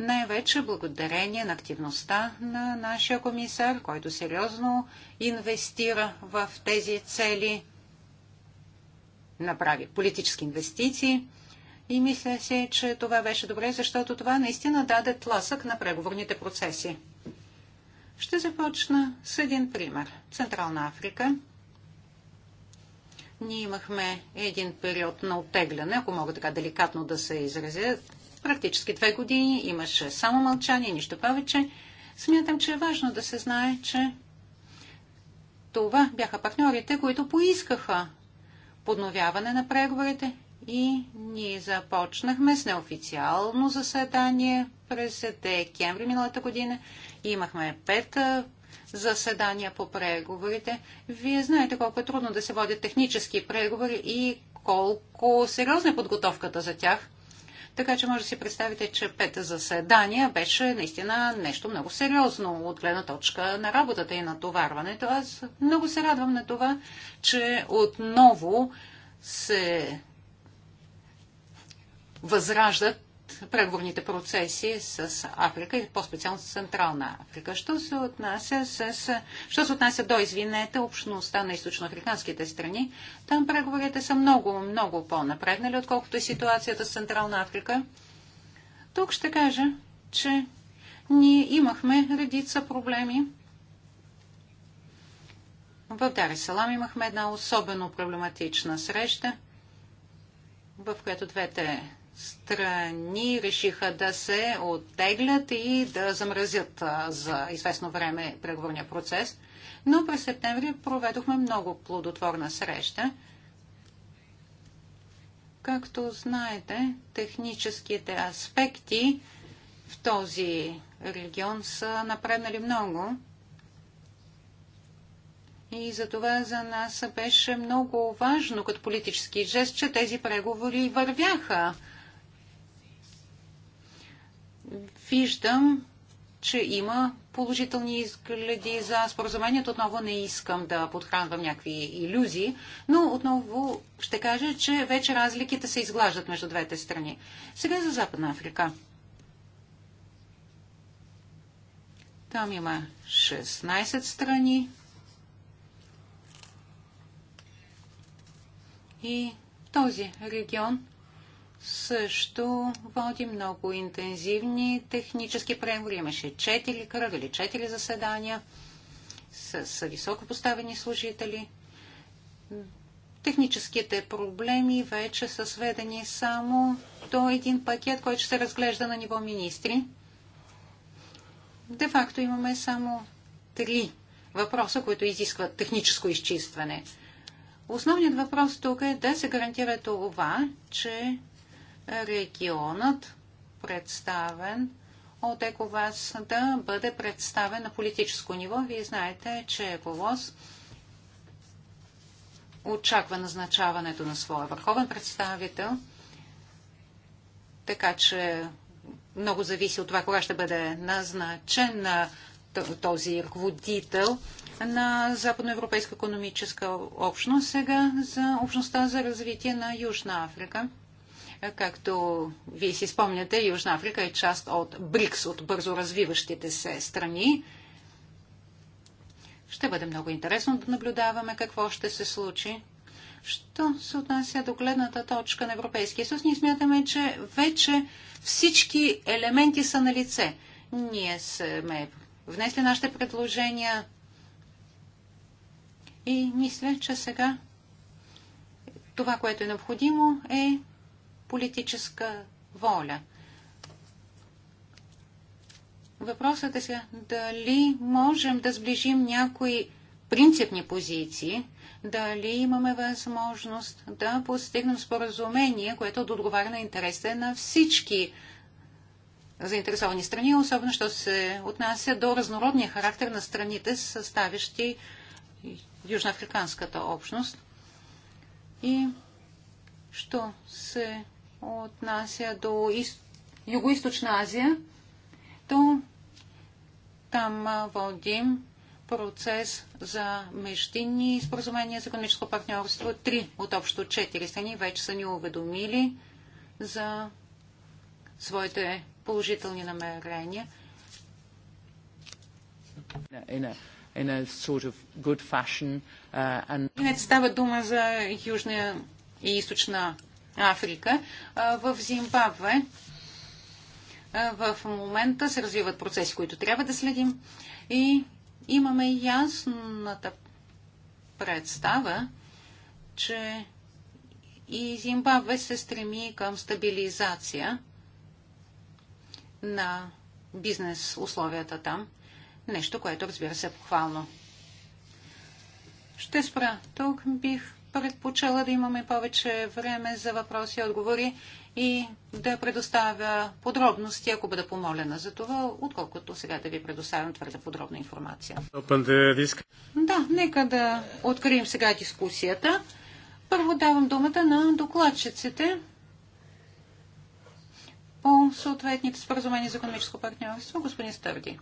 най-вече благодарение на активността на нашия комисар, който сериозно инвестира в тези цели, направи политически инвестиции. И мисля си, че това беше добре, защото това наистина даде тласък на преговорните процеси. Ще започна с един пример. Централна Африка. Ние имахме един период на оттегляне, ако мога така деликатно да се изразя, Практически две години имаше само мълчание, нищо повече. Смятам, че е важно да се знае, че това бяха партньорите, които поискаха подновяване на преговорите и ние започнахме с неофициално заседание през декември миналата година. Имахме пет заседания по преговорите. Вие знаете колко е трудно да се водят технически преговори и колко сериозна е подготовката за тях. Така че може да си представите, че пета заседания беше наистина нещо много сериозно от гледна точка на работата и натоварването. Аз много се радвам на това, че отново се възраждат преговорните процеси с Африка и по-специално с Централна Африка. Що се отнася, с, що се отнася до, извинете, общността на източноафриканските страни, там преговорите са много, много по-напреднали, отколкото е ситуацията с Централна Африка. Тук ще кажа, че ние имахме редица проблеми. В Салам имахме една особено проблематична среща, в която двете страни решиха да се оттеглят и да замразят за известно време преговорния процес. Но през септември проведохме много плодотворна среща. Както знаете, техническите аспекти в този регион са напреднали много. И за това за нас беше много важно като политически жест, че тези преговори вървяха виждам, че има положителни изгледи за споразумението. Отново не искам да подхранвам някакви иллюзии, но отново ще кажа, че вече разликите се изглаждат между двете страни. Сега за Западна Африка. Там има 16 страни. И в този регион – също води много интензивни технически преговори. Имаше четири кръга или четири заседания с, с високо поставени служители. Техническите проблеми вече са сведени само до един пакет, който се разглежда на ниво министри. Де-факто имаме само три въпроса, които изискват техническо изчистване. Основният въпрос тук е да се гарантира това, че регионът, представен от ЕКОВАС, да бъде представен на политическо ниво. Вие знаете, че ЕКОВАС очаква назначаването на своя върховен представител, така че много зависи от това кога ще бъде назначен на този ръководител на Западноевропейска економическа общност, сега за общността за развитие на Южна Африка. Както вие си спомняте, Южна Африка е част от БРИКС, от бързо развиващите се страни. Ще бъде много интересно да наблюдаваме какво ще се случи. Що се отнася до гледната точка на Европейския съюз, ние смятаме, че вече всички елементи са на лице. Ние сме внесли нашите предложения и мисля, че сега това, което е необходимо е политическа воля. Въпросът е сега дали можем да сближим някои принципни позиции, дали имаме възможност да постигнем споразумение, което да отговаря на интересите на всички заинтересовани страни, особено що се отнася до разнородния характер на страните, съставящи Южноафриканската общност. И що се отнася до из... Юго-Источна Азия, то там водим процес за междинни споразумения за економическо партньорство. Три от общо четири страни вече са ни уведомили за своите положителни намерения. In sort of fashion, uh, and... Става дума за Южна и Източна Африка, в Зимбабве в момента се развиват процеси, които трябва да следим и имаме ясната представа, че и Зимбабве се стреми към стабилизация на бизнес условията там. Нещо, което разбира се е похвално. Ще спра. Тук бих предпочела да имаме повече време за въпроси и отговори и да предоставя подробности, ако бъда помолена за това, отколкото сега да ви предоставям твърде подробна информация. Да, нека да открием сега дискусията. Първо давам думата на докладчиците по съответните споразумения за економическо партньорство, господин Стърди.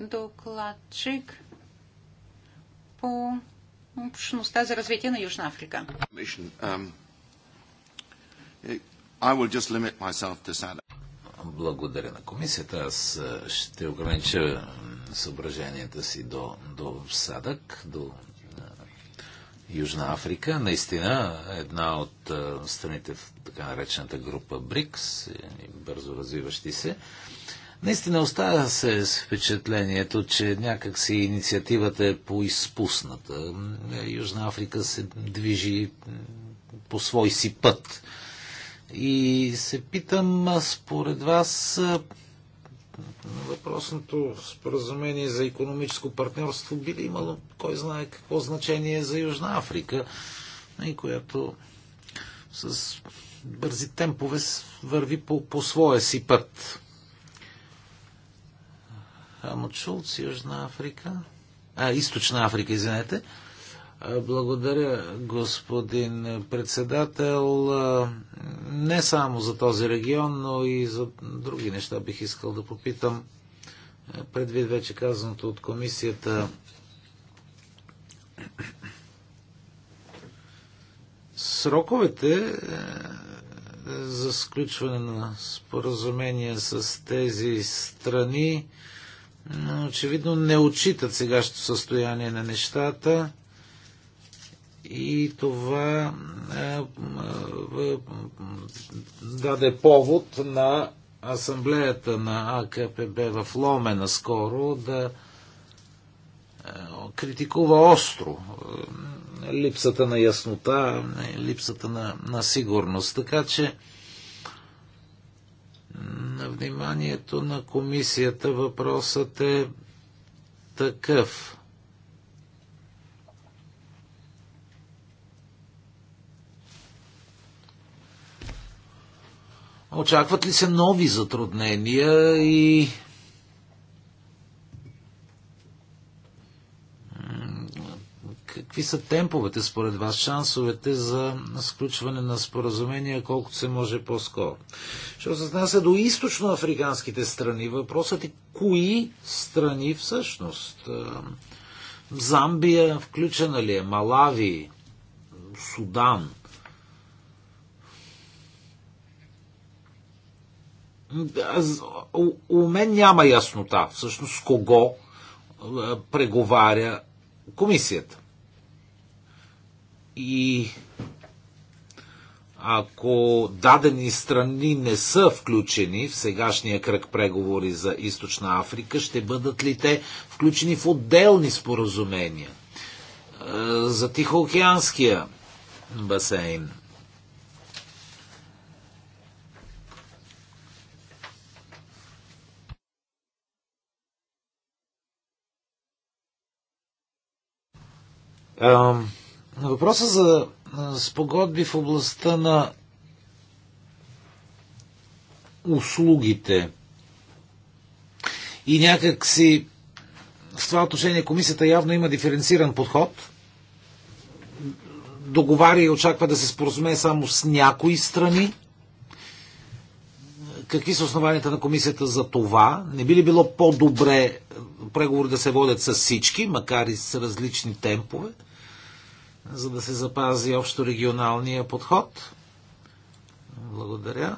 Докладчик по общността за развитие на Южна Африка. Um, Благодаря на комисията. Аз ще огранича съображенията си до, до Садък, до Южна Африка. Наистина една от страните в така наречената група БРИКС, е, бързо развиващи се. Наистина оставя се с впечатлението, че някакси инициативата е поизпусната. Южна Африка се движи по свой си път. И се питам, според вас, въпросното споразумение за економическо партньорство би ли имало, кой знае какво значение за Южна Африка, и която с бързи темпове върви по, по своя си път. Хамот Шулц, Южна Африка. А, Източна Африка, извинете. Благодаря, господин председател. Не само за този регион, но и за други неща бих искал да попитам. Предвид вече казаното от комисията, сроковете е, за сключване на споразумения с тези страни очевидно не отчитат сегашното състояние на нещата и това е, е, даде повод на асамблеята на АКПБ в Ломена скоро да е, критикува остро липсата на яснота, липсата на, на сигурност. Така че на вниманието на комисията въпросът е такъв. Очакват ли се нови затруднения и Какви са темповете според вас, шансовете за сключване на споразумения колкото се може по-скоро? Що се отнася до източноафриканските страни, въпросът е кои страни всъщност? Е, Замбия включена ли е? Малави? Судан? у мен няма яснота всъщност с кого е, преговаря комисията. И ако дадени страни не са включени в сегашния кръг преговори за Източна Африка, ще бъдат ли те включени в отделни споразумения е, за Тихоокеанския басейн? Um... Въпроса за спогодби в областта на услугите и някак си в това отношение комисията явно има диференциран подход. Договаря и очаква да се споразумее само с някои страни. Какви са основанията на комисията за това? Не би ли било по-добре преговори да се водят с всички, макар и с различни темпове? за да се запази общо регионалния подход. Благодаря.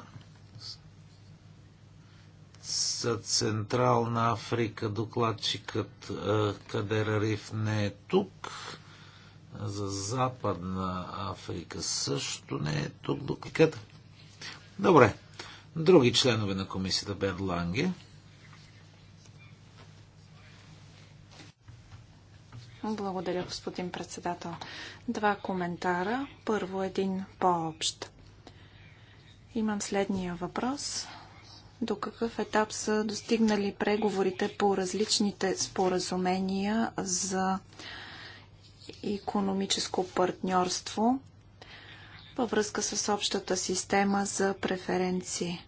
За Централна Африка докладчикът е, Кадер Ариф не е тук. За Западна Африка също не е тук докладчикът. Добре. Други членове на комисията Бен Ланге. Благодаря, господин председател. Два коментара. Първо един по-общ. Имам следния въпрос. До какъв етап са достигнали преговорите по различните споразумения за економическо партньорство във връзка с общата система за преференции?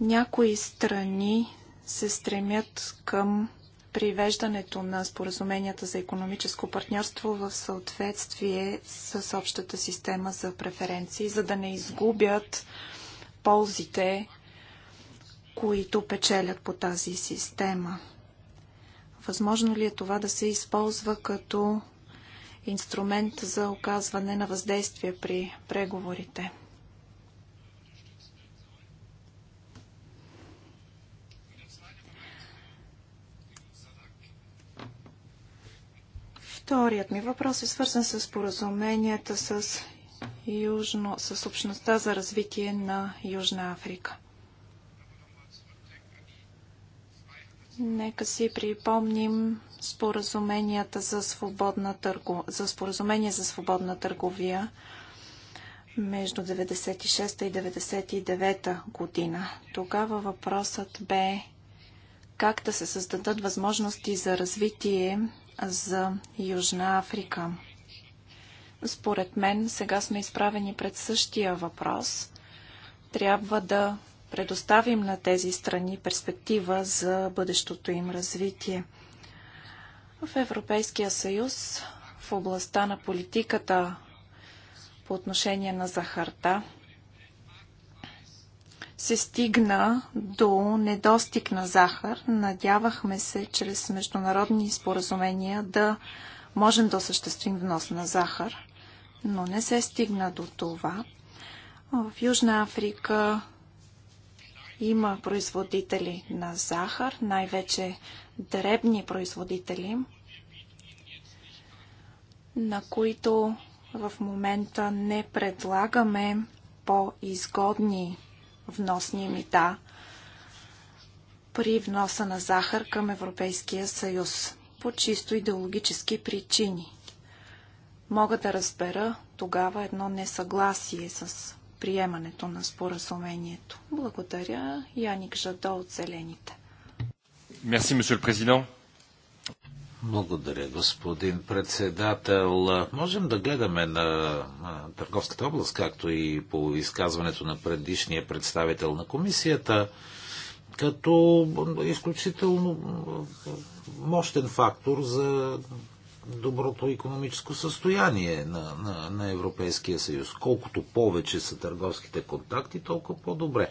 Някои страни се стремят към привеждането на споразуменията за економическо партньорство в съответствие с общата система за преференции, за да не изгубят ползите, които печелят по тази система. Възможно ли е това да се използва като инструмент за оказване на въздействие при преговорите? Вторият ми въпрос е свързан с поразуменията с, южно, с общността за развитие на Южна Африка. Нека си припомним споразуменията за, свободна търго... за споразумение за свободна търговия между 96 и 99 година. Тогава въпросът бе как да се създадат възможности за развитие за Южна Африка. Според мен сега сме изправени пред същия въпрос. Трябва да предоставим на тези страни перспектива за бъдещото им развитие. В Европейския съюз в областта на политиката по отношение на захарта се стигна до недостиг на захар. Надявахме се чрез международни споразумения да можем да осъществим внос на захар, но не се стигна до това. В Южна Африка има производители на захар, най-вече дребни производители, на които в момента не предлагаме по-изгодни вносни мита при вноса на захар към Европейския съюз по чисто идеологически причини. Мога да разбера тогава едно несъгласие с приемането на споразумението. Благодаря, Яник Жадо от Зелените. Мерси, месье президент. Благодаря, господин председател. Можем да гледаме на Търговската област, както и по изказването на предишния представител на комисията, като изключително мощен фактор за доброто економическо състояние на, на, на Европейския съюз. Колкото повече са търговските контакти, толкова по-добре.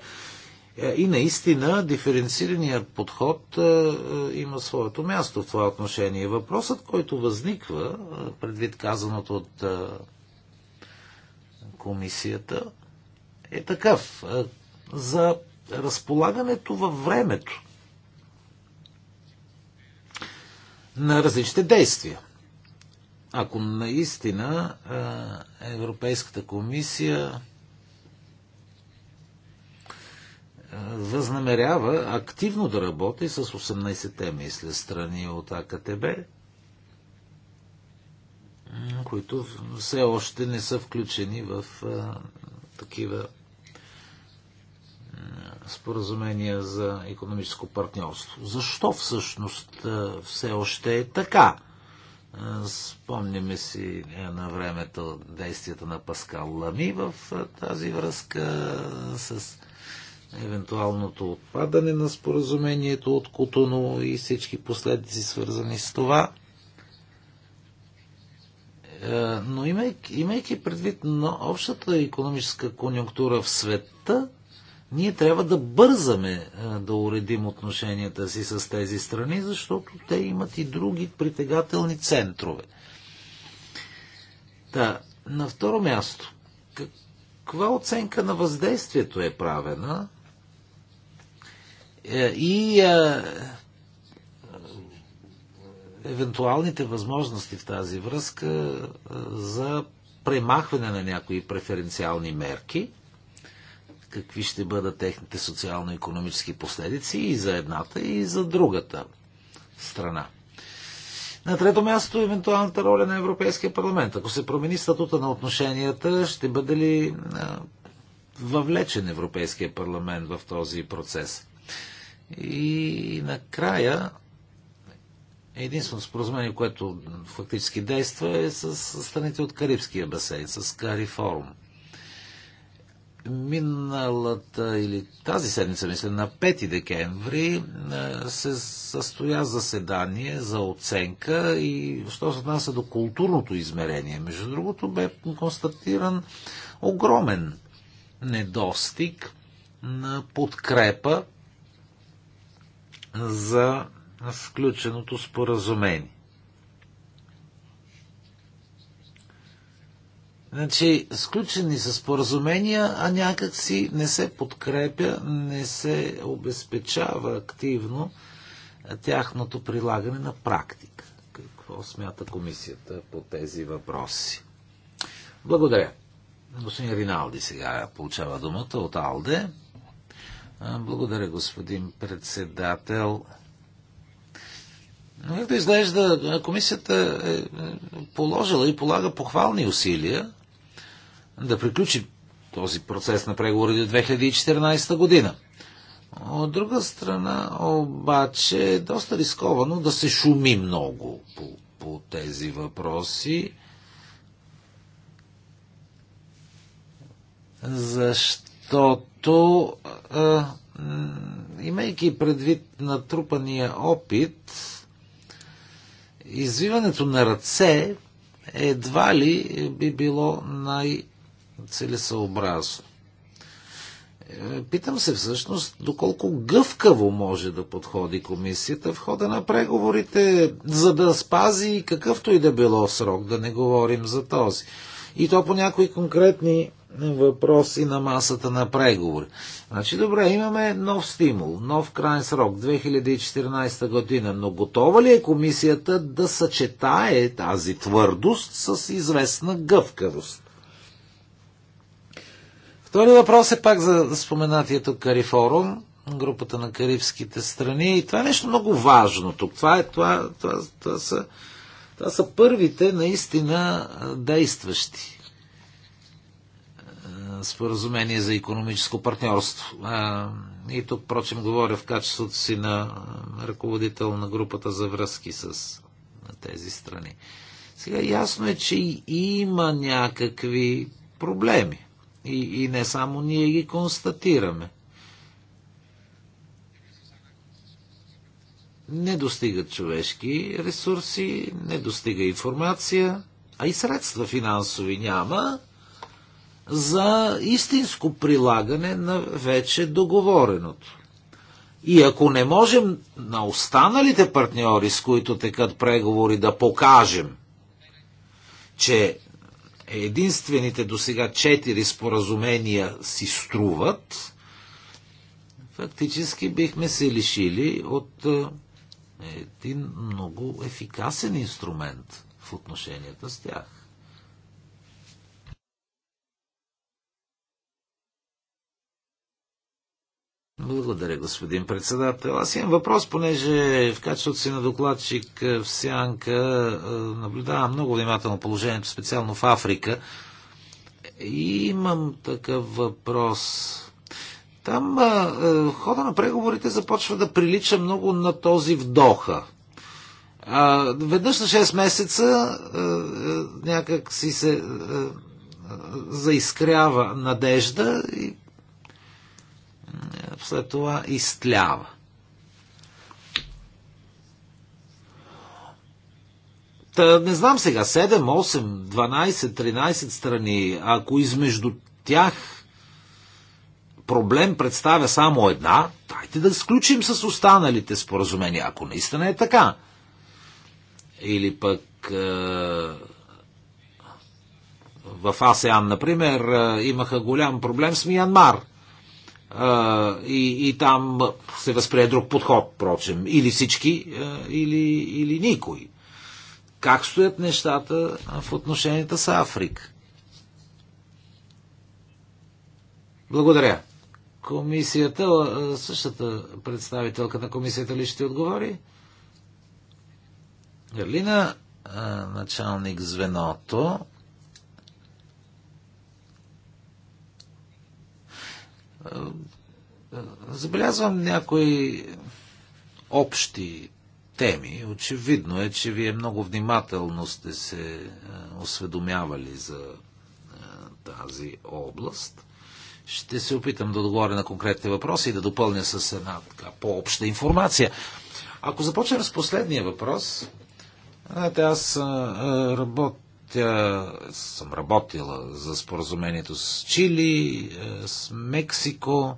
Е, и наистина диференцираният подход е, е, има своето място в това отношение. Въпросът, който възниква, предвид казаното от комисията, е такъв. За разполагането във времето на различните действия. Ако наистина Европейската комисия възнамерява активно да работи с 18-те, мисля, страни от АКТБ, които все още не са включени в а, такива споразумения за економическо партньорство. Защо всъщност все още е така? Спомняме си е, на времето действията на Паскал Лами в тази връзка с евентуалното отпадане на споразумението от Котоно и всички последици свързани с това. Е, но имайки, имайки предвид на общата економическа конюнктура в света, ние трябва да бързаме е, да уредим отношенията си с тези страни, защото те имат и други притегателни центрове. Да, на второ място, каква оценка на въздействието е правена е, и е, евентуалните възможности в тази връзка е, за премахване на някои преференциални мерки, какви ще бъдат техните социално-економически последици и за едната, и за другата страна. На трето място, евентуалната роля на Европейския парламент. Ако се промени статута на отношенията, ще бъде ли въвлечен Европейския парламент в този процес? И накрая, единствено споразумение, което фактически действа е с страните от Карибския басейн, с Карифорум. Миналата или тази седмица, мисля, на 5 декември се състоя заседание за оценка и що се отнася до културното измерение. Между другото бе констатиран огромен недостиг на подкрепа за сключеното споразумение. Значи, сключени са споразумения, а някак си не се подкрепя, не се обезпечава активно тяхното прилагане на практика. Какво смята комисията по тези въпроси? Благодаря. Господин Риналди сега получава думата от Алде. Благодаря, господин председател. Но както изглежда, комисията е, е положила и полага похвални усилия да приключи този процес на преговори до 2014 година. От друга страна, обаче, е доста рисковано да се шуми много по, по тези въпроси. Защо? защото имайки предвид натрупания опит, извиването на ръце едва ли би било най-целесъобразно. Е, питам се всъщност доколко гъвкаво може да подходи комисията в хода на преговорите, за да спази какъвто и да било срок, да не говорим за този. И то по някои конкретни въпроси на масата на преговори. Значи, добре, имаме нов стимул, нов крайен срок, 2014 година, но готова ли е комисията да съчетае тази твърдост с известна гъвкавост? Втори въпрос е пак за споменатието тук Карифорум, групата на карибските страни. И това е нещо много важно тук. Това, е, това, това, това, са, това са първите наистина действащи споразумение за економическо партньорство. И тук, впрочем, говоря в качеството си на ръководител на групата за връзки с тези страни. Сега ясно е, че има някакви проблеми. И, и не само ние ги констатираме. Не достигат човешки ресурси, не достига информация, а и средства финансови няма за истинско прилагане на вече договореното. И ако не можем на останалите партньори, с които текат преговори, да покажем, че единствените до сега четири споразумения си струват, фактически бихме се лишили от е, един много ефикасен инструмент в отношенията с тях. Благодаря, господин председател. Аз имам въпрос, понеже в качеството си на докладчик е, в Сянка е, наблюдавам много внимателно положението, специално в Африка. И имам такъв въпрос. Там а, е, хода на преговорите започва да прилича много на този вдоха. А, веднъж на 6 месеца а, някак си се а, заискрява надежда и след това изтлява. Та, не знам сега, 7, 8, 12, 13 страни, ако измежду тях проблем представя само една, дайте да сключим с останалите споразумения, ако наистина е така. Или пък е, в АСЕАН, например, е, имаха голям проблем с Миянмар – и, и там се възприе друг подход, прочем. Или всички, или, или никой. Как стоят нещата в отношенията с Африка? Благодаря. Комисията, същата представителка на комисията ли ще отговори? Ерлина, началник звеното. Забелязвам някои общи теми. Очевидно е, че вие много внимателно сте се е, осведомявали за е, тази област. Ще се опитам да отговоря на конкретните въпроси и да допълня с една така по-обща информация. Ако започнем с последния въпрос, знаете, аз е, работя, съм работила за споразумението с Чили, с Мексико,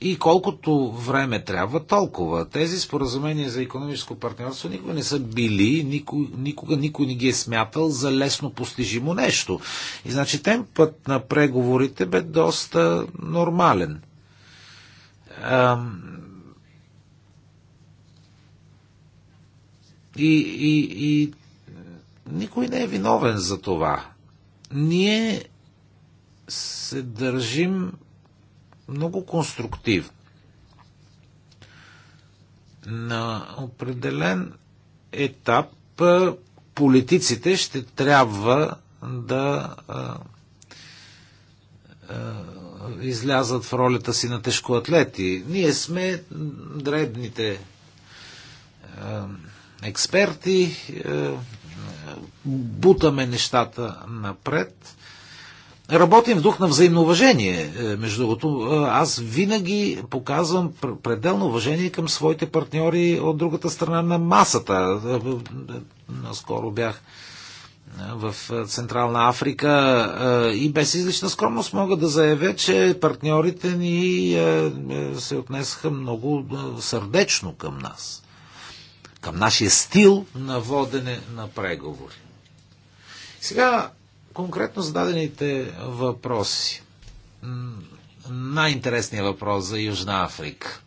и колкото време трябва, толкова. Тези споразумения за економическо партньорство никога не са били, никога, никога никой не ги е смятал за лесно постижимо нещо. И значи темпът на преговорите бе доста нормален. И, и, и никой не е виновен за това. Ние се държим много конструктивно. На определен етап политиците ще трябва да излязат в ролята си на тежкоатлети. Ние сме дребните експерти, бутаме нещата напред работим в дух на взаимно уважение. Е, между другото, е, аз винаги показвам пределно уважение към своите партньори от другата страна на масата. Е, наскоро бях в Централна Африка и без излишна скромност мога да заявя, че партньорите ни се отнесаха много сърдечно към нас, към нашия стил на водене на преговори. Сега конкретно зададените въпроси. Най-интересният въпрос за Южна Африка.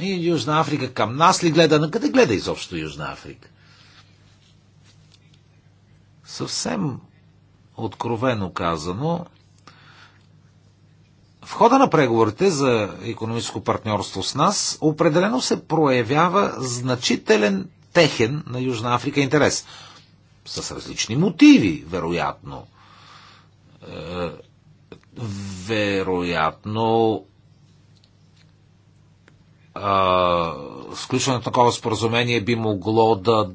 И Южна Африка към нас ли гледа? На къде гледа изобщо Южна Африка? Съвсем откровено казано, в хода на преговорите за економическо партньорство с нас определено се проявява значителен техен на Южна Африка интерес с различни мотиви, вероятно. Е, вероятно, сключването на такова споразумение би могло да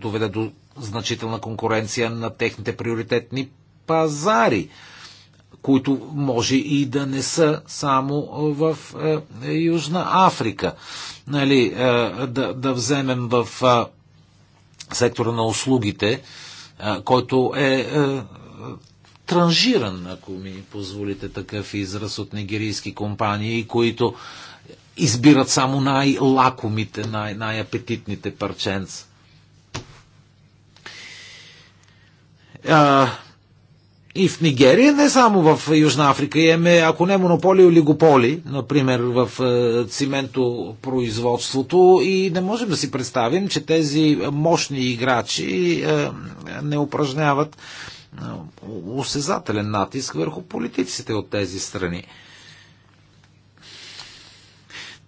доведе до значителна конкуренция на техните приоритетни пазари, които може и да не са само в е, Южна Африка. Нали, е, да, да вземем в сектора на услугите, който е, е, е транжиран, ако ми позволите такъв израз от нигерийски компании, които избират само най-лакомите, най- най-апетитните парченца. И в Нигерия, не само в Южна Африка, имаме, ако не монополи, олигополи, например в е, цементопроизводството, и не можем да си представим, че тези мощни играчи е, не упражняват е, осезателен натиск върху политиците от тези страни.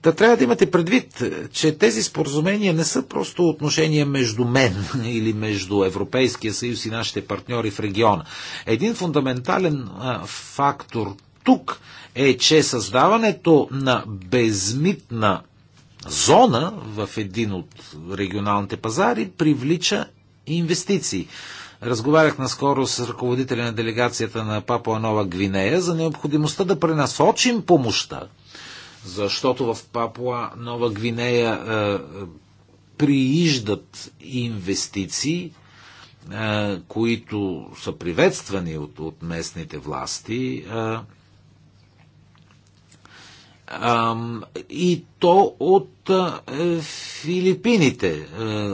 Та трябва да имате предвид, че тези споразумения не са просто отношения между мен или между Европейския съюз и нашите партньори в региона. Един фундаментален фактор тук е, че създаването на безмитна зона в един от регионалните пазари привлича инвестиции. Разговарях наскоро с ръководителя на делегацията на Папуа Нова Гвинея за необходимостта да пренасочим помощта защото в Папуа Нова Гвинея е, е, прииждат инвестиции, е, които са приветствани от, от местните власти. Е, и то от е, Филипините, е,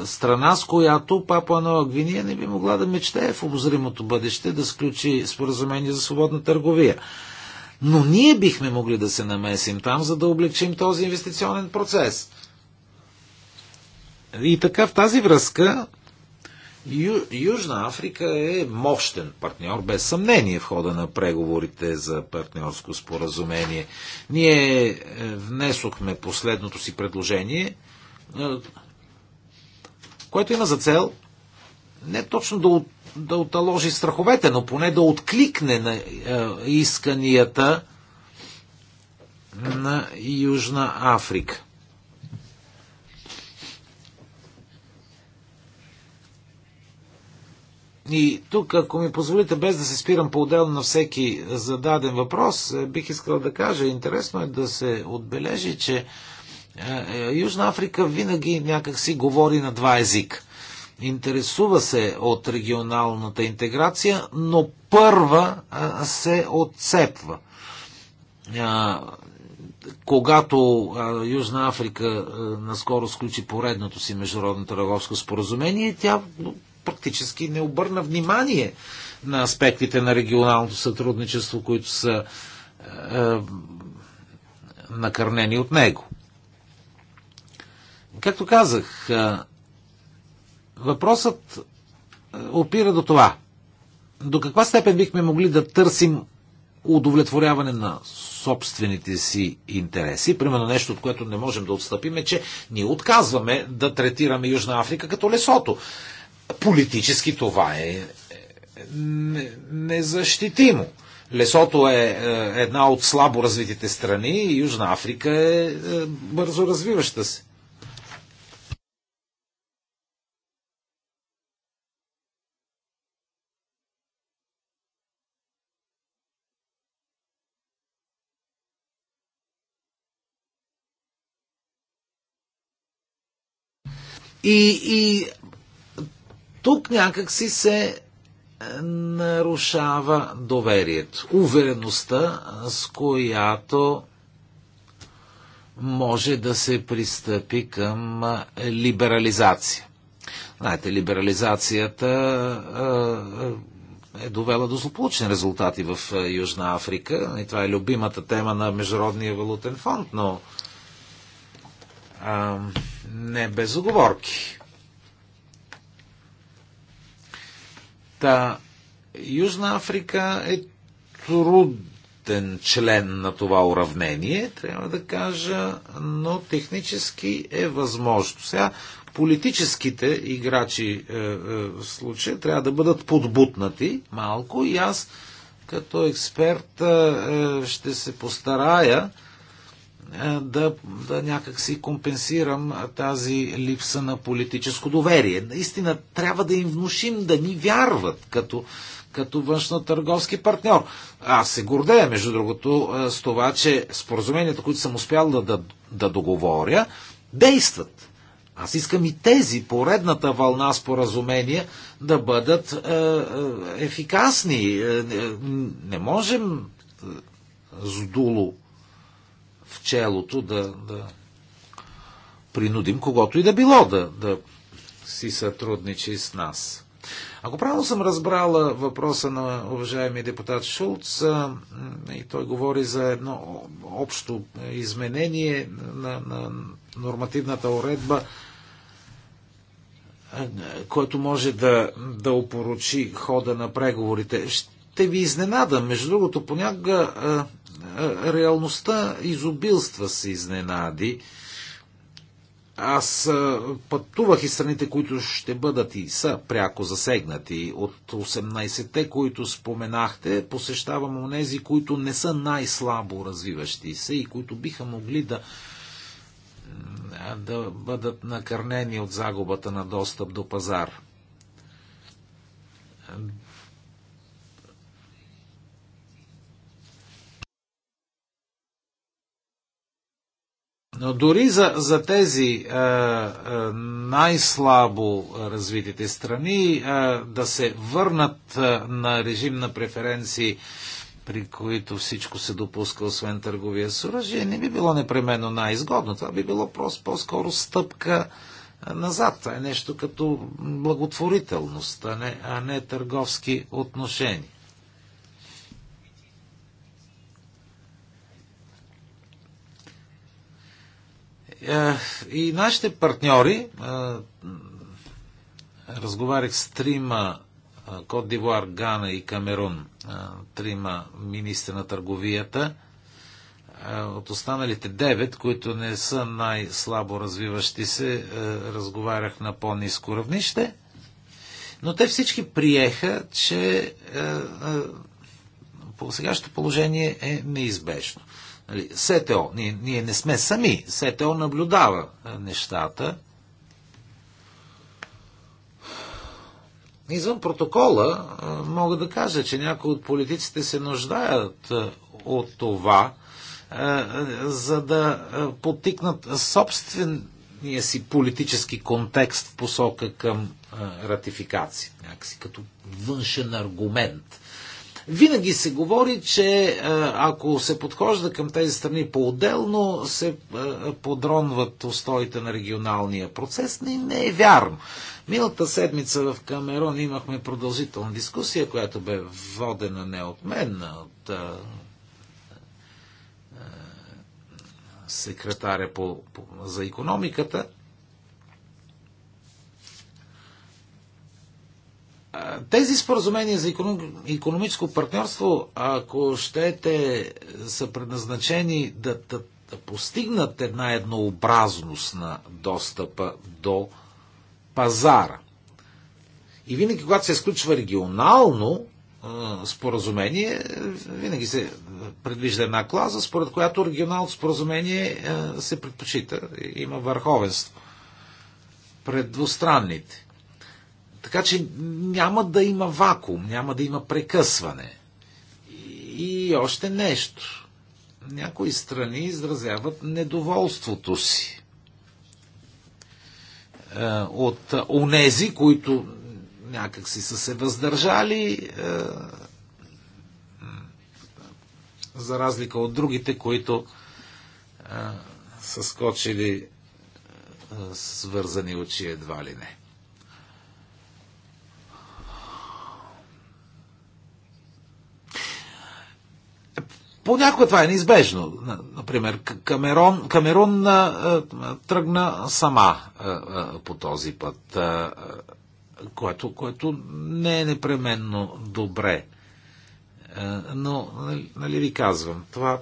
страна с която Папуа Нова Гвиния не би могла да мечтае в обозримото бъдеще да сключи споразумение за свободна търговия. Но ние бихме могли да се намесим там, за да облегчим този инвестиционен процес. И така в тази връзка Ю, Южна Африка е мощен партньор, без съмнение в хода на преговорите за партньорско споразумение. Ние е, внесохме последното си предложение, е, което има за цел не точно да да оталожи страховете, но поне да откликне на е, исканията на Южна Африка. И тук, ако ми позволите, без да се спирам по-отделно на всеки зададен въпрос, е, бих искал да кажа, интересно е да се отбележи, че е, Южна Африка винаги някак си говори на два езика интересува се от регионалната интеграция, но първа се отцепва. Когато Южна Африка наскоро сключи поредното си международно търговско споразумение, тя практически не обърна внимание на аспектите на регионалното сътрудничество, които са накърнени от него. Както казах, Въпросът е, опира до това. До каква степен бихме могли да търсим удовлетворяване на собствените си интереси. Примерно нещо, от което не можем да отстъпим е, че ние отказваме да третираме Южна Африка като лесото. Политически това е, е незащитимо. Лесото е, е една от слабо развитите страни и Южна Африка е бързо развиваща се. И, и тук някакси се е, нарушава доверието, увереността, с която може да се пристъпи към е, либерализация. Знаете, либерализацията е, е довела до злополучни резултати в Южна Африка. И това е любимата тема на Международния валутен фонд, но не без оговорки. Та Южна Африка е труден член на това уравнение, трябва да кажа, но технически е възможно. Сега политическите играчи е, е, в случая трябва да бъдат подбутнати малко и аз като експерт е, ще се постарая е, да, да някак си компенсирам тази липса на политическо доверие. Наистина трябва да им внушим да ни вярват като, като външно-търговски партньор. Аз се гордея, между другото, е, с това, че споразуменията, които съм успял да, да, да договоря, действат. Аз искам и тези, поредната вълна споразумения, да бъдат е, е, ефикасни. Е, е не можем е, с дулу челото да, да принудим когото и да било да, да си сътрудничи с нас. Ако правилно съм разбрала въпроса на уважаемия депутат Шулц, и той говори за едно общо изменение на, на нормативната уредба, което може да, да опорочи хода на преговорите. Ще ви изненада. Между другото, понякога е, реалността изобилства с изненади. Аз е, пътувах и страните, които ще бъдат и са пряко засегнати. От 18-те, които споменахте, посещавам онези, които не са най-слабо развиващи се и които биха могли да, да бъдат накърнени от загубата на достъп до пазар. Но дори за, за тези е, е, най-слабо развитите страни е, да се върнат е, на режим на преференции, при които всичко се допуска, освен търговия с оръжие, не би било непременно най-изгодно. Това би било просто по-скоро стъпка е, назад. Това е нещо като благотворителност, а не, а не търговски отношения. Е, и нашите партньори, е, разговарях с трима е, Кот Дивуар, Гана и Камерун, трима министри на търговията, от останалите девет, които не са най-слабо развиващи се, разговарях на по-низко равнище, но те всички приеха, че по сегащото положение е неизбежно. Нали, СТО, ние, ние не сме сами, СТО наблюдава нещата. Извън протокола мога да кажа, че някои от политиците се нуждаят от това, за да потикнат собствения си политически контекст в посока към ратификация. Някакси като външен аргумент. Винаги се говори, че ако се подхожда към тези страни по-отделно, се подронват устоите на регионалния процес. Не, не е вярно. Миналата седмица в Камерон имахме продължителна дискусия, която бе водена не от мен, а от а, а, секретаря по, по, за економиката. Тези споразумения за економическо партньорство, ако щете, са предназначени да, да, да постигнат една еднообразност на достъпа до пазара. И винаги, когато се изключва регионално споразумение, винаги се предвижда една клаза, според която регионалното споразумение се предпочита, има върховенство пред двустранните. Така че няма да има вакуум, няма да има прекъсване. И още нещо. Някои страни изразяват недоволството си е, от онези, които някак си са се въздържали, е, за разлика от другите, които е, са скочили свързани очи едва ли не. Понякога това е неизбежно. Например, Камерон, Камерун тръгна сама по този път, което, което не е непременно добре. Но, нали, нали ви казвам, това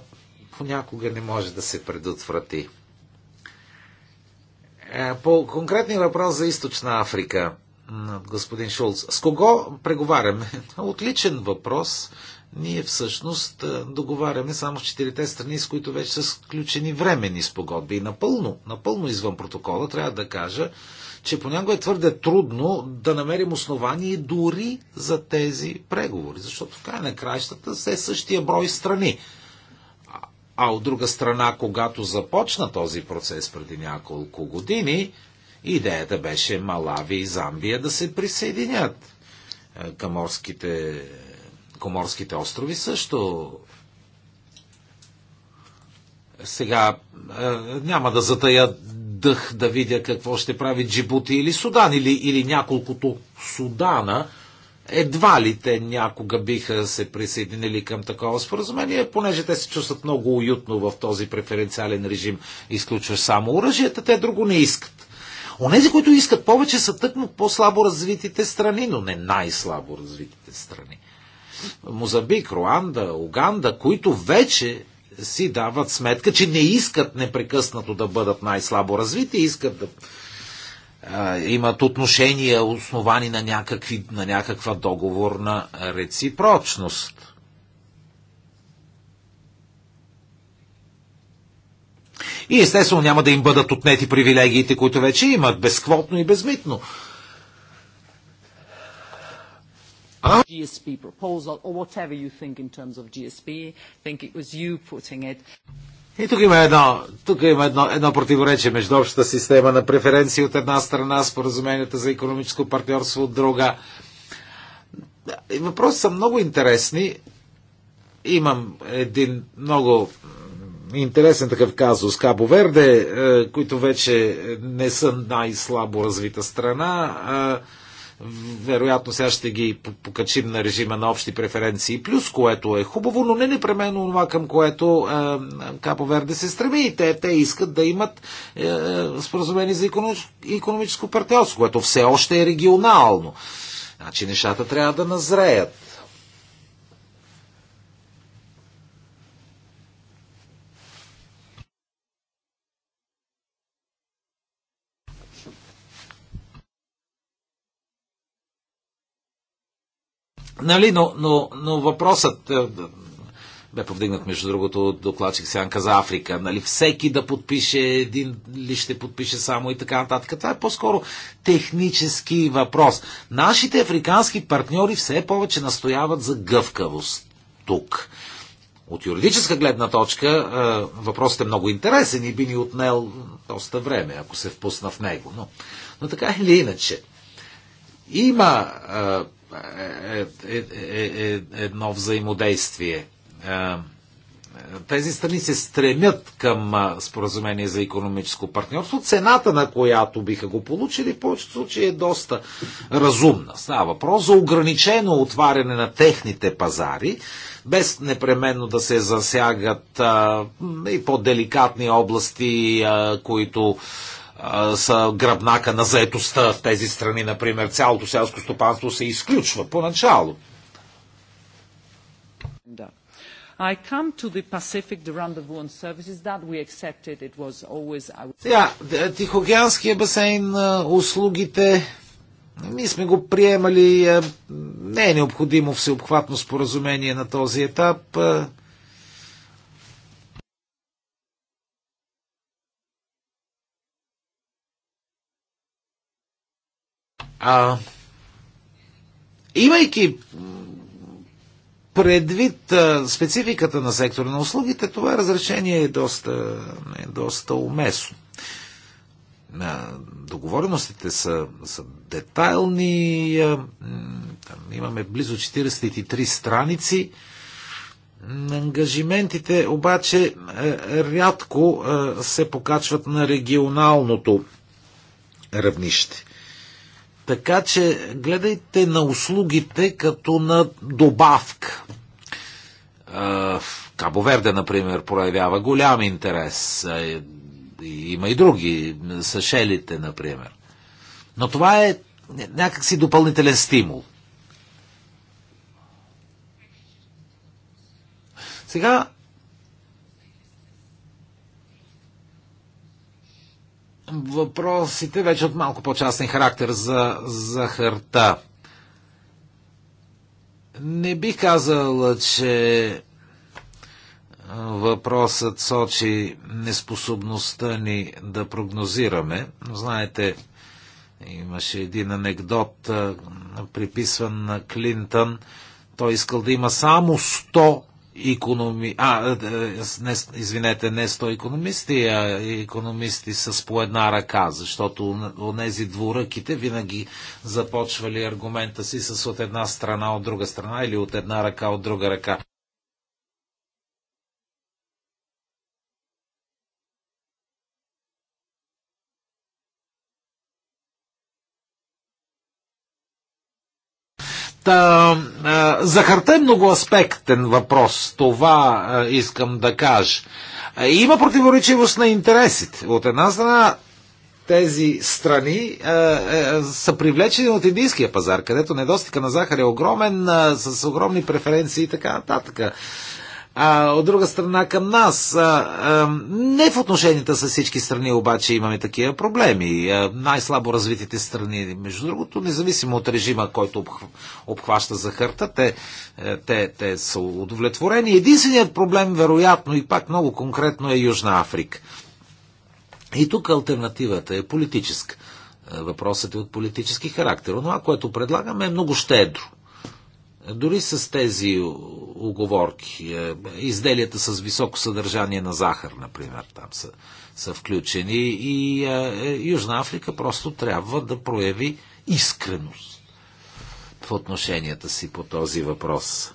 понякога не може да се предотврати. Е, по конкретния въпрос за Източна Африка, господин Шулц, с кого преговаряме? Отличен въпрос ние всъщност е, договаряме само с четирите страни, с които вече са сключени времени спогодби. И напълно, напълно извън протокола трябва да кажа, че понякога е твърде трудно да намерим основание дори за тези преговори, защото в край на краищата се същия брой страни. А от друга страна, когато започна този процес преди няколко години, идеята беше Малави и Замбия да се присъединят е, към морските Коморските острови също сега е, няма да затая дъх да видя какво ще прави Джибути или Судан, или, или няколкото Судана. Едва ли те някога биха се присъединили към такова споразумение, понеже те се чувстват много уютно в този преференциален режим, изключваш само оръжията, те друго не искат. Онези, които искат повече, са тъкмо по-слабо развитите страни, но не най-слабо развитите страни. Мозамбик, Руанда, Уганда, които вече си дават сметка, че не искат непрекъснато да бъдат най-слабо развити, искат да а, имат отношения, основани на, някакви, на някаква договорна реципрочност. И естествено няма да им бъдат отнети привилегиите, които вече имат, безквотно и безмитно. GSP proposal or whatever you think in terms of GSP. I think it was you putting it. И тук има едно, тук има едно, едно противоречие между общата система на преференции от една страна, споразуменията за економическо партньорство от друга. Въпроси са много интересни. Имам един много интересен такъв казус. Кабо Верде, е, които вече не са най-слабо развита страна, е, вероятно сега ще ги покачим на режима на общи преференции плюс, което е хубаво, но не непременно това, към което е, Капо Верде се стреми. И те, те искат да имат е, е споразумение за економическо партньорство, което все още е регионално. Значи нещата трябва да назреят. Нали, но, но, но въпросът е, бе повдигнат, между другото, от докладчик Сянка за Африка. Нали, всеки да подпише един ли ще подпише само и така нататък. Това е по-скоро технически въпрос. Нашите африкански партньори все повече настояват за гъвкавост тук. От юридическа гледна точка е, въпросът е много интересен и би ни отнел доста време, ако се впусна в него. Но, но така или иначе, има е, е, е, е, е едно взаимодействие. Тези страни се стремят към споразумение за економическо партньорство, цената на която биха го получили в повечето случаи е доста разумна. Става въпрос за ограничено отваряне на техните пазари, без непременно да се засягат а, и по-деликатни области, а, които са гръбнака на заетостта в тези страни, например. Цялото селско стопанство се изключва поначало. I come to the Pacific, the rendezvous and services that we accepted. It was always е, Тихоокеанския басейн, е, услугите, ние сме го приемали, е, не е необходимо всеобхватно споразумение на този етап. А, имайки предвид спецификата на сектора на услугите, това разрешение е доста, е доста уместно. Договореностите са, са детайлни. Там имаме близо 43 страници. Ангажиментите обаче е, рядко е, се покачват на регионалното равнище. Така че гледайте на услугите като на добавка. Кабо Верде, например, проявява голям интерес. Има и други, Сашелите, например. Но това е някакси допълнителен стимул. Сега въпросите вече от малко по-частен характер за захарта. Не би казал, че въпросът сочи неспособността ни да прогнозираме. Знаете, имаше един анекдот, приписван на Клинтън. Той искал да има само 100 економи... а, е, не, извинете, не 100 економисти, а економисти с по една ръка, защото у нези двуръките винаги започвали аргумента си с от една страна, от друга страна или от една ръка, от друга ръка. Та, захарта е многоаспектен въпрос. Това а, искам да кажа. Има противоречивост на интересите. От една страна тези страни е, са привлечени от индийския пазар, където недостига на захар е огромен, с огромни преференции и така нататък а от друга страна към нас. А, а, не в отношенията с всички страни обаче имаме такива проблеми. най-слабо развитите страни, между другото, независимо от режима, който обхваща захарта, те, е, те, те са удовлетворени. Единственият проблем, вероятно и пак много конкретно, е Южна Африка. И тук альтернативата е политическа. Е, въпросът е от политически характер. Но това, което предлагаме, е много щедро дори с тези оговорки, е, изделията с високо съдържание на захар, например, там са, са включени, и а, е, е, Южна Африка просто трябва да прояви искреност в отношенията си по този въпрос.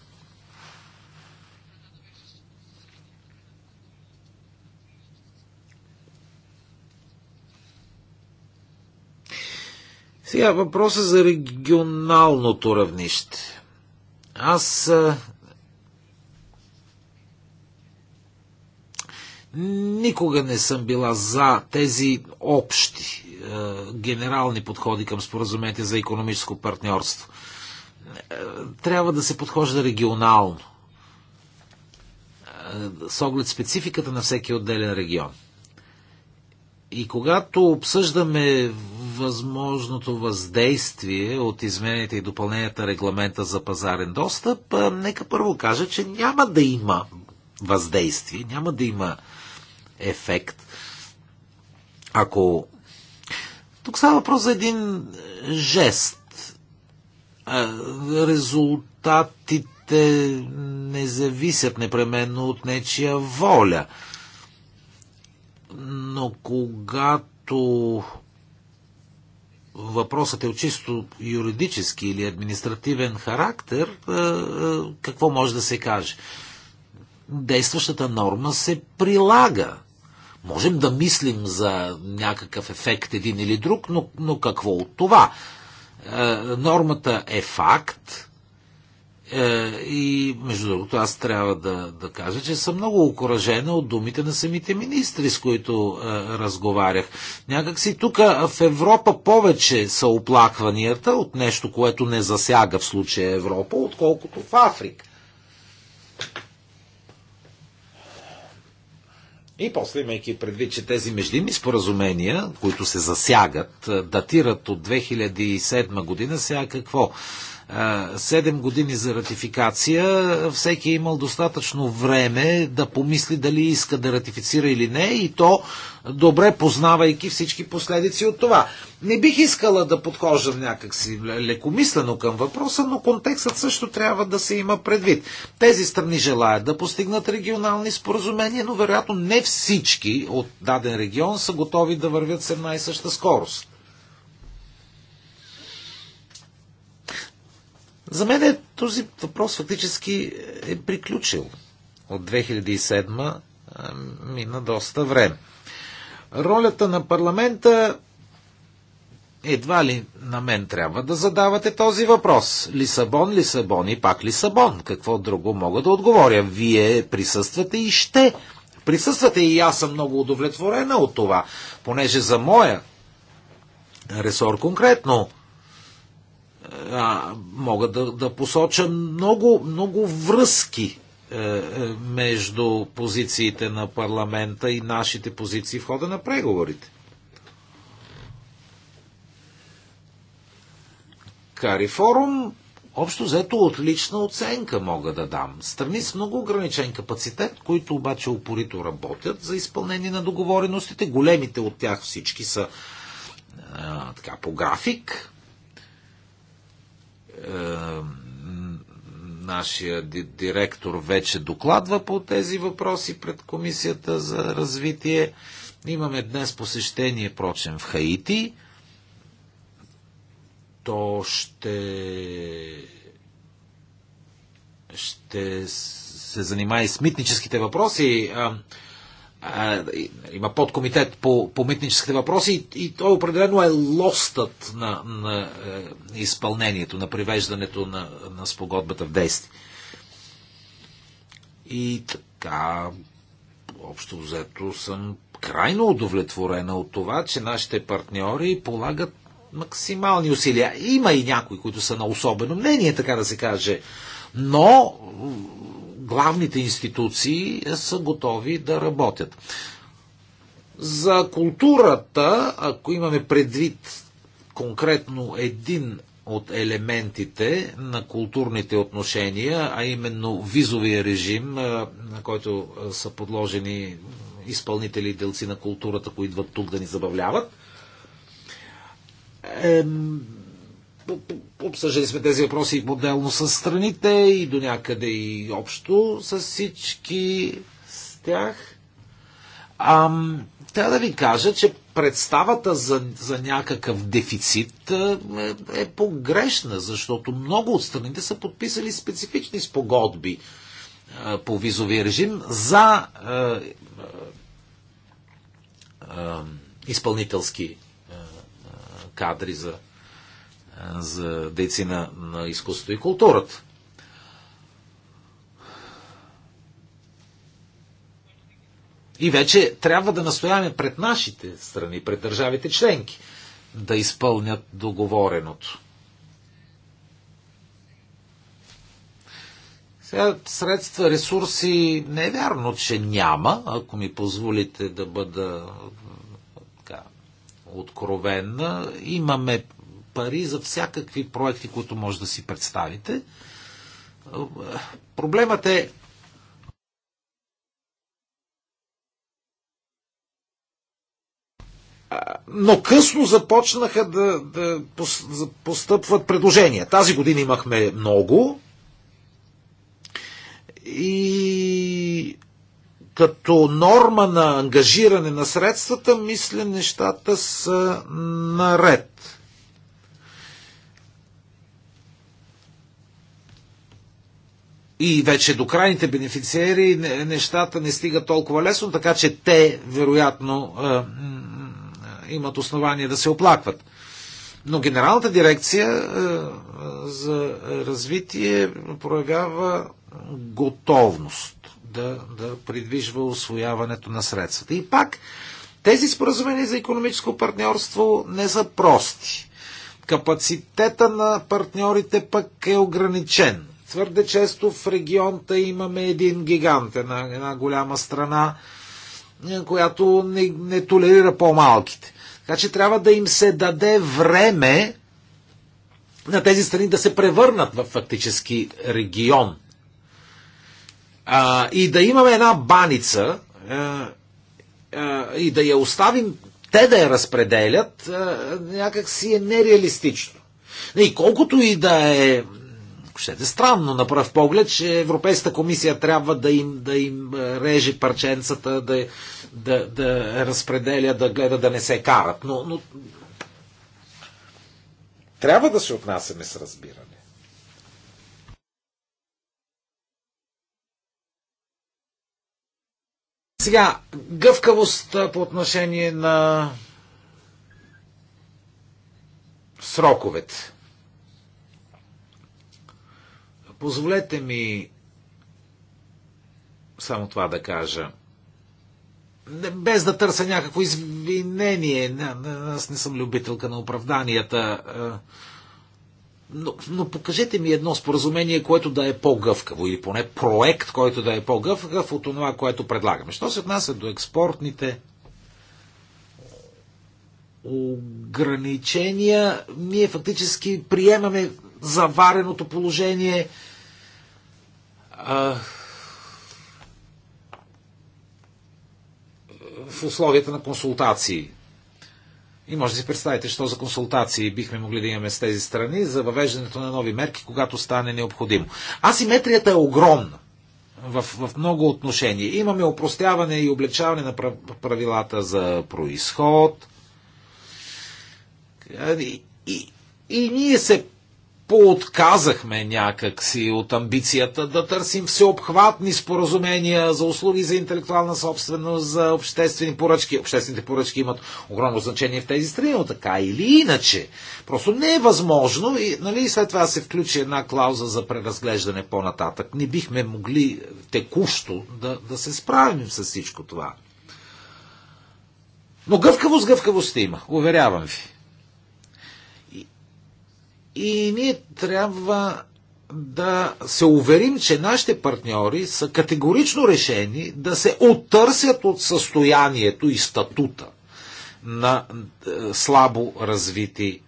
Сега въпроса за регионалното равнище. Аз никога не съм била за тези общи е, генерални подходи към споразумение за економическо партньорство. Е, трябва да се подхожда регионално, е, с оглед спецификата на всеки отделен регион. И когато обсъждаме възможното въздействие от измените и допълненията регламента за пазарен достъп, нека първо кажа, че няма да има въздействие, няма да има ефект. Ако. Тук става въпрос за един жест. Резултатите не зависят непременно от нечия воля. Но когато въпросът е от чисто юридически или административен характер, какво може да се каже? Действащата норма се прилага. Можем да мислим за някакъв ефект един или друг, но, но какво от това? Нормата е факт, е, и, между другото, аз трябва да, да кажа, че съм много окоръжена от думите на самите министри, с които е, разговарях. Някак си тук е, в Европа повече са оплакванията от нещо, което не засяга в случая Европа, отколкото в Африка. И после, имайки предвид, че тези междинни споразумения, които се засягат, е, датират от 2007 година, сега какво? 7 години за ратификация, всеки е имал достатъчно време да помисли дали иска да ратифицира или не и то добре познавайки всички последици от това. Не бих искала да подхождам някакси лекомислено към въпроса, но контекстът също трябва да се има предвид. Тези страни желаят да постигнат регионални споразумения, но вероятно не всички от даден регион са готови да вървят с една и съща скорост. За мен е този въпрос фактически е приключил. От 2007 мина доста време. Ролята на парламента едва ли на мен трябва да задавате този въпрос. Лисабон, Лисабон и пак Лисабон. Какво друго мога да отговоря? Вие присъствате и ще. Присъствате и аз съм много удовлетворена от това, понеже за моя ресор конкретно – а, мога да, да посоча много, много връзки е, е, между позициите на парламента и нашите позиции в хода на преговорите. Кари форум, общо взето отлична оценка мога да дам. Страни с много ограничен капацитет, които обаче упорито работят за изпълнение на договореностите. Големите от тях всички са а, е, така, по график, е, нашия директор вече докладва по тези въпроси пред Комисията за развитие. Имаме днес посещение, прочен, в Хаити. То ще ще се занимава и с митническите въпроси има подкомитет по, по митническите въпроси и, и той определено е лостът на, на е, изпълнението, на привеждането на, на спогодбата в действие. И така, общо взето съм крайно удовлетворена от това, че нашите партньори полагат максимални усилия. Има и някои, които са на особено мнение, така да се каже, но главните институции са готови да работят. За културата, ако имаме предвид конкретно един от елементите на културните отношения, а именно визовия режим, на който са подложени изпълнители и делци на културата, които идват тук да ни забавляват, Обсъждали сме тези въпроси отделно с страните и до някъде и общо с всички с тях. Ам, трябва да ви кажа, че представата за, за някакъв дефицит е, е, е погрешна, защото много от страните са подписали специфични спогодби е, по визовия режим за е, е, е, изпълнителски е, е, кадри за за дейци на, на изкуството и културата. И вече трябва да настояваме пред нашите страни, пред държавите членки, да изпълнят договореното. Сега средства, ресурси, не е вярно, че няма, ако ми позволите да бъда така, откровенна. Имаме пари за всякакви проекти, които може да си представите. Проблемът е но късно започнаха да, да постъпват предложения. Тази година имахме много и като норма на ангажиране на средствата, мисля, нещата са наред. и вече до крайните бенефициери нещата не стигат толкова лесно, така че те вероятно е, е, имат основания да се оплакват. Но Генералната дирекция е, за развитие проявява готовност да, да придвижва освояването на средствата. И пак, тези споразумения за економическо партньорство не са прости. Капацитета на партньорите пък е ограничен Твърде често в регионта имаме един гигант, една, една голяма страна, е, която не, не толерира по-малките. Така че трябва да им се даде време на тези страни да се превърнат в фактически регион. А, и да имаме една баница а, е, а, е, и да я оставим те да я разпределят, а, някак си е нереалистично. И колкото и да е ако щете, странно на пръв поглед, че Европейската комисия трябва да им, да им е, режи парченцата, да, да, да разпределя, да гледа да не се карат. Но, но трябва да се отнасяме с разбиране. Сега, гъвкавост по отношение на сроковете. Позволете ми само това да кажа. Без да търся някакво извинение, аз не съм любителка на оправданията, но, но покажете ми едно споразумение, което да е по-гъвкаво или поне проект, който да е по-гъвкав от това, което предлагаме. Що се отнася до експортните ограничения, ние фактически приемаме завареното положение, а, в условията на консултации. И може да си представите, що за консултации бихме могли да имаме с тези страни за въвеждането на нови мерки, когато стане необходимо. Асиметрията е огромна в, в много отношения. Имаме опростяване и облегчаване на правилата за происход. И, и, и ние се поотказахме някакси от амбицията да търсим всеобхватни споразумения за услуги за интелектуална собственост, за обществени поръчки. Обществените поръчки имат огромно значение в тези страни, но така или иначе. Просто не е възможно и нали, след това се включи една клауза за преразглеждане по-нататък. Не бихме могли текущо да, да се справим с всичко това. Но гъвкавост, гъвкавост има, уверявам ви. И ние трябва да се уверим, че нашите партньори са категорично решени да се оттърсят от състоянието и статута на е, слабо развити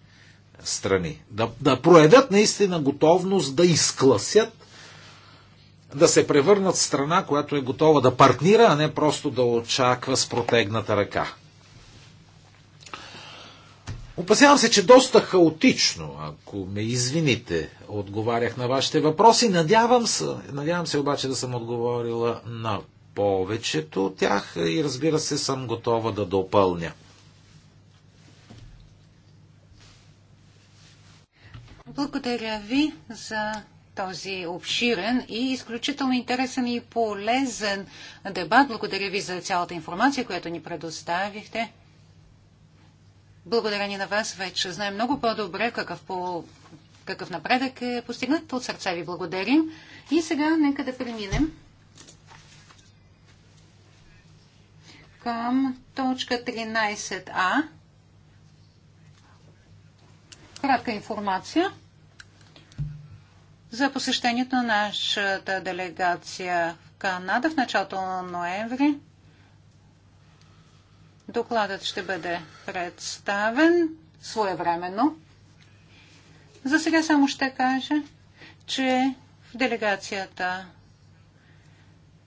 страни. Да, да проявят наистина готовност да изкласят, да се превърнат в страна, която е готова да партнира, а не просто да очаква с протегната ръка. Опасявам се, че доста хаотично, ако ме извините, отговарях на вашите въпроси. Надявам се, надявам се обаче да съм отговорила на повечето от тях и разбира се съм готова да допълня. Благодаря ви за този обширен и изключително интересен и полезен дебат. Благодаря ви за цялата информация, която ни предоставихте благодарение на вас вече знаем много по-добре какъв, по, какъв напредък е постигнат. От сърца ви благодарим. И сега нека да преминем към точка 13а. Кратка информация за посещението на нашата делегация в Канада в началото на ноември. Докладът ще бъде представен своевременно. За сега само ще кажа, че в делегацията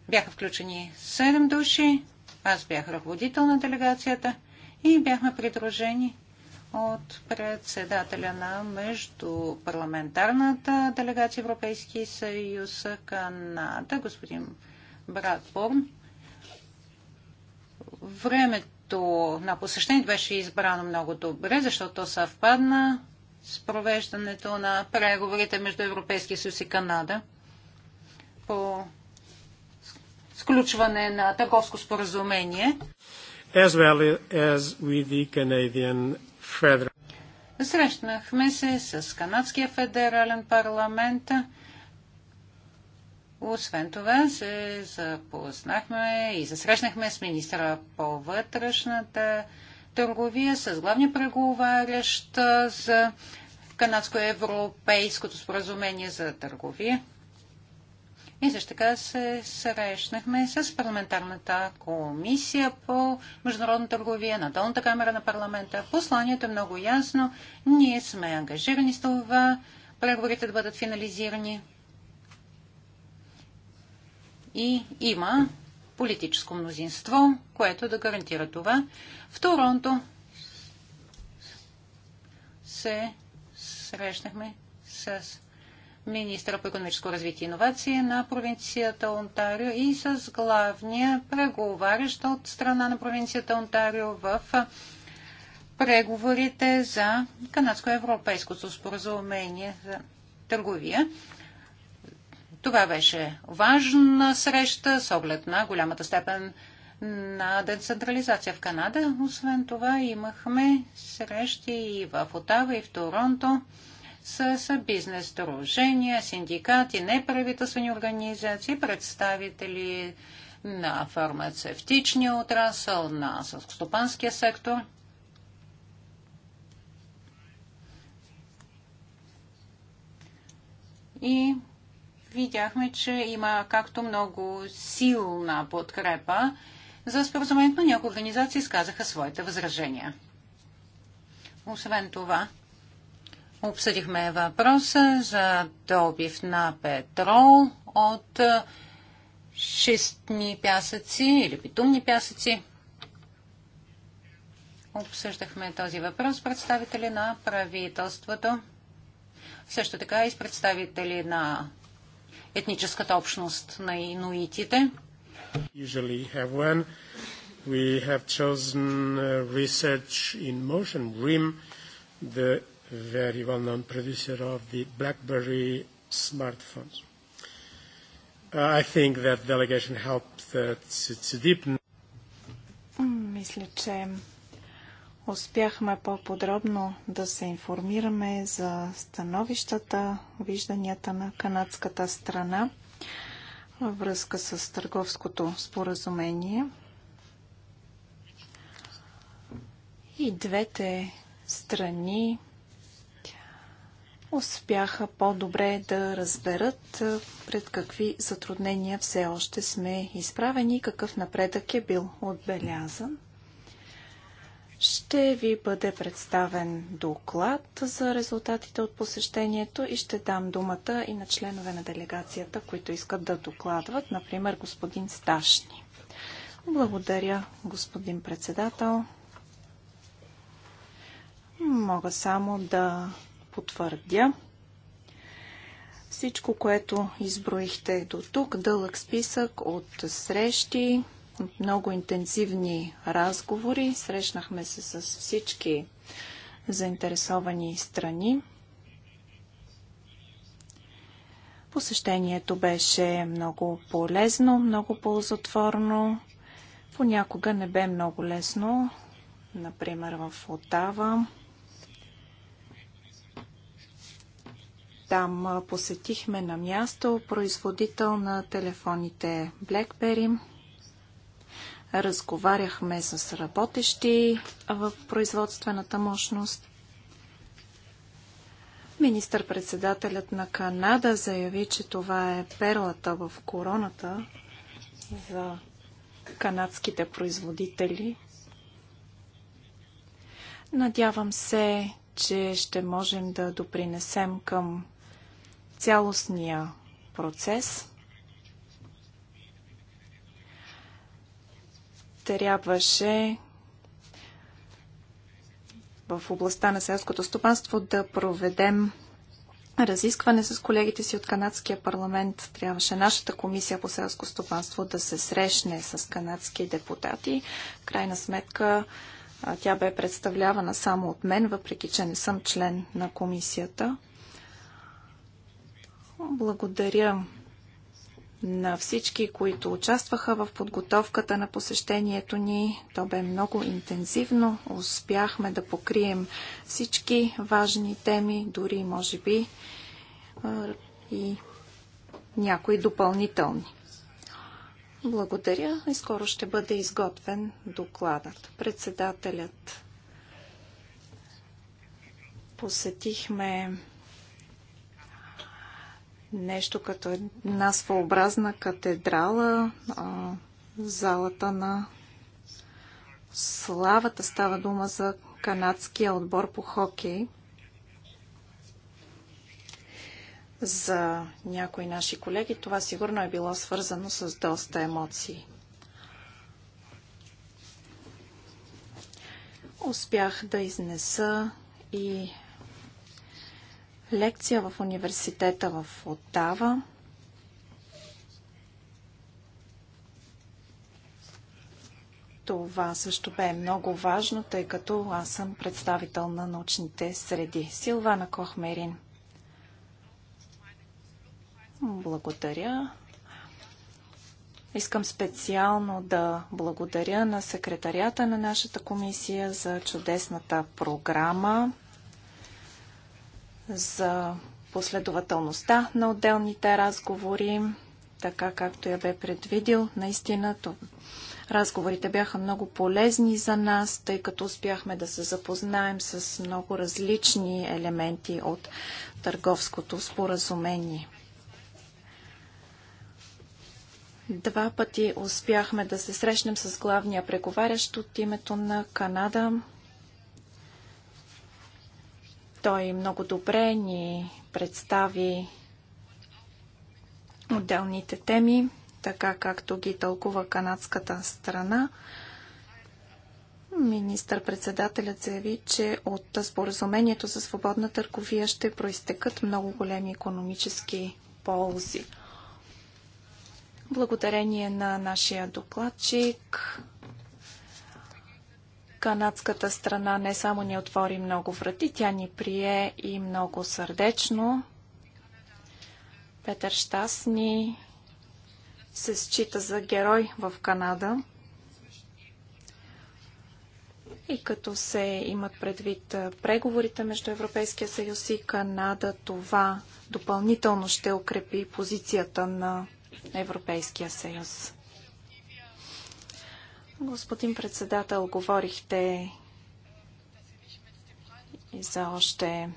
бяха включени 7 души, аз бях ръководител на делегацията и бяхме придружени от председателя на Междупарламентарната делегация Европейски съюз Канада, господин Брат Борн. Времето времето на посещението беше избрано много добре, защото съвпадна с провеждането на преговорите между Европейския съюз и Канада по сключване на търговско споразумение. As well as with the Canadian Federal. Срещнахме се с Канадския федерален парламент освен това се запознахме и засрещнахме с министра по вътрешната търговия, с главния преговарящ за канадско-европейското споразумение за търговия. И също така се срещнахме с парламентарната комисия по международна търговия, на долната камера на парламента. Посланието е много ясно. Ние сме ангажирани с това преговорите да бъдат финализирани и има политическо мнозинство, което да гарантира това. В Торонто се срещнахме с министра по економическо развитие и иновации на провинцията Онтарио и с главния преговарящ от страна на провинцията Онтарио в преговорите за канадско-европейското споразумение за търговия. Това беше важна среща с оглед на голямата степен на децентрализация в Канада. Освен това имахме срещи и в Отава, и в Торонто с бизнес дружения, синдикати, неправителствени организации, представители на фармацевтичния отрасъл, на сълскостопанския сектор. И видяхме, че има както много силна подкрепа за споразумението, но някои организации изказаха своите възражения. Освен това, обсъдихме въпроса за добив на петрол от шестни пясъци или битумни пясъци. Обсъждахме този въпрос с представители на правителството, също така и с представители на етническата общност на инуитите. We have chosen uh, Research in Motion, RIM, the very well-known producer of the BlackBerry smartphones. Uh, I think that delegation helped uh, to, to deepen. Мисля, че Успяхме по-подробно да се информираме за становищата, вижданията на канадската страна във връзка с търговското споразумение. И двете страни успяха по-добре да разберат пред какви затруднения все още сме изправени и какъв напредък е бил отбелязан. Ще ви бъде представен доклад за резултатите от посещението и ще дам думата и на членове на делегацията, които искат да докладват, например господин Сташни. Благодаря, господин председател. Мога само да потвърдя всичко, което изброихте до тук. Дълъг списък от срещи, много интензивни разговори. Срещнахме се с всички заинтересовани страни. Посещението беше много полезно, много ползотворно. Понякога не бе много лесно, например в Отава. Там посетихме на място производител на телефоните BlackBerry – Разговаряхме с работещи в производствената мощност. Министър-председателят на Канада заяви, че това е перлата в короната за канадските производители. Надявам се, че ще можем да допринесем към цялостния процес. трябваше в областта на селското стопанство да проведем разискване с колегите си от Канадския парламент. Трябваше нашата комисия по селско стопанство да се срещне с канадски депутати. В крайна сметка тя бе представлявана само от мен, въпреки че не съм член на комисията. Благодаря на всички, които участваха в подготовката на посещението ни. То бе много интензивно. Успяхме да покрием всички важни теми, дори може би и някои допълнителни. Благодаря и скоро ще бъде изготвен докладът. Председателят посетихме нещо като една своеобразна катедрала, а, залата на славата. Става дума за канадския отбор по хокей. За някои наши колеги това сигурно е било свързано с доста емоции. Успях да изнеса и лекция в университета в Оттава. Това също бе много важно, тъй като аз съм представител на научните среди. Силвана Кохмерин. Благодаря. Искам специално да благодаря на секретарията на нашата комисия за чудесната програма за последователността на отделните разговори, така както я бе предвидил. Наистина, то, разговорите бяха много полезни за нас, тъй като успяхме да се запознаем с много различни елементи от търговското споразумение. Два пъти успяхме да се срещнем с главния преговарящ от името на Канада. Той много добре ни представи отделните теми, така както ги тълкува канадската страна. Министър-председателят заяви, че от споразумението за свободна търговия ще проистекат много големи економически ползи. Благодарение на нашия докладчик, Канадската страна не само ни отвори много врати, тя ни прие и много сърдечно. Петър Штас ни се счита за герой в Канада. И като се имат предвид преговорите между Европейския съюз и Канада, това допълнително ще укрепи позицията на Европейския съюз. Господин председател, говорихте и за още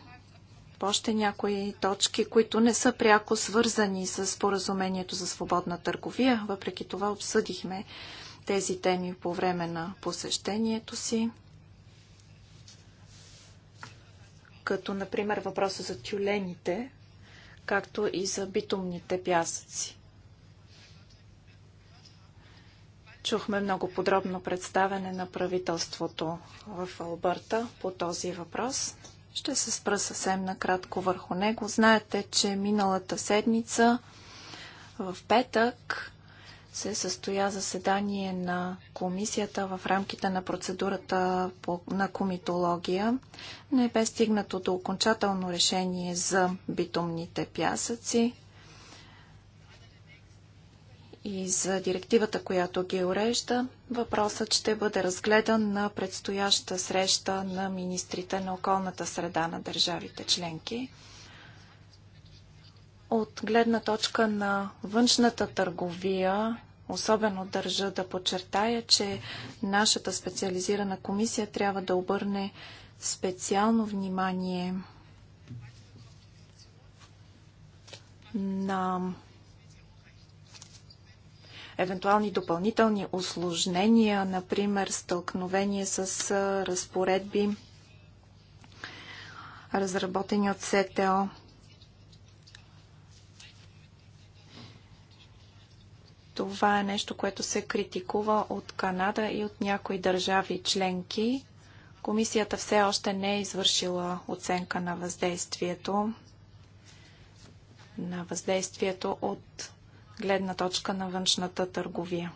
още някои точки, които не са пряко свързани с поразумението за свободна търговия. Въпреки това обсъдихме тези теми по време на посещението си. Като, например, въпроса за тюлените, както и за битумните пясъци. Чухме много подробно представяне на правителството в Албърта по този въпрос. Ще се спра съвсем накратко върху него. Знаете, че миналата седмица в петък се състоя заседание на комисията в рамките на процедурата на комитология. Не бе стигнато до окончателно решение за битумните пясъци и за директивата, която ги урежда, въпросът ще бъде разгледан на предстояща среща на министрите на околната среда на държавите членки. От гледна точка на външната търговия, особено държа да подчертая, че нашата специализирана комисия трябва да обърне специално внимание на евентуални допълнителни осложнения, например стълкновение с разпоредби, разработени от СТО. Това е нещо, което се критикува от Канада и от някои държави членки. Комисията все още не е извършила оценка на въздействието на въздействието от гледна точка на външната търговия.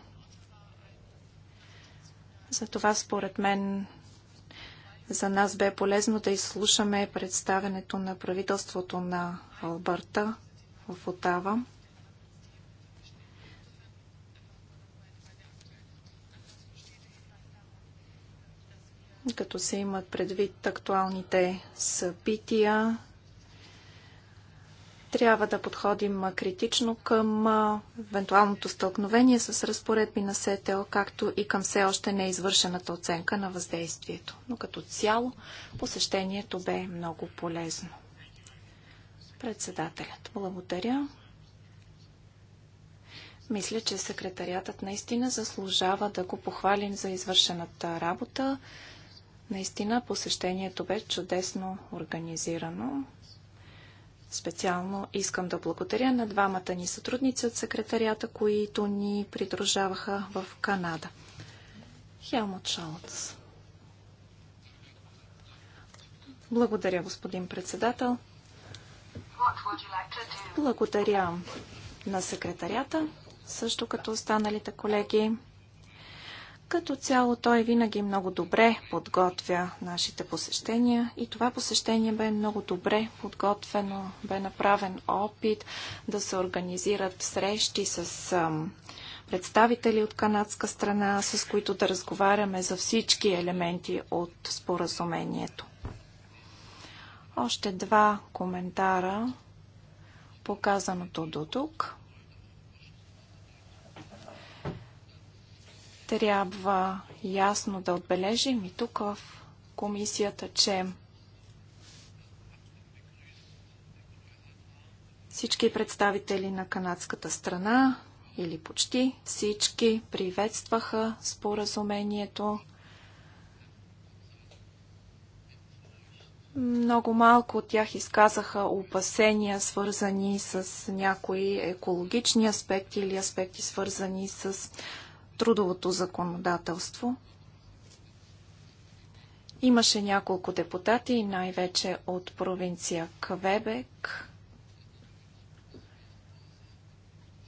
Затова според мен за нас бе полезно да изслушаме представенето на правителството на Албърта в Отава. Като се имат предвид актуалните събития, трябва да подходим критично към евентуалното стълкновение с разпоредби на СТО, както и към все още неизвършената оценка на въздействието. Но като цяло посещението бе много полезно. Председателят, благодаря. Мисля, че секретариатът наистина заслужава да го похвалим за извършената работа. Наистина посещението бе чудесно организирано. Специално искам да благодаря на двамата ни сътрудници от секретарията, които ни придружаваха в Канада. Хелмут Шалц. Благодаря, господин председател. Благодаря на секретарията, също като останалите колеги. Като цяло той винаги много добре подготвя нашите посещения и това посещение бе много добре подготвено, бе направен опит да се организират срещи с представители от канадска страна, с които да разговаряме за всички елементи от споразумението. Още два коментара показаното до тук. Трябва ясно да отбележим и тук в комисията, че всички представители на канадската страна или почти всички приветстваха споразумението. Много малко от тях изказаха опасения, свързани с някои екологични аспекти или аспекти, свързани с трудовото законодателство. Имаше няколко депутати, най-вече от провинция Квебек,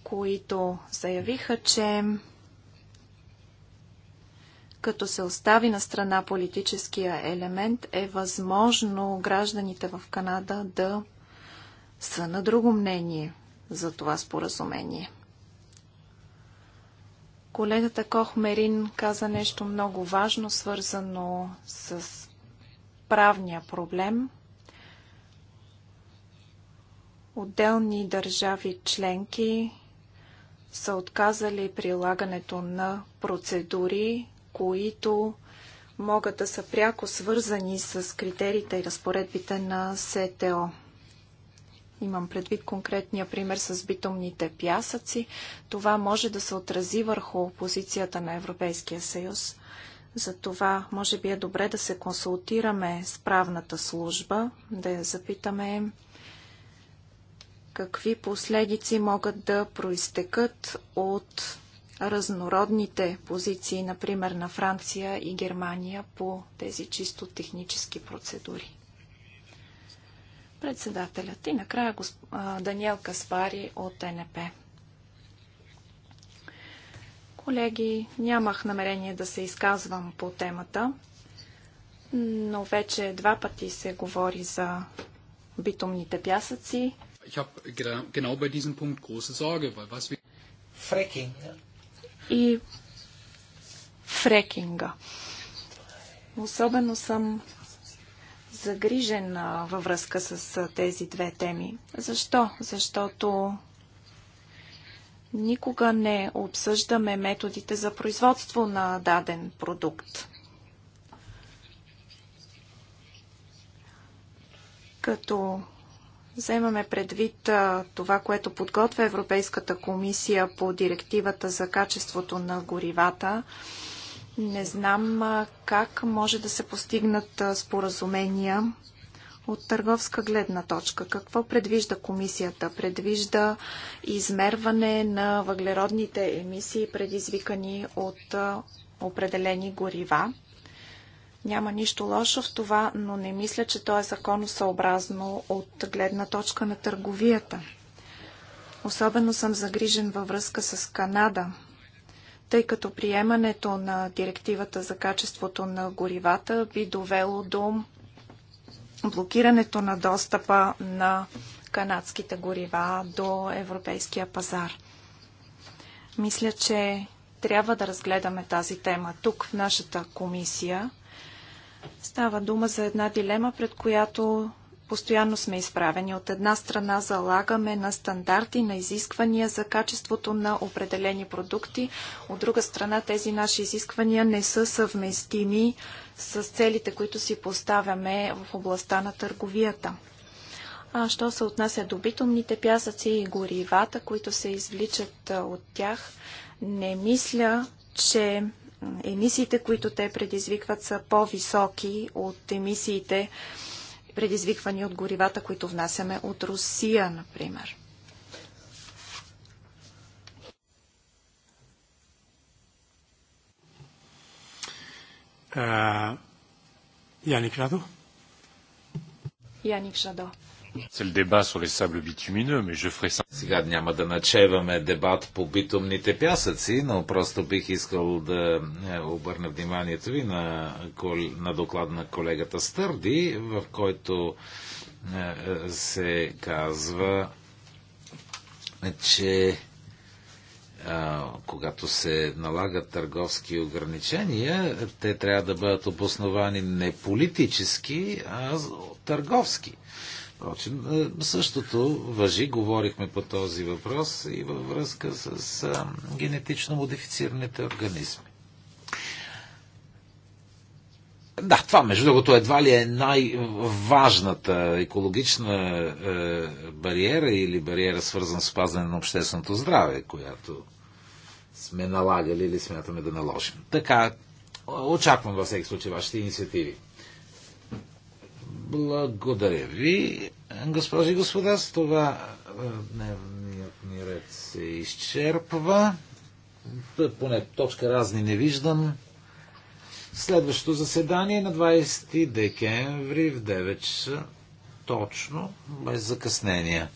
които заявиха, че като се остави на страна политическия елемент, е възможно гражданите в Канада да са на друго мнение за това споразумение. Колегата Кохмерин каза нещо много важно, свързано с правния проблем. Отделни държави членки са отказали прилагането на процедури, които могат да са пряко свързани с критериите и разпоредбите на СТО. Имам предвид конкретния пример с битумните пясъци. Това може да се отрази върху позицията на Европейския съюз. Затова може би е добре да се консултираме с правната служба, да я запитаме какви последици могат да проистекат от разнородните позиции, например на Франция и Германия по тези чисто технически процедури. Председателят и накрая госп... Даниел Каспари от НП. Колеги, нямах намерение да се изказвам по темата, но вече два пъти се говори за битумните пясъци. Фрекинг. И фрекинга. Особено съм загрижен във връзка с тези две теми. Защо? Защото никога не обсъждаме методите за производство на даден продукт. Като вземаме предвид това, което подготвя Европейската комисия по директивата за качеството на горивата, не знам как може да се постигнат споразумения от търговска гледна точка. Какво предвижда комисията? Предвижда измерване на въглеродните емисии, предизвикани от определени горива. Няма нищо лошо в това, но не мисля, че то е законосъобразно от гледна точка на търговията. Особено съм загрижен във връзка с Канада, тъй като приемането на директивата за качеството на горивата би довело до блокирането на достъпа на канадските горива до европейския пазар. Мисля, че трябва да разгледаме тази тема тук в нашата комисия. Става дума за една дилема, пред която Постоянно сме изправени. От една страна залагаме на стандарти, на изисквания за качеството на определени продукти. От друга страна тези наши изисквания не са съвместими с целите, които си поставяме в областта на търговията. А що се отнася до битумните пясъци и горивата, които се извличат от тях, не мисля, че емисиите, които те предизвикват, са по-високи от емисиите, предизвиквани от горивата, които внасяме от Русия, например. Яник Радо. Яник Жадо. Сега няма да начеваме дебат по битумните пясъци, но просто бих искал да е, обърна вниманието ви на, на доклад на колегата Стърди, в който е, е, се казва, че когато се налагат търговски ограничения, те трябва да бъдат обосновани не политически, а търговски. Впрочем, е, същото въжи, говорихме по този въпрос и във връзка с а, е, генетично модифицираните организми. Да, това между другото едва ли е най-важната екологична е, бариера или бариера свързана с пазване на общественото здраве, която сме налагали или смятаме да наложим. Така, очаквам във всеки случай вашите инициативи. Благодаря ви, госпожи и господа. С това е, дневният ни ред се изчерпва. Поне точка разни не виждам. Следващото заседание на 20 декември в 9 часа точно, без закъснения.